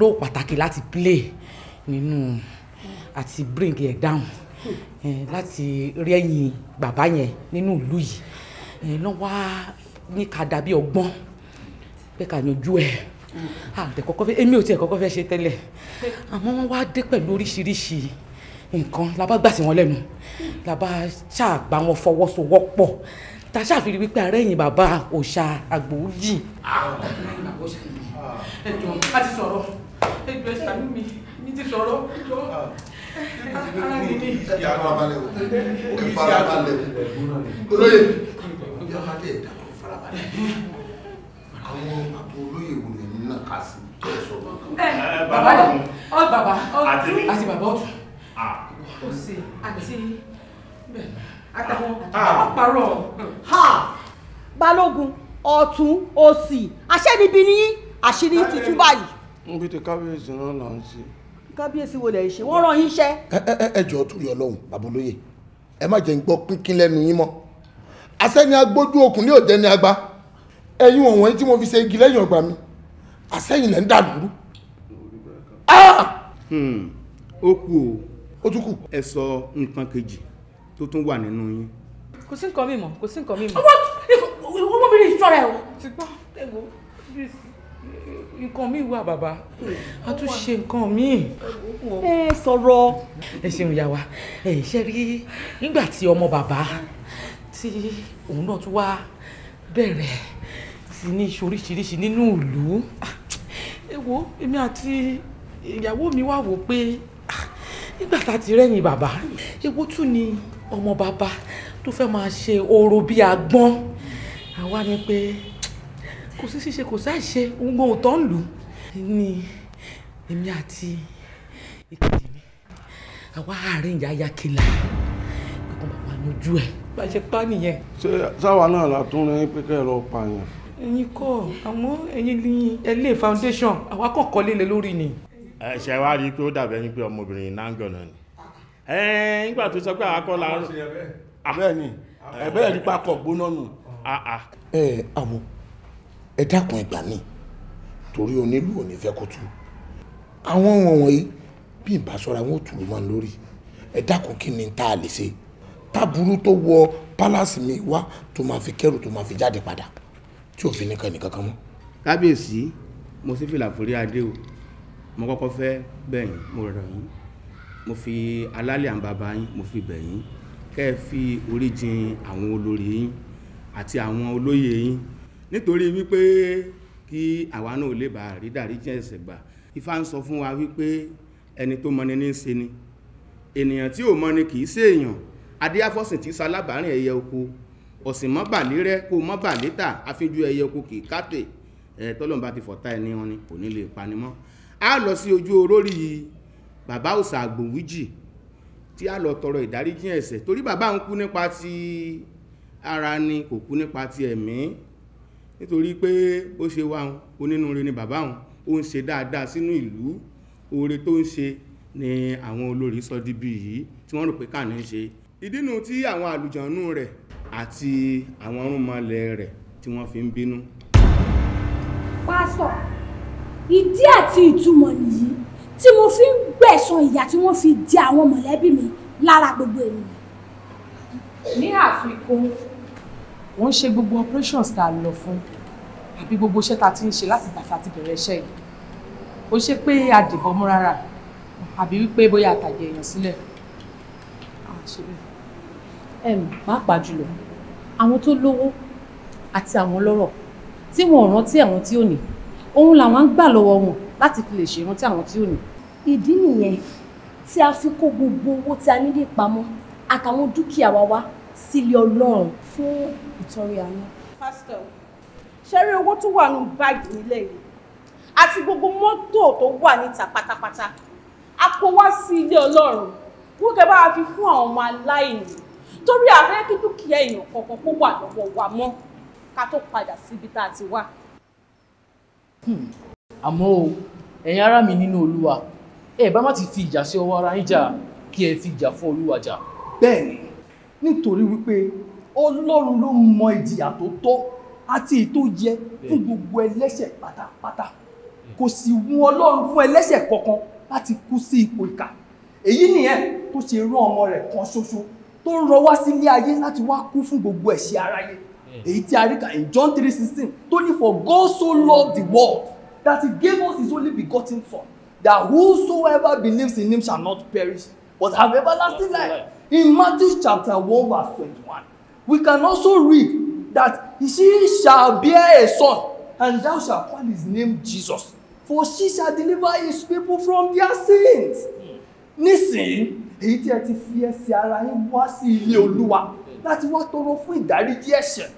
[SPEAKER 1] ró pàtàkì láti play nínú àti bring ẹ̀ down láti rẹ́yìn bàbá yẹn nínú ìlú yìí ẹ̀yìn náà wá ní ká dàbí ọgbọ́n pé ká yanjú ẹ̀ àtẹ kọ́kọ́ fẹ́ èmi ò tiẹ̀ kọ́kọ́ fẹ́ ṣe tẹ́lẹ̀ àmọ́ wọ́n wá dé pẹ̀lú oríṣiríṣi nǹkan la bá gbà sí wọn lẹ́nu la bá ṣàgbà wọn fọwọ́sowọ́pọ̀ ta ṣàfihàn wípé ààrẹ bàbá òòṣà àgbòójì. ẹjọ a ti sọ̀rọ̀ ẹjọ ẹ ṣàánú mi mi ti sọ̀rọ̀ ẹjọ ara mi ni. ìyá ara balẹ̀ o ìfara balẹ̀ o bí a bá dẹ̀ dàgbọ́ farabalẹ̀ àwọn àbò olóyè wò lè nínú ká sí tẹ́ ẹ sọ bàbá. ẹ bàbá yìí ọ bàbá àti bàbá ọtún. ó sì àti àtàwọn àparọ. balógun ọ̀tún òsì àṣẹ́nibi ni àṣírí ti tú báyìí. n bí ti kábíyèsí náà là ń ṣe. kábíyèsí wo lè ṣe wọ́n rán yín iṣẹ́. ẹ ẹ ẹ jọ̀ọ́ torí Ọlọ́run bàbá olóyè ẹ má jẹ́ n gbọ́ pínpín lẹ́nu yín mọ́ asẹ́ni agbójú okùn ní òjẹ́ ní agba ẹ̀yin ọ̀wọ́n tí mo fi ṣe igi lẹ́yìn ọgbà mi àsẹ́yìn lẹ́ ń dàlúrú. Ah! Hmm. ó kú o ó tún kù. ẹ sọ nǹkan kejì tó tún wà nínú yín. kò sí nǹkan mi mọ́ kò sí nǹkan mi mọ́. ọwọ́ ọmọ mi lè ṣọ́ra ẹ̀ o. ti gbọ́ ẹ̀gbọ́n nǹkan mi wà bàbá a tún ṣe nǹkan mi ẹ sọ̀rọ̀ ẹ ṣeun yà wá ẹ ṣe rí nígbà tí ọmọ bàbá tí òun náà tún wá bẹ̀rẹ̀ sí ní iṣu oríṣiríṣi nínú ìlú ẹ wo èmi àti ìyàwó mi wá wò pé ah, nígbà tá a ti rẹ́yìn bàbá ewu tún ni ọmọ bàbá tó fẹ́ máa ṣe orò bí agbọ́n àwa ni pé kò sí ṣíṣe kò sáà ṣe òun gbọ́n òótọ́ ń lù ú ni èmi àti ìkejì mi àwa àárín ìyá yakela lójú ẹ̀ bá ṣe pa nìyẹn.
[SPEAKER 3] ṣé sáwa náà la tún rẹ pé kẹ́ ẹ lọ pààyàn.
[SPEAKER 1] ẹ̀yin kọ́ àmọ́ ẹ̀yin ní ẹlẹ foundation àwa kàn kọ́lé lé lórí ni. ẹ ṣe wá rí i pé ó dàbí ẹni pé ọmọbìnrin nángọ náà ni. ẹ nígbà tó sọ pé àwa kọ́ la. bẹ́ẹ̀ ni ẹ̀bẹ́ rí pakọ̀ gbóná nù. Ah, ah. ẹ àwọ ẹ dákun ẹ gbà mí torí onílù ò ní fẹ́ kó tú àwọn wọn wọ̀nyí bí ìbásọ́ra wọn ò tù mí mọ́ lórí ẹ táburú tó wọ pálásì mi wá tó máa fi kẹrù tó máa fi jáde padà tí òfin nìkan nìkan kan mọ́. kábíyèsí mo sì fìlà forí adé o mo kọ́kọ́ fẹ́ bẹ̀yìn mo rọ̀ yín mo fi alálẹ̀ àǹbàbà yín mo fi bẹ̀yìn kẹ́ ẹ fi orí àwọn olórí yín àti àwọn olóyè yín nítorí wípé kí àwa náà lè bá rí dáríjì ẹ̀ṣẹ̀ gbà ifá ń sọ fún wa wípé ẹni tó mọni ní í ṣe ni ènìyàn tí ò mọni kì í ṣèèyàn adéáfọ́sìn tí salábàárìn ẹyẹ oko ọ̀sìn mọ́ bàlẹ́ rẹ kó mọ́ bàlẹ́ tà àfijù ẹyẹ oko kì í kàtè ẹ̀ tọ́lọ́mùbá ti fọ̀tá ẹni wọn ni kò ní lè pani mọ́ a lọ sí ojú orórì bàbá òsà àgbòwíjì tí a lọ tọrọ ìdáríjì ẹ̀ṣẹ̀ torí bàbá ń kú nípa ti ara ni kò kú nípa ti ẹ̀mí nítorí pé ó ṣe wá wọn onínúure ni bàbá wọn ó ń ṣe dáadáa sínú ìlú oore tó ń ṣe ni àwọn olórí sọ di bí yìí tí wọ́n rò pé káà ní í ṣe ìdínú tí àwọn àlùjọ̀nú rẹ̀ àti àwọn arúnmọlẹ̀ rẹ̀ tí wọ́n fi ń bínú. pásítọ̀ ìdí àti ìtumọ̀ nìyí tí mo fi ń gbẹ̀san ìyà tí wọ́n fi jẹ àwọn mọ̀lẹ́bí mi lára gbogbo ènìyàn. ní àfikún wọ́n ṣe gbogbo operations tá a lọ fún àbí gbogbo iṣẹ́ tá a ti ń ṣe láti gbàtà ti bẹ̀rẹ̀ iṣẹ́ yìí ó ṣe pé àdìbọn mú rárá àbí wípé bóyá àtàjẹ èèyàn sílẹ̀ àṣẹ bẹ́ẹ̀ pàápàá jùlọ àwọn tó lówó àti àwọn lọ́rọ̀ tí wọn ò rántí àwọn tí ò ní òun làwọn ń gbà lọ́wọ́ wọn láti fi lè ṣèrántí àwọn tí ò ní. ìdí nìyẹn tí a fi kó gbogbo owó tí a nílé pamọ́ àtàwọn dúkìá wa wá sílé ọlọ́run fún ìtọrẹ àánú. pásítọ̀ ṣe rí owó tó wà nù báàgì nílẹ̀ yìí àti gbogbo mọ́tò tó wà níta pátápátá a kó wá sí ilé ọlọ́run wọ́n kẹ́ bá a fi fún àwọn ọmọ aláìní torí àfẹ́ kí dúkìá èèyàn kọ̀ọ̀kan kó wà lọ́wọ́ wa mọ́ ká tó padà síbi tá a ti wá. Hmm. àmọ́ o ẹ̀yin ará mi nínú olúwa ẹ bá má ti fi ìjà sí ọwọ́ ara yín jà kí ẹ fi ìjà fún olúwa jà. bẹ́ẹ̀ni nítorí wípé ọlọ́run ló mọ ìjìyà tó tọ́ àti ètò yẹ fún gbogbo ẹlẹ́ṣẹ̀ pátápátá kò sì wù ọlọ́run fún ẹlẹ́ṣẹ̀ kankan láti kú sí ipò ìkà èyí nìyẹn tó ṣe rán ọmọ rẹ̀ kan ṣoṣo tó rán wá sílé ayé láti wá kú fún gbogbo ẹ̀ṣẹ̀ aráyé èyí tí a rí kà in John three sixteen tó ní for God so loved the world that he gave us his only begotten son that whosoever believes in him shall not perish but have everlasting life in Matthew chapter one verse twenty-one we can also read that she shall bear a son and thou shalt call his name Jesus for she shall deliver his people from their sins. Hmm.
[SPEAKER 2] nísìnyí
[SPEAKER 1] èyí tí ẹ ti fi ẹsẹ̀ ara yín wá sí ilé olúwa láti wá tọrọ fún ìdáríjì ẹ̀ṣẹ̀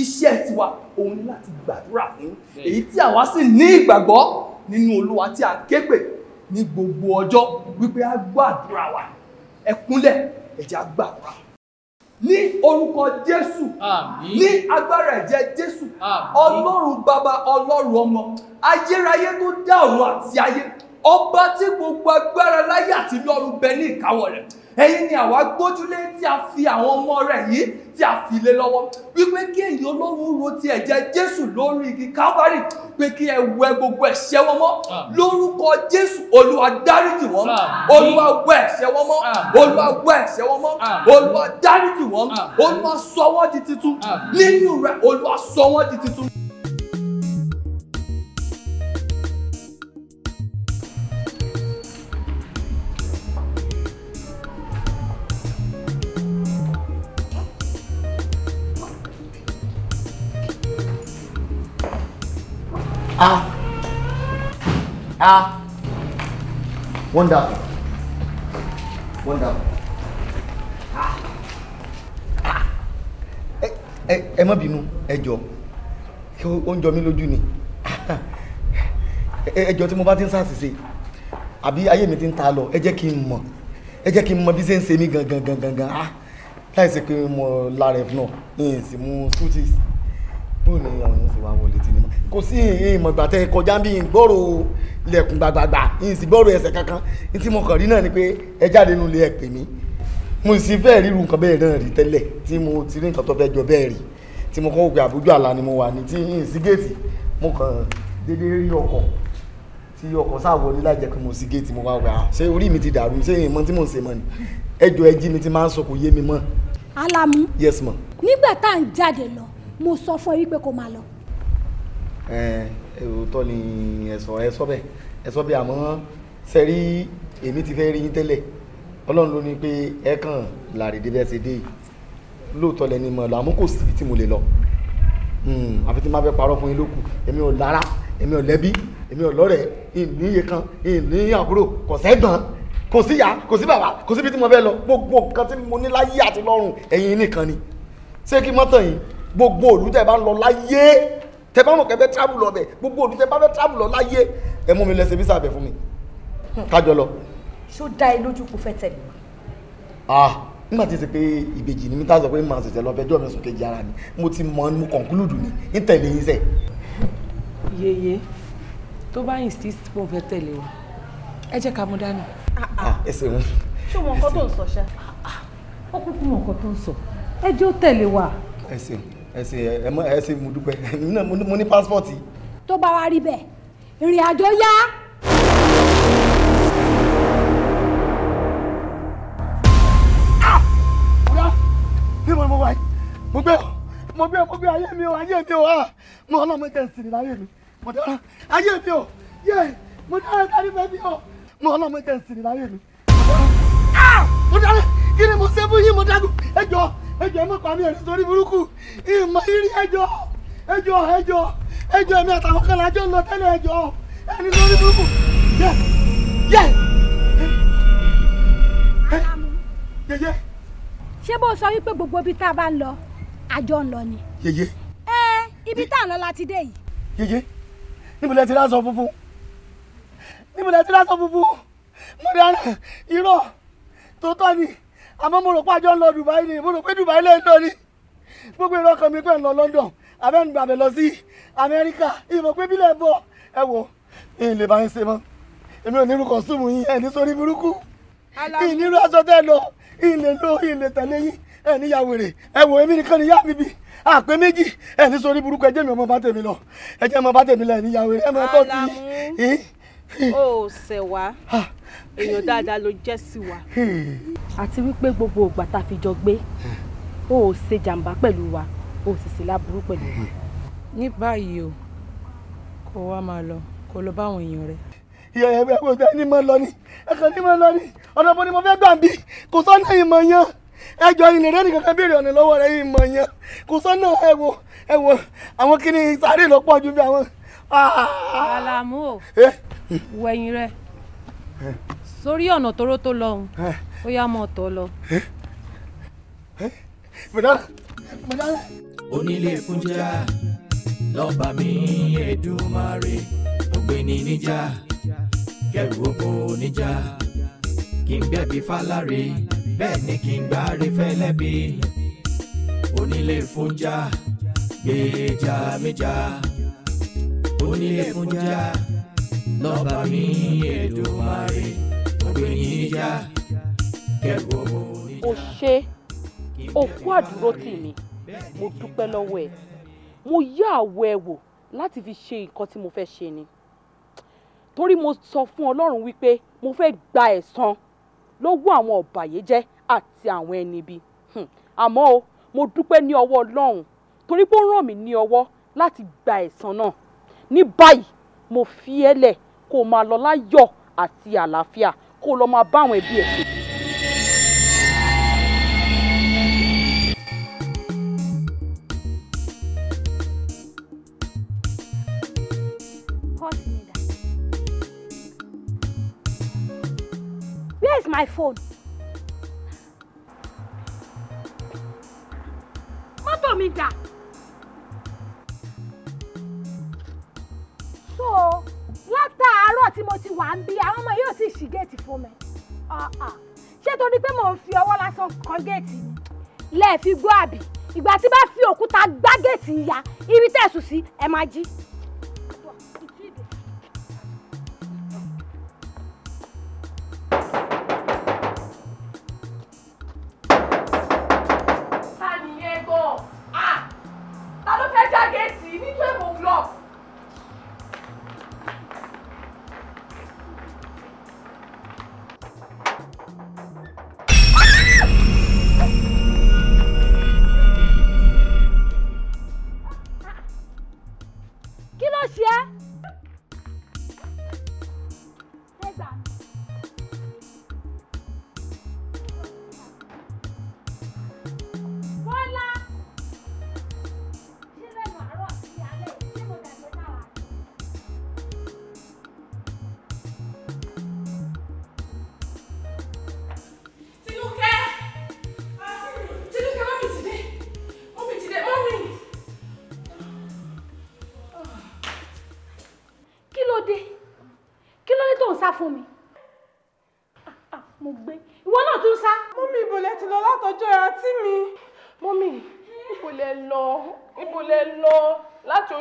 [SPEAKER 1] iṣẹ́ tiwa òun ni láti gbàdúrà fún èyí tí àwa sì ní ìgbàgbọ́ nínú olúwa tí a ké pè ní gbogbo ọjọ́ wípé a gbàdúrà wa ẹ kúnlẹ̀ ẹ jẹ́ a gbàdúrà ní orúkọ jésù ní agbára ẹ̀jẹ̀ jésù ọlọ́run bàbá ọlọ́run ọmọ ayérayé tó dá ọ̀run àti ayé ọba tí
[SPEAKER 4] gbogbo agbára láyé àti lọ́run bẹ ní ìkáwọ́ rẹ̀ ẹ̀yin ni àwa gbójúlé tí a fi
[SPEAKER 1] àwọn ọmọ rẹ̀ yìí tí a fi lé lọ́wọ́ wípé kí èyí olóhùn ro ti ẹ̀jẹ̀ jésù lórí igi calvary pé kí ẹ wẹ gbogbo ẹ̀ṣẹ̀ wọn mọ́ lórúkọ jésù olúwa dáríjì wọn olúwa wẹ ẹ̀ṣẹ̀ wọn mọ́ olúwa wẹ ẹ̀ṣẹ̀ wọn mọ́ olúwa dáríjì wọn olúwa sọ wọn di titun nínú rẹ̀ olúwa sọ wọn di titun. Ah. Ah. Wonderful. Wonderful. Ah. Eh, ah. Eh, ẹ ẹ ẹ má bínú ẹ jọ ó ń jọ mí lójú ni (laughs) ẹ jọ tí mo bá ti ń ṣàṣìṣe àbí ayé mi ti ń ta lọ ẹ jẹ́ kí n mọ̀ ẹ jẹ́ kí n mọ̀ bí ṣe ń ṣe mí gangan gangan ah láì ṣe pé mo lára ẹ̀ náà ẹ̀ sì mú sùtìsì bó ni ọ̀run sì wá wọlé tí ni kò sí ìmọ̀gbà tẹ kọjá bí gbòòrò ilẹ̀kùn gbàgbàgbà ìyìn sì gbòòrò ẹsẹ̀ kankan tí mo kàn rí náà ni pé ẹ jáde nílé ẹ pè mí mo sì fẹ́ ríru nǹkan bẹ́ẹ̀ náà rí tẹ́lẹ̀ tí mo ti rí nǹkan tó fẹ́ jọ bẹ́ẹ̀ rí tí mo kọ́ òkè àbújọ àlá ni mo wà ní tí ìyìn sí géètì mo kàn dédé rí ọkọ̀ tí ọkọ̀ sáwọ ní láì jẹ́ pé mo sí géètì mo wá wà ah, ṣé orí mi ti dàrú ṣé ìmọ̀ tí mò ń ṣe mọ́ ni ẹjọ́ ẹjí mi ti máa ń sọ yé mi mọ́. Alamu yes ma. nígbà tá à ń jáde lọ mo sọ fún ẹ wípé kó máa lọ. ẹ ẹ òótọ́ ni ẹ sọ ẹ sọ bẹ́ẹ̀ ẹ sọ bẹ́ẹ̀ àmọ́ ṣe rí
[SPEAKER 7] èmi ti fẹ́ rí yín tẹ́lẹ̀ ọlọ́run ló ní pé ẹ kàn làrìdí bẹ́ẹ̀ ṣe dé yìí
[SPEAKER 1] lóòótọ́ lẹni mọ̀ lọ àmọ́ kò síbi tí mo lè lọ hmm, àfi tí n bá fẹ́ parọ́ fún yín lókù èmi ò lára èmi ò lẹ́bí èmi ò lọ́rẹ̀ ìní iye kan ìní àbúrò kò sẹ́gbọ̀n kò síyá kò sí bàbá kò síbi tí mo fẹ́ lọ gbogbo nǹkan tí mo ní láyé àti lọ́rùn ẹ̀yin nìkan ni ṣé kí mọ́tò yìí gbogbo òlú tẹ bá ń lọ láyé tẹ bá mọ̀ kẹfẹ́ travel lọ bẹ̀ gbogbo òlú tẹ bá fẹ́ travel lọ láyé ẹ mú mi lẹsẹ̀ bí sàbẹ̀ fún mi hmm. kájọ lọ. ṣó dá ẹ lójú kó fẹ́ tẹ̀lé ah nígbà tí ó ṣe pé ìbejì ni mi tá a sọ pé màá ṣẹ̀ṣẹ̀ lọ bẹjọ́ mi sùn kejì ara mi mo ti mọ mo conclude ni ń tẹ̀lé yín sẹ̀. yeye tó bá insist pé òun fẹ́ tẹ̀lé wa ẹ jẹ́ ká mú dání. Ah, ah, ẹ ṣeun.
[SPEAKER 4] ṣé o mọ nǹkan tó ń sọ ṣá. Ah, ó ẹ jẹ́ ó tẹ̀lé wa.
[SPEAKER 1] ẹ ṣeun ẹ ṣe ẹ mọ ẹ ṣe mo dúpẹ́ mo ní pásítọ̀tì. tó bá wa rí bẹ́ẹ̀ ìrìn àjò yá. mo gbé mo gbé mo gbé ayé mi o ayé mi o ah mo ọlọ́mọ jẹ́ ìsìn láyé mi mo dára ayé mi o yé mo dára dárí bẹ́ẹ̀ mi o mo ọlọ́mọ jẹ́ ìsìn láyé mi mo dára ah mo dára kí ni mo ṣe fún yín mo dágùn ẹjọ́ ẹjọ mọ pa mí ẹni torí burúkú ìmọ irí ẹjọ ẹjọ ẹjọ ẹjọ ẹmí àtàwọn kan lájọ lọ tẹ́lẹ̀ ẹjọ ẹni torí burúkú yẹ yẹ. yẹyẹ. ṣé bó sọ wípé gbogbo ibi tá a bá ń lọ àjọ ń lọ ni. yẹyẹ. ẹ ibi tá a lọ láti dé yìí. yẹyẹ níbo lẹ ti rá aṣọ funfun níbo lẹ ti rá aṣọ funfun mo dáná irọ́ tó tọ́ ni àmọ́ mo rò pé àjọ ń lọ Dubai ni mo rò pé Dubai lè lọ ni gbogbo èrò ọkàn mi pé ń lọ London abẹ́nugbà bẹ̀ lọ sí Amẹ́ríkà ìmọ̀ pé bílẹ̀ bọ̀ ẹ wò ẹ̀yìn lè bá yín ṣe mọ́ èmi ò nírú kọ̀sùmù yín ẹ̀ ní sórí burúkú ìyìn nírú aṣọ tẹ́ lọ ìyìn lè lọ ìyìn lè tẹ̀lé yín ẹ̀ níyà wèrè ẹ wò èmi nìkan níyà bíbí àpé méjì ẹ̀ ní sórí burúkú ẹ jẹ́ mi ọmọ bá tèmi lọ ẹ jẹ́ mi ọmọ bá tèmi lọ ẹ̀ níyà wèrè ẹ mọ ẹ tọ́ ti yín o ò ṣẹ̀ wá èèyàn dáadáa ló jẹ́ sí wa àti wípé gbogbo ìgbà tá a fi jọ gbé o ò ṣe jàǹbá pẹ̀lú wa o sì ṣe láburú pẹ̀lú wa. ní báyìí o kó wá máa lọ kó lọ bá àwọn èèyàn rẹ. ìyá ìyá mi àgbẹ̀dẹ ni mo lọ ni ẹ̀kọ́ ni mo lọ ni ọ̀nà mo ni mo fẹ́ gbà bí kò sọ́nà ìmọ̀ yẹn ẹjọ ìnìrẹ́ nìkan kan béèrè ọ̀nà lọ́wọ́ rẹ̀ yìí yẹn kò sọ́nà ẹ̀wò ẹ̀wò àwọn kìnnìún sáré lọ́pọ̀ ju bí àwọn. Ah! Àlàmú wẹ̀yìn rẹ sórí ọ̀nà tóró tó lọ́hùn ó yá mọ́ ọ̀tọ̀ lọ.
[SPEAKER 6] onílé fúnjà lọ́ba mi Èdùmàrè ògbéni níjà kẹrù òbò níjà kí n gbẹ̀bí fálárì bẹ́ẹ̀ ni kí n gbáre fẹ́lẹ́bí onílé fúnjà gbèjà méjà onílé fúnjà lọ́ba mi Èdùmàrè ògbẹ̀yìn ìjà kẹrù owó
[SPEAKER 1] ìjà. o ṣe òkú àdúró tì mí mo dúpẹ́ lọ́wọ́ ẹ̀ mo yá àwọ̀ ẹ̀ wò láti fi ṣe nǹkan tí mo fẹ́ ṣe ni torí mo sọ fún Ọlọ́run wípé mo fẹ́ gba ẹ̀san lọ́wọ́ àwọn ọ̀bàyéjẹ́ àti àwọn ẹni ibi hmm, àmọ́ o mo dúpẹ́ ní ọwọ́ Ọlọ́run torí pé ó ràn mí ní ọwọ́ láti gba ẹ̀san náà ní báyìí mo fi ẹ́ lẹ̀ kó o máa lọ láyọ̀ àti àlàáfíà kó o lọ máa bá àwọn ẹbí ẹ̀ Where is my phone?
[SPEAKER 4] Mọ́tò mi dà. So látàárọ̀ tí mo ti wà ń bí àwọn ọmọ yóò sì ṣí géètì fún mi ah, ah. ṣé torí pé mò ń fi ọwọ́ lásán kan géètì lẹ́ẹ̀ fi gbọ́ àbí ìgbà tí bá fi òkúta gbá géètì ya ibi tẹ̀sùn sí ẹ máa jí.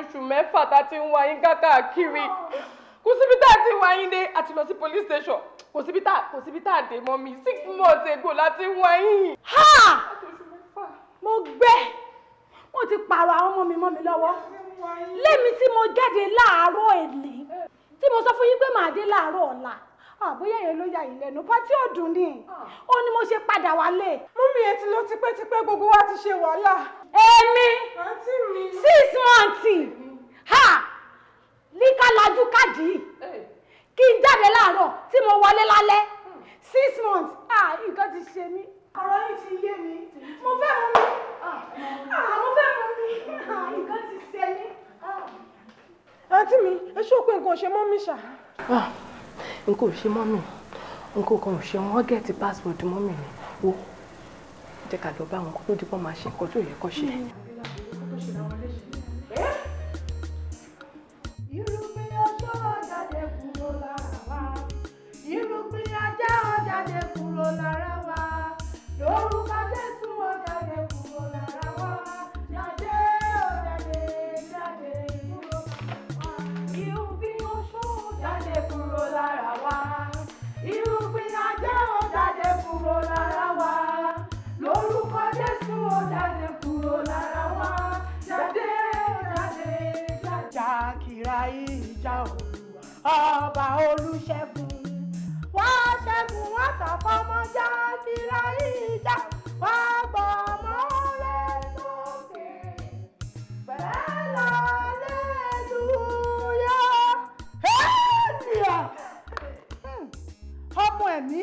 [SPEAKER 1] oṣù mẹ́fà tá a ti ń wá yín káàkiri kò síbi tá a ti wá yín dé a lọ sí police station kò síbi tá kò síbi tá a dé mọ́ mi six months ago la ti ń wá yín. ha mo gbẹ wọn ti pààrọ̀ àwọn ọmọ mi mọ́ mi lọ́wọ́ lẹ́mi tí
[SPEAKER 4] mo jáde láàárọ̀ èlé tí mo sọ fún yín pé màá dé láàárọ̀ ọ̀la àbóyá yẹn ló ya ìlẹ́nu pátí ọ̀dùn ni ó ní mo ṣe padà wálé. mọ́mí ẹ ti lọ tipẹ́tipẹ́ gbogbo wa ti ṣe wàhálà. èmi six months ha ní ká lajú káàdì yìí kí n jáde láàárọ̀ tí mo wọlé lálẹ́ hmm. six months ah nǹkan ti ṣe mí. ọ̀rọ̀ yìí ti yé mi mo fẹ́ mú mi
[SPEAKER 2] ah. Ah, mo fẹ́ mú
[SPEAKER 4] mi ah, nǹkan ti ṣe mí.
[SPEAKER 1] àǹtí mi ẹ ṣó pé nǹkan ò ṣe mọ́ mi ṣá. nǹkan ò ṣe mọ́ mi nǹkan kan ò ṣe wọ́n gẹ̀ẹ́tì password mọ́ mi ni wo jẹ́ ká lọ bá wọn kó tó di pọ́n máa ṣe nǹkan tó yẹ kó ṣe.
[SPEAKER 2] irúgbìn
[SPEAKER 4] ọjọ́ ọ̀jáde kúrò lára wa irúgbìn ajá ọ̀jáde kúrò lára wa lórúkọ olùṣègùn wọ́n ṣẹ́gun wọ́n tàfọ́mọ́ já tìrẹ ìjà wọ́n gbọ́ ọmọ rẹ̀ sókè pẹ̀lẹ́ lálẹ́lúyà hmm.
[SPEAKER 1] ọmọ ẹ̀mí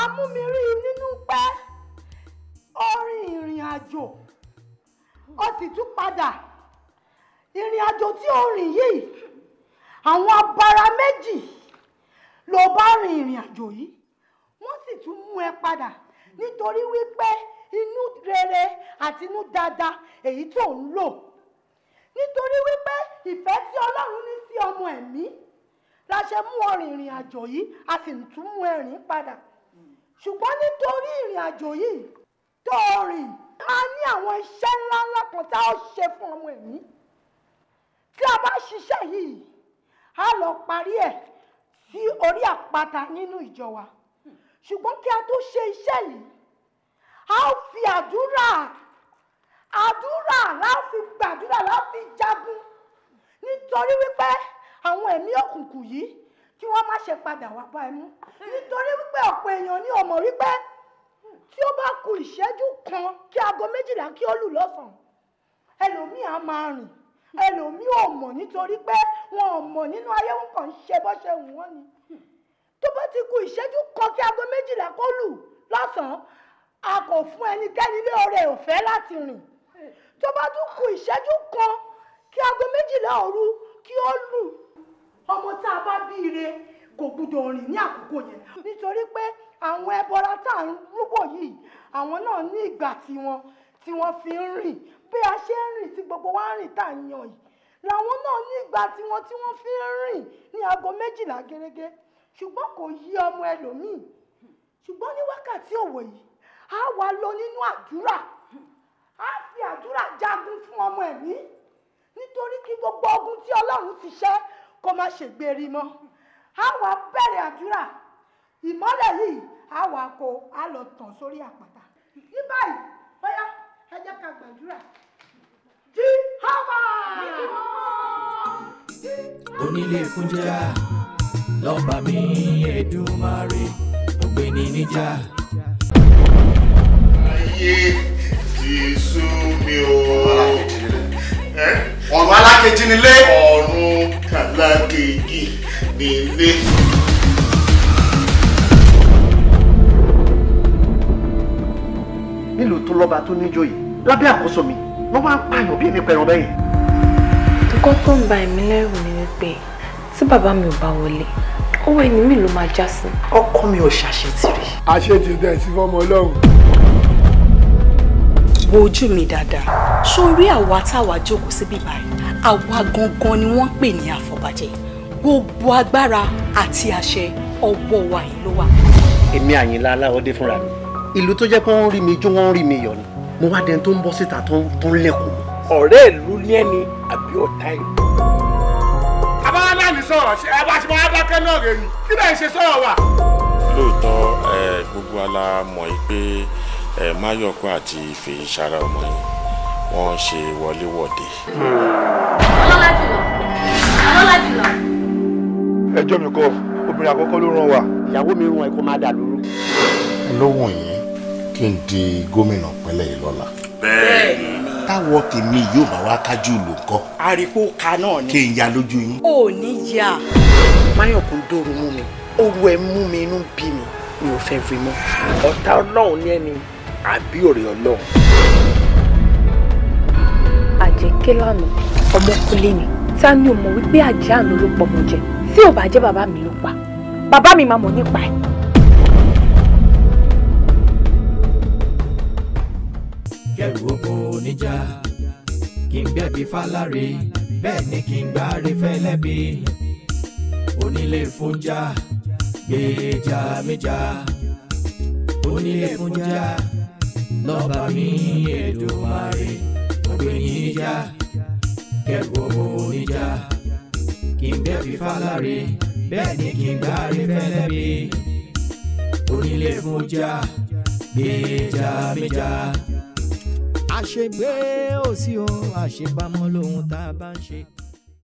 [SPEAKER 1] amúmirí nínú pé orin ìrìn àjò ó sì tún padà ìrìn àjò tí ó rìn yìí àwọn abara méjì ló bá rin ìrìn àjò yìí wọ́n sì tún mú ẹ padà nítorí wípé inú rere àti inú dáadáa èyí tó ń lò nítorí wípé ìfẹ́ tí ọlọ́run ní sí ọmọ ẹ̀mí la ṣe mú ọ rin ìrìn àjò yìí a sì tún mú ẹ rìn padà ṣùgbọ́n nítorí ìrìn àjò yìí
[SPEAKER 4] tó rìn a ní àwọn iṣẹ́ ńláńlá kan tá a ṣe fún ọmọ ẹ̀mí
[SPEAKER 1] tí a bá ṣiṣẹ́ yìí a lọ parí ẹ̀ sí orí àpáta nínú ìjọ wa ṣùgbọ́n kí a tó ṣe iṣẹ́ yìí a ó fi àdúrà àdúrà láfi gbàdúrà láfi jagun nítorí wípé àwọn ẹ̀mí òkùnkùn yìí kí wọ́n má ṣe padà wá bá ẹ mú nítorí wípé ọ̀pọ̀ èèyàn ní ọmọ wípé tí ó bá ku
[SPEAKER 4] ìṣẹ́jú kan kí aago méjìlá kí ó lù lọ́sàn-án ẹlòmíì máa rìn ẹlòmíì ò mọ̀ nítorí pé wọn ò mọ̀ nínú ayé wọn kàn ń ṣe bó ṣe wù wọ́n ni tó bá ti ku ìṣẹ́jú kan kí aago méjìlá kó lù lọ́sàn-án a kò fún ẹnikẹ́ni ní oore ọ̀fẹ́ láti rìn tó bá tún ku ìṣẹ́jú kan kí
[SPEAKER 1] aago méjìlá òru kí ó lù ọmọ tá a bá bí ire kò gbúdọ̀ rìn ní àkókò yẹn nítorí pé àwọn ẹbọra tá à ń rúbọ yìí àwọn náà ní ìgbà tiwọn tí wọ́n fi ń rìn bí a ṣe ń rìn tí gbogbo wa ń rìn tá à ń yan yìí làwọn náà ní ìgbà tiwọn tí wọ́n fi ń rìn ní aago méjìlá gẹ́gẹ́ ṣùgbọ́n kò yí ọmọ ẹlòmíì ṣùgbọ́n ní wákàtí òwò yìí a wà lọ nínú àdúrà a fi àdúrà jagun fún ọmọ ẹ̀mí nítorí kí gbogbo ogun tí Ọlọ́run ti ṣẹ́ kó má ṣe gbèrí mọ́ a wà bẹ̀rẹ̀ àdúrà ìmọ́lẹ̀ yìí a wà kó a lọ tàn sórí àpáta ní báyìí bóyá ẹ jẹ́ ká gbàdúrà
[SPEAKER 2] onílé fúnjà lọ́ba mi
[SPEAKER 6] Èdùmàrè ògbéni níjà. ayé ti sú mi o. ọ̀run
[SPEAKER 1] alákejì nílé. ọ̀run alákejì nílé. nílùú tó lọ́ba tó níjòyè lábẹ́ àkóso mi wọ́n máa ń pààyàn bí èmi pẹ̀ràn bẹ́yìn. nǹkan tó ń ba ẹ̀mí lẹ́rù ni wípé tí bàbá mi ò bá wọlé owó ẹni mi ló máa já sí. ọkọ mi ò ṣàṣetìrì. àṣetìrì sí fọmọ ọlọ́run. wo ojú mi dáadáa sórí àwa táwa jókòó síbí báyìí àwa gangan ni wọ́n ń pè ní àfọ̀bàjẹ́ gbogbo agbára àti àṣẹ ọwọ́ wa yìí ló wà.
[SPEAKER 5] èmi Àyìnlá Aláwọ̀dé fúnra mi ìlú tó jẹ́ pé wọ́n rí mi
[SPEAKER 3] jó wọ́n
[SPEAKER 1] rí mi yọ̀ ni mo wá dẹni tó ń bọ́ síta tó ń lẹ́kọ̀ọ́ mọ́. ọ̀rẹ́ ìlú ní ẹni àbí ọ̀tá ìlú. abáwálá mi sọ̀rọ̀ ṣe ẹ bá ti mọ náà rè ni kí lẹ́yìn ṣe sọ̀rọ̀ wà.
[SPEAKER 5] lóòótọ́ gbogbo ala mọ̀ yìí pé máyọ̀kọ́
[SPEAKER 1] àti ìfèyí sára ọmọ yìí wọ́n ṣe wọléwọ̀de. ẹjọ́ mi kọ́ obìnrin àkọ́kọ́ ló ràn wá. ìyàwó mi rún ẹ kó má dà lóru. lówùn yìí kí n di gómìnà pínlẹ̀ yìí lọ́la. bẹ́ẹ̀ni. táwọ tèmi yóò bá wá kájú ìlú nǹkan. àríkó ka náà ni. kí n ya lójú yín. ò ní ya. máyọ̀kún dòrò mú mi oru ẹ̀ mú mi inú bí mi mi ò fẹ́ rí mọ́. ọ̀tá ọlọ́run ní ẹni àbí ọ̀rẹ́ ọlọ́run. àjẹkẹ́ lánàá ọmọkùnlé ni ta ni o mọ̀ wípé àjẹ́ àná ló pọ̀ mọ́ jẹ tí ò bá jẹ́ bàbá mi ló pa bàbá mi máa mọ̀ nípa ẹ̀.
[SPEAKER 6] kẹrù oko níjà kí n gbẹ̀bí fáláre bẹ́ẹ̀ ni kí n gbáre fẹ́lẹ́bí onílé fúnjà gbèjà méjà onílé fúnjà lọ́ba mi Èdùmàrè ọ̀gbẹ́yìn níjà kẹrù oko níjà kí n gbẹ̀bí fáláre bẹ́ẹ̀ ni kí n gbáre fẹ́lẹ́bí onílé fúnjà gbèjà méjà. méjà àṣegbé ò sí o àṣebámọ́ lóhun tá a bá ń
[SPEAKER 4] ṣe.